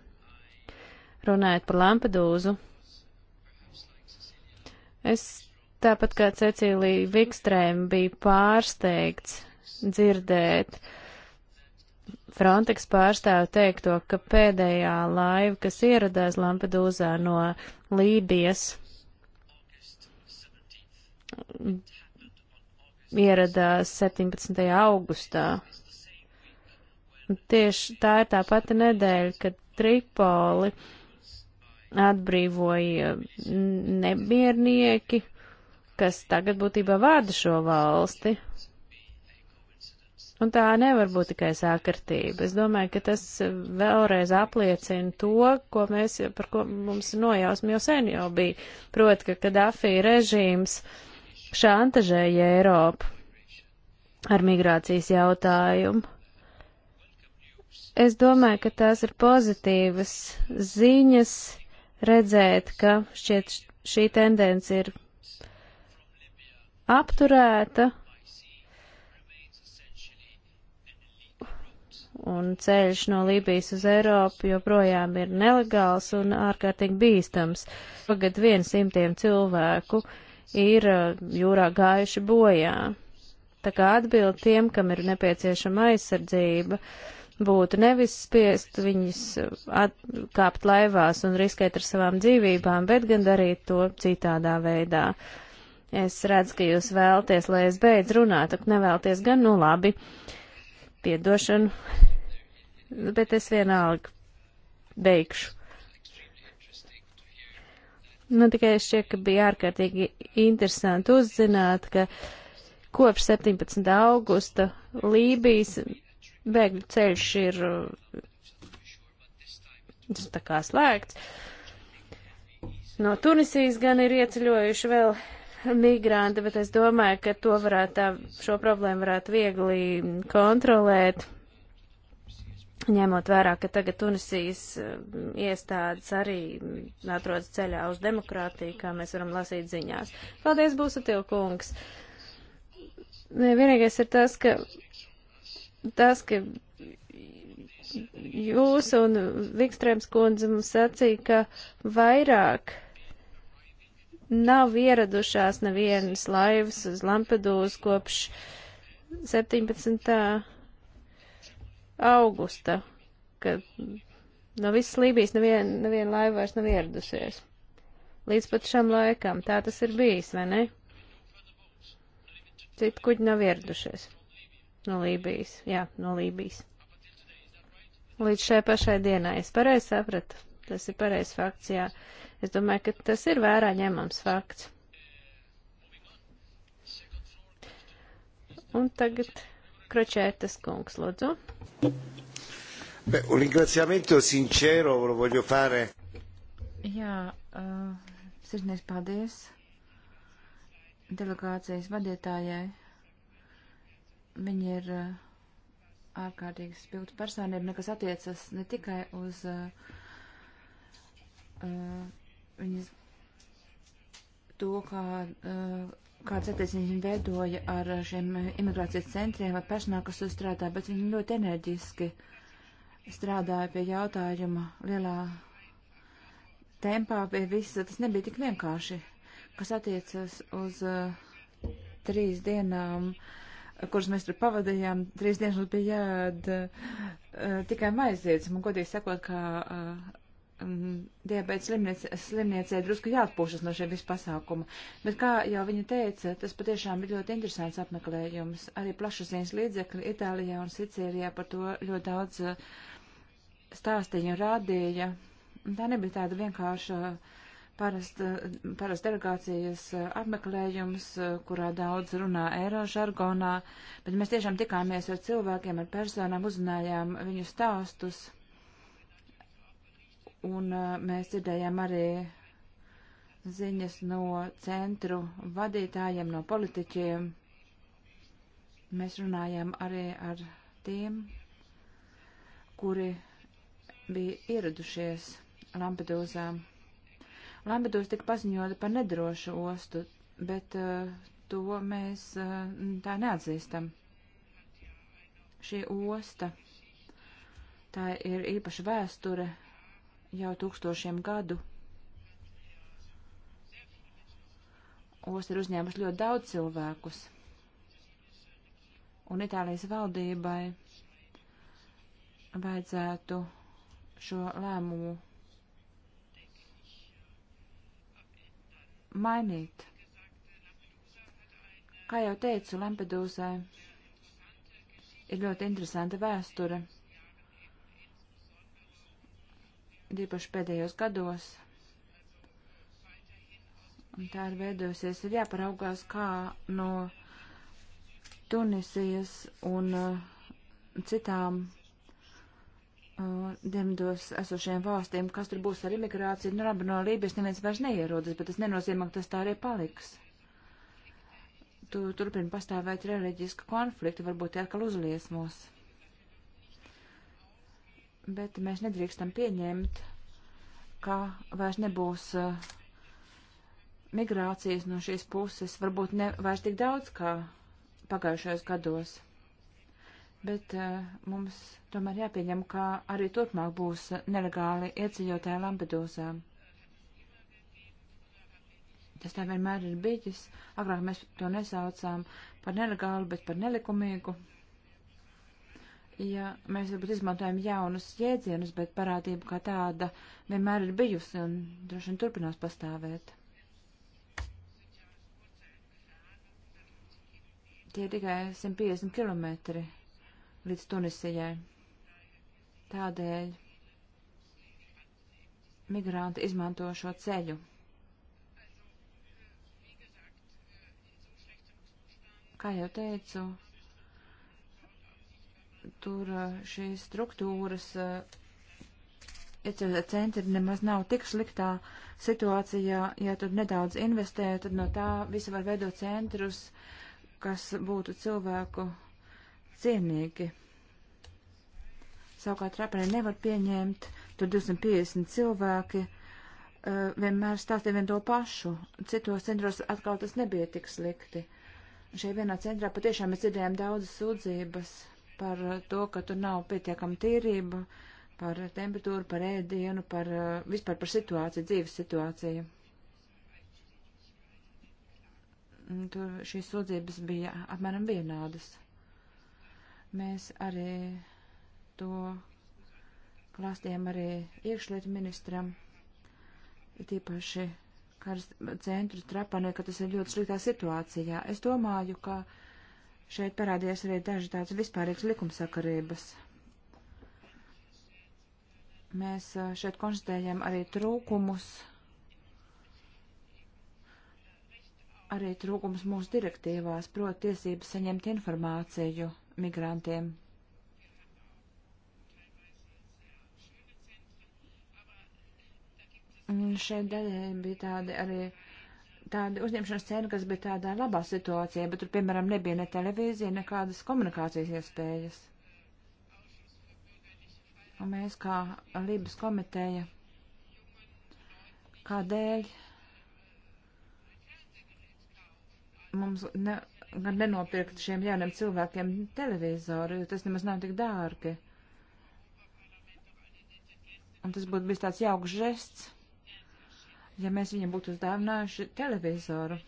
Runājot par Lampedūzu, es Tāpat kā Cecīlija Vikstrēm bija pārsteigts dzirdēt Frontex pārstāvu teikto, ka pēdējā laiva, kas ieradās Lampedūzā no Lībijas, ieradās 17. augustā. Tieši tā ir tā pati nedēļa, kad Tripoli atbrīvoja nemiernieki kas tagad būtībā vada šo valsti. Un tā nevar būt tikai sākartība. Es domāju, ka tas vēlreiz apliecina to, ko mēs, par ko mums nojausmi jau sen jau bija. Proti, ka Kadafī režīms šantažēja Eiropu ar migrācijas jautājumu. Es domāju, ka tās ir pozitīvas ziņas redzēt, ka šķiet šī tendence ir apturēta, un ceļš no Lībijas uz Eiropu joprojām ir nelegāls un ārkārtīgi bīstams. Tagad viens simtiem cilvēku ir uh, jūrā gājuši bojā. Tā kā atbild tiem, kam ir nepieciešama aizsardzība, būtu nevis spiest viņus uh, kāpt laivās un riskēt ar savām dzīvībām, bet gan darīt to citādā veidā. Es redzu, ka jūs vēlties, lai es beidz runāt, ak nevēlties gan, nu labi, piedošanu, bet es vienalga beigšu. Nu, tikai es šķiet, ka bija ārkārtīgi interesanti uzzināt, ka kopš 17. augusta Lībijas bēgļu ceļš ir tā kā slēgts. No Tunisijas gan ir ieceļojuši vēl migranti, bet es domāju, ka to varētu tā, šo problēmu varētu viegli kontrolēt, ņemot vērā, ka tagad Tunisijas mm, iestādes arī atrodas ceļā uz demokrātiju, kā mēs varam lasīt ziņās. Paldies, Būsatil kungs! Vienīgais ir tas, ka tas, ka jūs un Vikstrēms kundze mums sacīja, ka vairāk nav ieradušās nevienas laivas uz Lampedūzu kopš 17. augusta, kad no visas Lībijas neviena nevien laiva vairs nav ieradusies. Līdz pat šam laikam tā tas ir bijis, vai ne? Citu kuģi nav ieradušies. No Lībijas, jā, no Lībijas. Līdz šai pašai dienai es pareizi sapratu. Tas ir pareizs fakts, jā. Es domāju, ka tas ir vērā ņemams fakts. Un tagad Kročētas kungs, lūdzu. Beh, un ringraziamento sincero lo voglio fare. Jā, uh, eh, sirsnieks paldies delegācijas vadītājai. Viņa ir uh, ārkārtīgi spilgta personība, nekas attiecas ne tikai uz uh, uh, viņas to, kā, uh, kāds attiecības viņi veidoja ar šiem imigrācijas centriem, ar personālu, kas tur strādā, bet viņi ļoti enerģiski strādāja pie jautājuma lielā tempā pie visa. Tas nebija tik vienkārši, kas attiecas uz uh, trīs dienām. Uh, kuras mēs tur pavadījām, trīs dienas mums bija jāēd uh, tikai maizītes. Man godīgi sakot, kā uh, Mm, diabēta slimniecē, slimniecē drusku jāatpūšas no šiem visu pasākumu. Bet, kā jau viņa teica, tas patiešām ir ļoti interesants apmeklējums. Arī plašsaziņas līdzekļi Itālijā un Sicīlijā par to ļoti daudz eh, stāstīja un rādīja. Tā nebija tāda vienkārša eh, parasta eh, parast delegācijas apmeklējums, kurā daudz runā eiro žargonā, bet mēs tiešām tikāmies ar cilvēkiem, ar personām, uzzinājām viņu stāstus. Un mēs dzirdējām arī ziņas no centru vadītājiem, no politiķiem. Mēs runājām arī ar tiem, kuri bija ieradušies Lampedūzā. Lampedūza tika paziņota par nedrošu ostu, bet uh, to mēs uh, tā neatzīstam. Šī osta, tā ir īpaša vēsture, jau tūkstošiem gadu. Osta ir uzņēmusi ļoti daudz cilvēkus, un Itālijas valdībai vajadzētu šo lēmumu mainīt. Kā jau teicu, Lampedūzai ir ļoti interesanta vēsture. īpaši pēdējos gados. Un tā ir veidojusies, ir jāparaugās, kā no Tunisijas un uh, citām uh, demdos esošajām valstīm, kas tur būs ar imigrāciju. Nu, labi, no Lībijas neviens vairs neierodas, bet tas nenozīmē, ka tas tā arī paliks. Tu, turpin pastāvēt reliģiska konflikta, varbūt tie atkal uzliesmos bet mēs nedrīkstam pieņemt, ka vairs nebūs uh, migrācijas no šīs puses, varbūt ne vairs tik daudz kā pagājušajos gados. Bet uh, mums tomēr jāpieņem, ka arī turpmāk būs nelegāli ieceļotāji Lampedūzā. Tas tā vienmēr ir bijis. Agrāk mēs to nesaucām par nelegālu, bet par nelikumīgu ja mēs varbūt izmantojam jaunus jēdzienus, bet parādība kā tāda vienmēr ir bijusi un droši vien turpinās pastāvēt. Tie ir tikai 150 km līdz Tunisijai. Tādēļ migranti izmanto šo ceļu. Kā jau teicu, tur eh, šīs struktūras eh, ieceļot centri nemaz nav tik sliktā situācijā. Ja tur nedaudz investē, tad no tā visi var veidot centrus, kas būtu cilvēku cienīgi. Savukārt rapenē nevar pieņemt, tur 250 cilvēki eh, vienmēr stāstīja vien to pašu. Citos centros atkal tas nebija tik slikti. Šajā vienā centrā patiešām mēs dzirdējām daudzas sūdzības par eh, to, ka tur nav pietiekama tīrība, par temperatūru, par ēdienu, par eh, vispār par situāciju, dzīves situāciju. Tur šīs sūdzības bija apmēram vienādas. Mēs arī to klāstījām arī iekšlietu ministram, ir tīpaši karas centru trapanē, ka tas ir ļoti sliktā situācijā. Es domāju, ka uh, Šeit parādījās arī daži tāds vispārīgs likumsakarības. Mēs uh, šeit konstatējam arī trūkumus, arī trūkumus mūsu direktīvās, proti tiesības saņemt informāciju migrantiem. Un šeit daļai bija tādi arī tādi uzņemšanas centri, kas bija tādā labā situācijā, bet tur, piemēram, nebija ne televīzija, nekādas komunikācijas iespējas. Un mēs kā Lībijas komiteja, kādēļ mums ne, gan nenopirkt šiem jauniem cilvēkiem televizoru, jo tas nemaz nav tik dārgi. Un tas būtu bijis tāds jauks žests ja mēs viņam būtu uzdāvinājuši televizoru.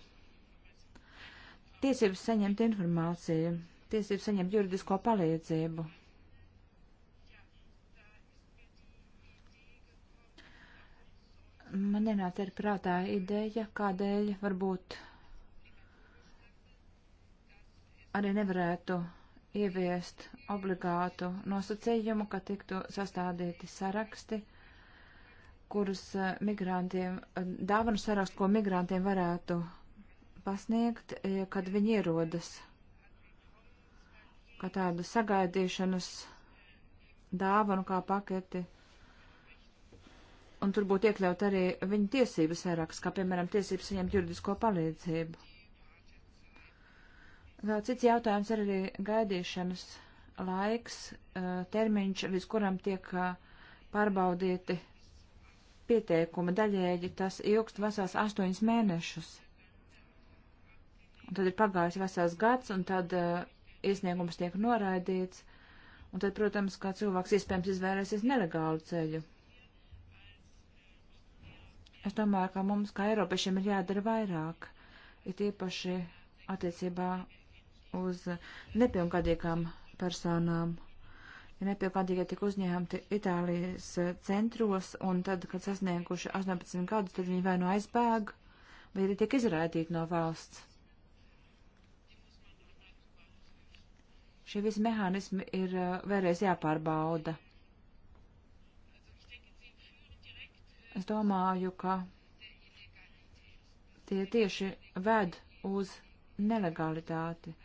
Tiesības saņemt informāciju, tiesības saņemt juridisko palīdzību. Man ienāca ir prātā ideja, kādēļ varbūt arī nevarētu ieviest obligātu nosacījumu, ka tiktu sastādīti saraksti kurus eh, migrantiem, eh, dāvanu sarakstu, ko migrantiem varētu pasniegt, eh, kad viņi ierodas, kā tādu sagaidīšanas dāvanu kā paketi. Un tur būtu iekļaut arī viņa tiesības saraksts, kā piemēram tiesības saņemt juridisko palīdzību. Vēl cits jautājums ir arī gaidīšanas laiks, termiņš, līdz kuram tiek pārbaudīti pieteikuma daļēji tas ilgst vesels astoņus mēnešus. Un tad ir pagājis vesels gads, un tad uh, iesniegums tiek noraidīts, un tad, protams, kā cilvēks iespējams izvērēsies nelegālu ceļu. Es domāju, ka mums, kā Eiropiešiem, ir jādara vairāk, ir īpaši attiecībā uz nepilngadīgām personām ja nepilngadīgie tika uzņemti Itālijas eh, centros, un tad, kad sasnieguši 18 gadus, tad viņi vai nu no aizbēga, vai arī tiek izraidīti no valsts. Šie visi mehānismi ir eh, vēlreiz jāpārbauda. Es domāju, ka tie tieši ved uz nelegalitāti.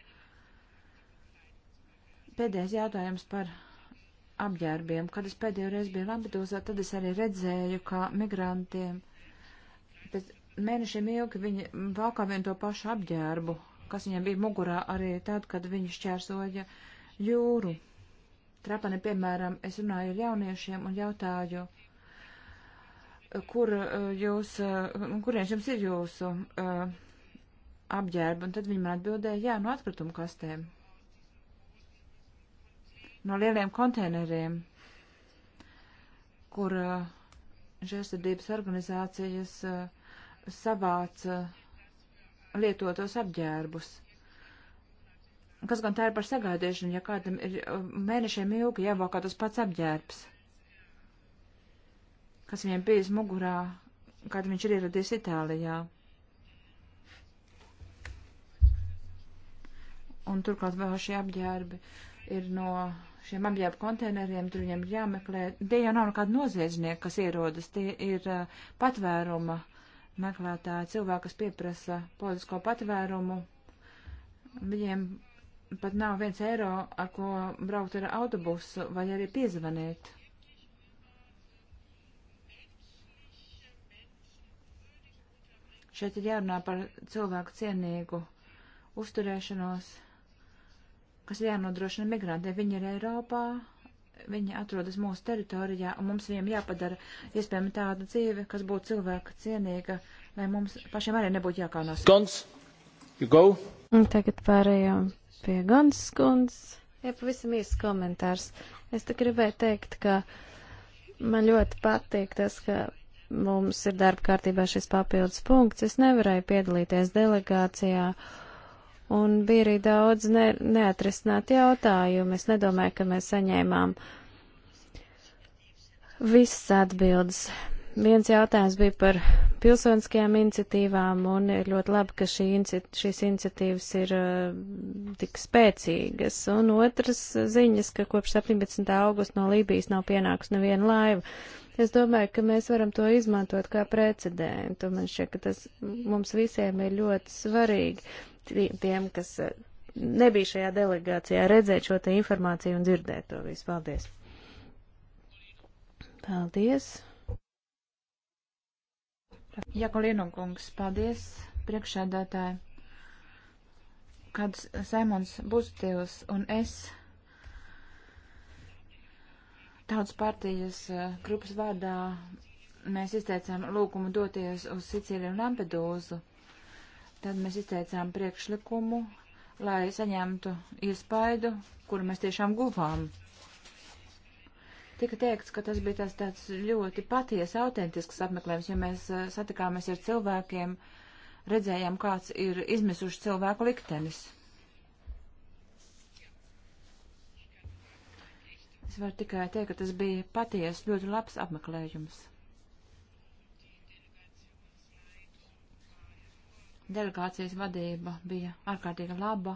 Pēdējais jautājums par apģērbiem. Kad es pēdējo reizi biju Lampedūzā, tad es arī redzēju, kā migrantiem pēc mēnešiem ilgi viņi valkā vien to pašu apģērbu, kas viņiem bija mugurā arī tad, kad viņi šķērsoja jūru. Trapani, piemēram, es runāju ar jauniešiem un jautāju, kur uh, jūs, uh, kurienes jums ir jūsu uh, apģērba, un tad viņi man atbildēja, jā, no atkrituma kastēm no lieliem konteineriem, kur uh, žēlsirdības organizācijas uh, savāca uh, lietotos apģērbus. Kas gan tā ir par sagādēšanu, ja kādam ir mēnešiem ilgi jāvākā tas pats apģērbs, kas viņiem bijis mugurā, kad viņš ir ieradies Itālijā. Un turklāt vēl šie apģērbi ir no šiem apģērbu konteineriem, tur viņiem ir jāmeklē. Tie jau nav nekādi noziedznieki, kas ierodas, tie ir uh, patvēruma meklētāji, cilvēki, kas pieprasa politisko patvērumu. Viņiem pat nav viens eiro, ar ko braukt ar autobusu vai arī piezvanīt. Šeit ir jārunā par cilvēku cienīgu uzturēšanos kas jānodrošina migrantiem. Viņi ir Eiropā, viņi atrodas mūsu teritorijā, un mums viņiem jāpadara iespējami tāda dzīve, kas būtu cilvēka cienīga, lai mums pašiem arī nebūtu jākānās. Gons, you go. Un tagad pārējām pie Gons skundas. Jā, pavisam īsts komentārs. Es te gribēju teikt, ka man ļoti patīk tas, ka mums ir darba kārtībā šis papildus punkts. Es nevarēju piedalīties delegācijā. Uh, un bija arī daudz ne, neatrisināti jautājumi. Es nedomāju, ka mēs saņēmām visas atbildes. Viens jautājums bija par pilsoniskajām iniciatīvām, un ir ļoti labi, ka šī inci šīs iniciatīvas ir uh, tik spēcīgas. Un otrs ziņas, ka kopš 17. augusta no Lībijas nav pienākusi neviena laiva. Es domāju, ka mēs varam to izmantot kā precedentu. Man šķiet, ka tas mums visiem ir ļoti svarīgi tiem, kas eh, nebija šajā delegācijā, redzēt šo te informāciju un dzirdēt to visu. Paldies! Paldies! Jakolino kungs, paldies priekšēdētāji. Kad Saimons Bustils un es tautas partijas eh, grupas vārdā mēs izteicām lūgumu doties uz Sicīliju un Lampedūzu. Tad mēs izteicām priekšlikumu, lai saņemtu iespaidu, kuru mēs tiešām guvām. Tika teikts, ka tas bija tas tāds ļoti patiesi autentisks apmeklējums, jo mēs eh, satikāmies ar cilvēkiem, redzējām, kāds ir izmisuši cilvēku liktenis. Es varu tikai teikt, ka tas bija patiesi ļoti labs apmeklējums. delegācijas vadība bija ārkārtīgi laba,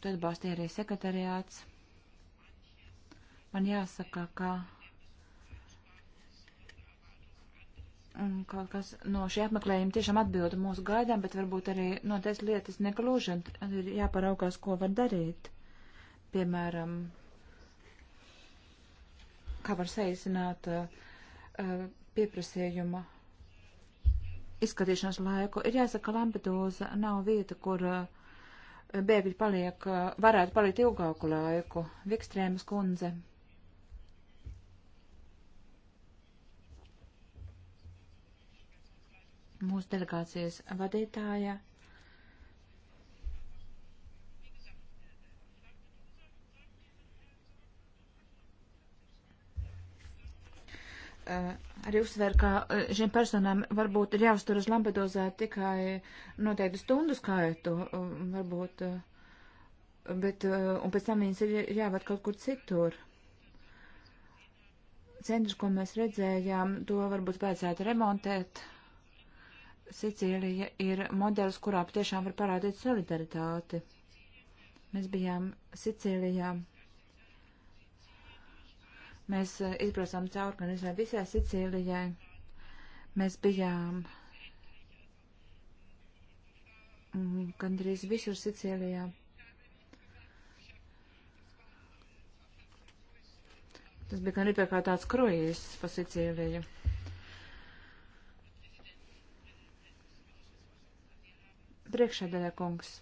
to atbalstīja arī sekretariāts. Man jāsaka, ka mm, kaut kas no šī apmeklējuma tiešām atbilda mūsu gaidām, bet varbūt arī noteikti lietas negluži, un ir jāparaukās, ko var darīt. Piemēram, kā var saīsināt uh, pieprasījuma izskatīšanas laiku. Ir jāsaka, ka Lampedūza nav vieta, kur eh, bēgļi paliek, eh, varētu palikt ilgāku laiku. Vikstrēmas kundze. Mūsu delegācijas vadītāja Uh, arī uzsver, ka e, šiem personām varbūt ir jāuztur uz Lampedozā tikai noteiktu stundu skaitu, e, varbūt, e, bet, un pēc tam viņas ir jāved kaut kur citur. Centrs, ko mēs redzējām, to varbūt vajadzētu remontēt. Sicīlija ir modelis, kurā patiešām var parādīt solidaritāti. Mēs bijām Sicīlijā. Mēs eh, izbraucām cauri gan visai, visai Sicīlijai. Mēs bijām mm, gandrīz visur Sicīlijā. Tas bija gan ripē kā tāds krojīs pa Sicīliju. Priekšēdēļa kungs.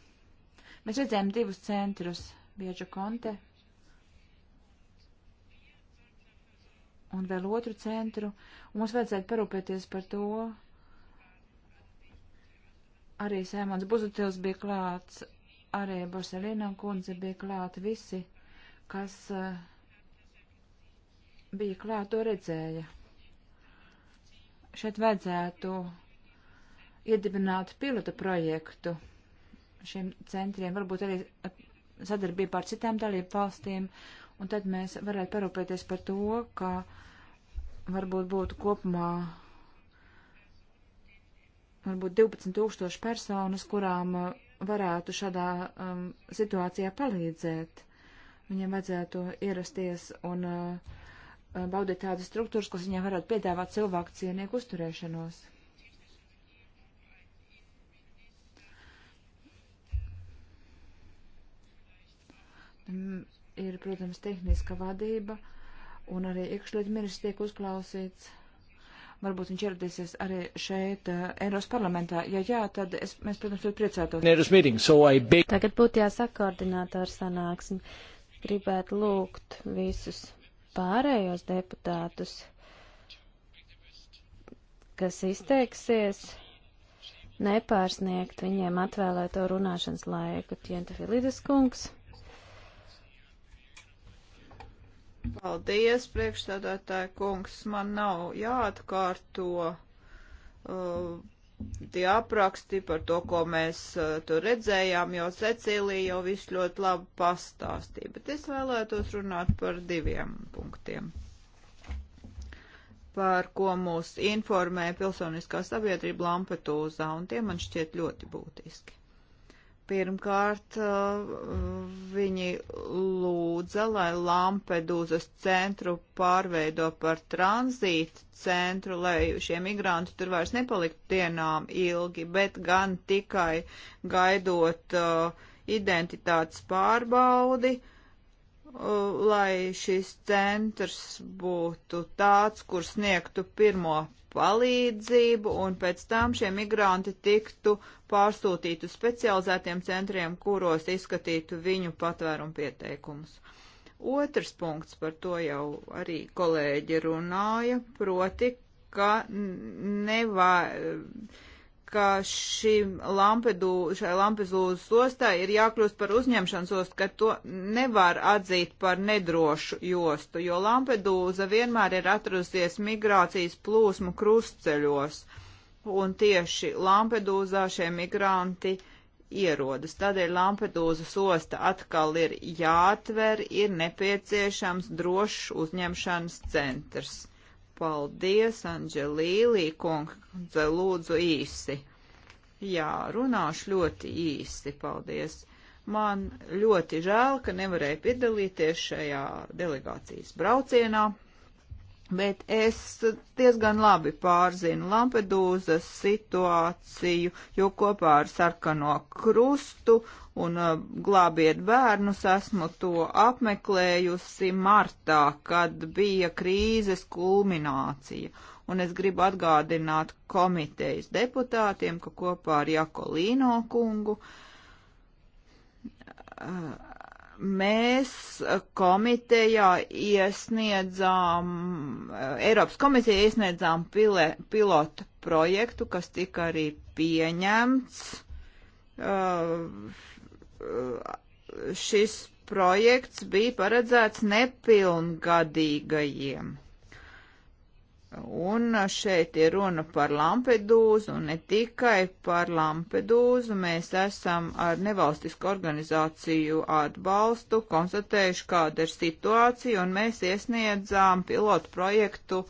Mēs redzējām divus centrus, Bieža Konte un vēl otru centru. Mums vajadzētu parūpēties par to. Arī Sēmons Buzutils bija klāts, arī Borselīna kundze bija klāta, visi, kas uh, bija klāt, to redzēja. Šeit vajadzētu iedibināt pilota projektu šiem centriem, varbūt arī eh, sadarbībā ar citām dalību valstīm, uh, Un tad mēs varētu parūpēties par to, ka varbūt būtu kopumā varbūt 12 tūkstoši personas, kurām uh, varētu šādā um, situācijā palīdzēt. Viņiem vajadzētu ierasties un uh, uh, baudīt tādas struktūras, kas viņiem varētu piedāvāt cilvēku cienīgu uzturēšanos. Mm ir, protams, tehniska vadība, un arī iekšļietu ministrs tiek uzklausīts. Varbūt viņš ieradīsies arī šeit, uh, eh, Eiros parlamentā. Ja jā, tad es, mēs, protams, ļoti priecātos. So beg... Tagad būtu jāsaka koordinātāra sanāksme. Gribētu lūgt visus pārējos deputātus, kas izteiksies, nepārsniegt viņiem atvēlēto runāšanas laiku. Tienta Filides kungs. Paldies, priekšstādātāja kungs. Man nav jāatkārto uh, tie apraksti par to, ko mēs uh, tur redzējām, jo Cecīlija jau visu ļoti labi pastāstīja. Bet es vēlētos runāt par diviem punktiem par ko mūs informē pilsoniskā sabiedrība Lampetūzā, un tie man šķiet ļoti būtiski. Pirmkārt, uh, viņi lūdza, lai Lampedūzas centru pārveido par tranzītu centru, lai šie migranti tur vairs nepaliktu dienām ilgi, bet gan tikai gaidot uh, identitātes pārbaudi, uh, lai šis centrs būtu tāds, kur sniegtu pirmo palīdzību, un pēc tam šie migranti tiktu pārsūtīti uz specializētiem centriem, kuros izskatītu viņu patvērumu pieteikumus. Otrs punkts, par to jau arī kolēģi runāja, proti, ka nevajag ka šim Lampedū, šai Lampedūzas ostai ir jākļūst par uzņemšanas ostu, ka to nevar atzīt par nedrošu jostu, jo Lampedūza vienmēr ir atrusies migrācijas plūsmu krustceļos, un tieši Lampedūzā šie migranti ierodas. Tādēļ Lampedūzas osta atkal ir jāatver, ir nepieciešams drošs uzņemšanas centrs. Paldies, Anģelīlī kundze, lūdzu īsi. Jā, runāšu ļoti īsi, paldies. Man ļoti žēl, ka nevarēju piedalīties šajā delegācijas braucienā, bet es diezgan labi pārzinu Lampedūzas situāciju, jo kopā ar Sarkano krustu un uh, glābiet bērnus. Esmu to apmeklējusi martā, kad bija krīzes kulminācija. Un es gribu atgādināt komitejas deputātiem, ka kopā ar Jakolīno kungu uh, mēs komitejā iesniedzām, uh, Eiropas komisija iesniedzām pile, pilotu projektu, kas tika arī pieņemts. Uh, Uh, šis projekts bija paredzēts nepilngadīgajiem. Un šeit ir runa par Lampedūzu, un ne tikai par Lampedūzu. Mēs esam ar nevalstisku organizāciju atbalstu konstatējuši, kāda ir situācija, un mēs iesniedzām pilotu projektu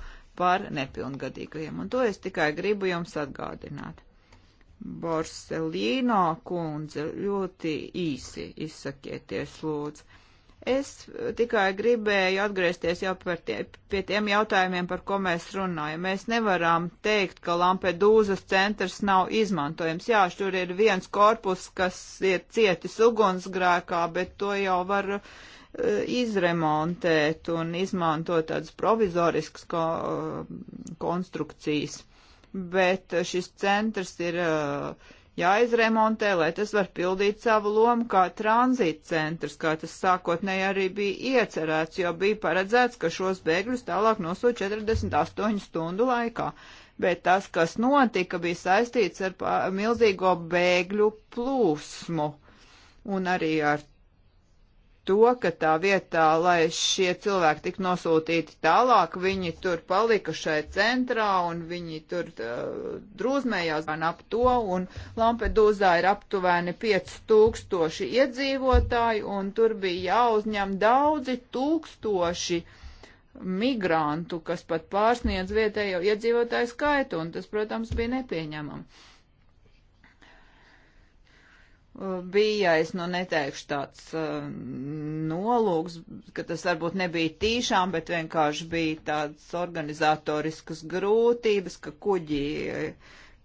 par nepilngadīgajiem. Un to es tikai gribu jums atgādināt. Borselīno kundze, ļoti īsi izsakieties, lūdzu. Es tikai gribēju atgriezties jau tie, pie tiem jautājumiem, par ko mēs runājam. Mēs nevaram teikt, ka Lampedūzas centrs nav izmantojams. Jā, tur ir viens korpus, kas ir cietis ugunsgrēkā, bet to jau var uh, izremontēt un izmantot tādas provizoriskas ko, uh, konstrukcijas bet eh, šis centrs ir eh, jāizremontē, lai tas var pildīt savu lomu kā tranzīta centrs, kā tas sākotnēji arī bija iecerēts, jo bija paredzēts, ka šos bēgļus tālāk nosūt 48 stundu laikā. Bet tas, kas notika, bija saistīts ar milzīgo bēgļu plūsmu un arī ar to, ka tā vietā, lai šie cilvēki tik nosūtīti tālāk, viņi tur palika šai centrā un viņi tur uh, drūzmējās gan ap to, un Lampedūzā ir aptuveni 5000 iedzīvotāji, un tur bija jāuzņem daudzi tūkstoši migrantu, kas pat pārsniedz vietējo iedzīvotāju skaitu, un tas, protams, bija nepieņemami bija, es nu neteikšu tāds uh, nolūks, ka tas varbūt nebija tīšām, bet vienkārši bija tādas organizatoriskas grūtības, ka kuģi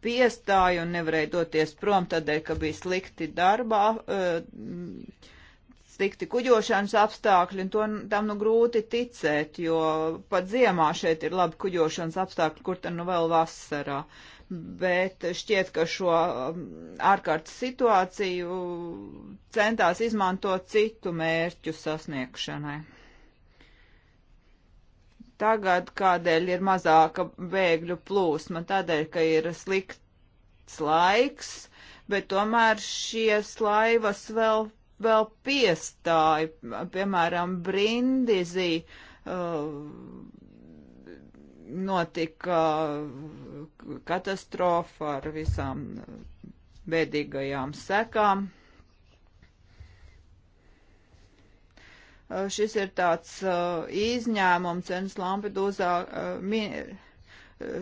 piestāja un nevarēja doties prom tādēļ, ka bija slikti darbā. Uh, slikti kuģošanas apstākļi, un to, tam nu grūti ticēt, jo pat ziemā šeit ir labi kuģošanas apstākļi, kur tad nu vēl vasarā. Uh, bet šķiet, ka šo um, ārkārtas situāciju centās izmantot citu mērķu sasniegšanai. Tagad kādēļ ir mazāka bēgļu plūsma? Tādēļ, ka ir slikts laiks, bet tomēr šies laivas vēl, vēl piestāja, piemēram, Brindizī. Uh, notika uh, katastrofa ar visām bēdīgajām sekām. Uh, šis ir tāds uh, izņēmums, cenas Lampedūzā,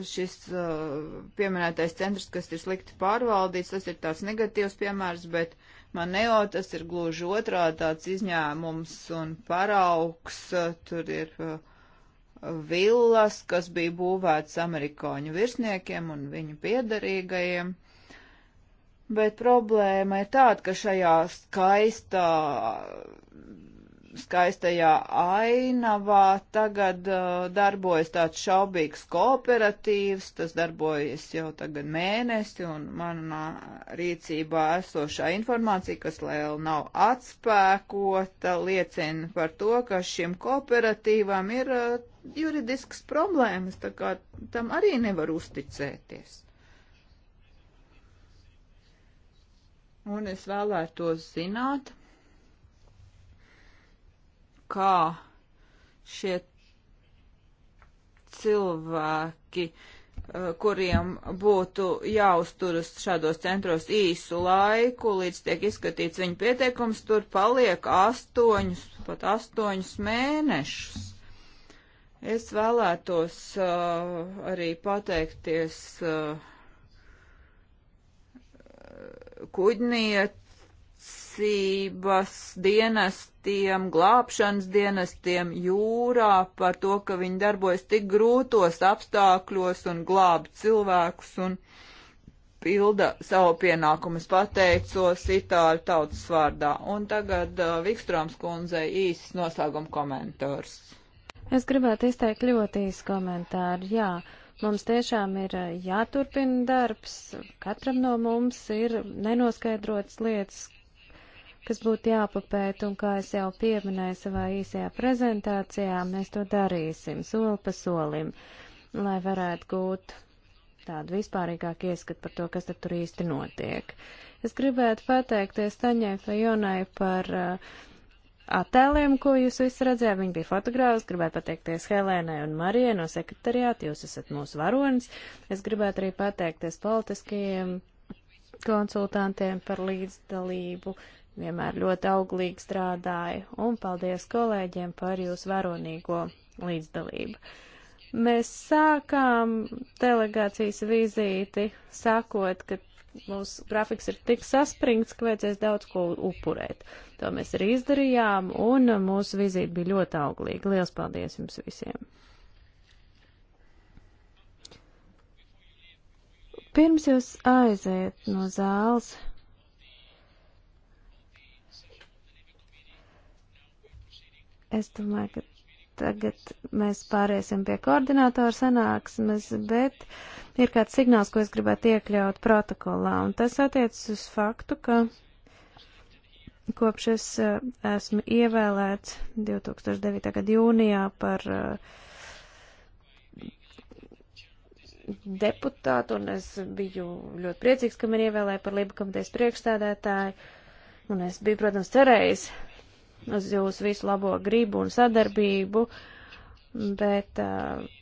šis pieminētais centrs, kas ir slikti pārvaldīts, tas ir tāds negatīvs piemērs, bet Maneo tas ir gluži otrā tāds izņēmums un paraugs, tur ir uh, villas, kas bija būvētas amerikāņu virsniekiem un viņu piedarīgajiem. Bet problēma ir tāda, ka šajā skaistā, skaistajā ainavā tagad uh, darbojas tāds šaubīgs kooperatīvs, tas darbojas jau tagad mēnesi, un manā rīcībā esošā informācija, kas vēl nav atspēkota, liecina par to, ka šim kooperatīvam ir uh, juridiskas problēmas, tā kā tam arī nevar uzticēties. Un es vēlētos zināt, kā šie cilvēki, eh, kuriem būtu jāuzturas šādos centros īsu laiku, līdz tiek izskatīts viņa pieteikums, tur paliek astoņus, pat astoņus mēnešus. Es vēlētos uh, arī pateikties uh, kuģniecības dienestiem, glābšanas dienestiem jūrā par to, ka viņi darbojas tik grūtos apstākļos un glāb cilvēkus un pilda savu pienākumu. Es pateicos itāļu tautas vārdā. Un tagad uh, Vikstrāms kundzei īsts noslēguma komentārs. Es gribētu izteikt ļoti īsu komentāru. Jā, mums tiešām ir eh, jāturpina darbs. Katram no mums ir nenoskaidrotas lietas, kas būtu jāpapēta, un kā es jau pieminēju savā īsajā prezentācijā, mēs to darīsim soli pa solim, lai varētu gūt tādu vispārīgāku ieskatu par to, kas tad tur īsti notiek. Es gribētu pateikties Taņai Fajonai par uh, attēliem, ko jūs visi redzējāt. Viņi bija fotogrāfs, gribētu pateikties Helēnai un Marijai no sekretariāta, jūs esat mūsu varonis. Es gribētu arī pateikties politiskajiem konsultantiem par līdzdalību, vienmēr ļoti auglīgi strādāja, un paldies kolēģiem par jūsu varonīgo līdzdalību. Mēs sākām delegācijas vizīti, sakot, ka mūsu grafiks ir tik saspringts, ka vajadzēs daudz ko upurēt. To mēs arī izdarījām, un mūsu vizīte bija ļoti auglīga. Lielas paldies jums visiem! Pirms jūs aiziet no zāles, es domāju, ka Tagad mēs pāriesim pie koordinātora sanāksmes, bet ir kāds signāls, ko es gribētu iekļaut protokolā, un tas attiecas uz faktu, ka kopš es eh, esmu ievēlēts 2009. gada jūnijā par eh, deputātu, un es biju ļoti priecīgs, ka man ievēlēja par Lība komitejas priekšstādētāju, un es biju, protams, cerējis, uz jūsu visu labo gribu un sadarbību, bet uh,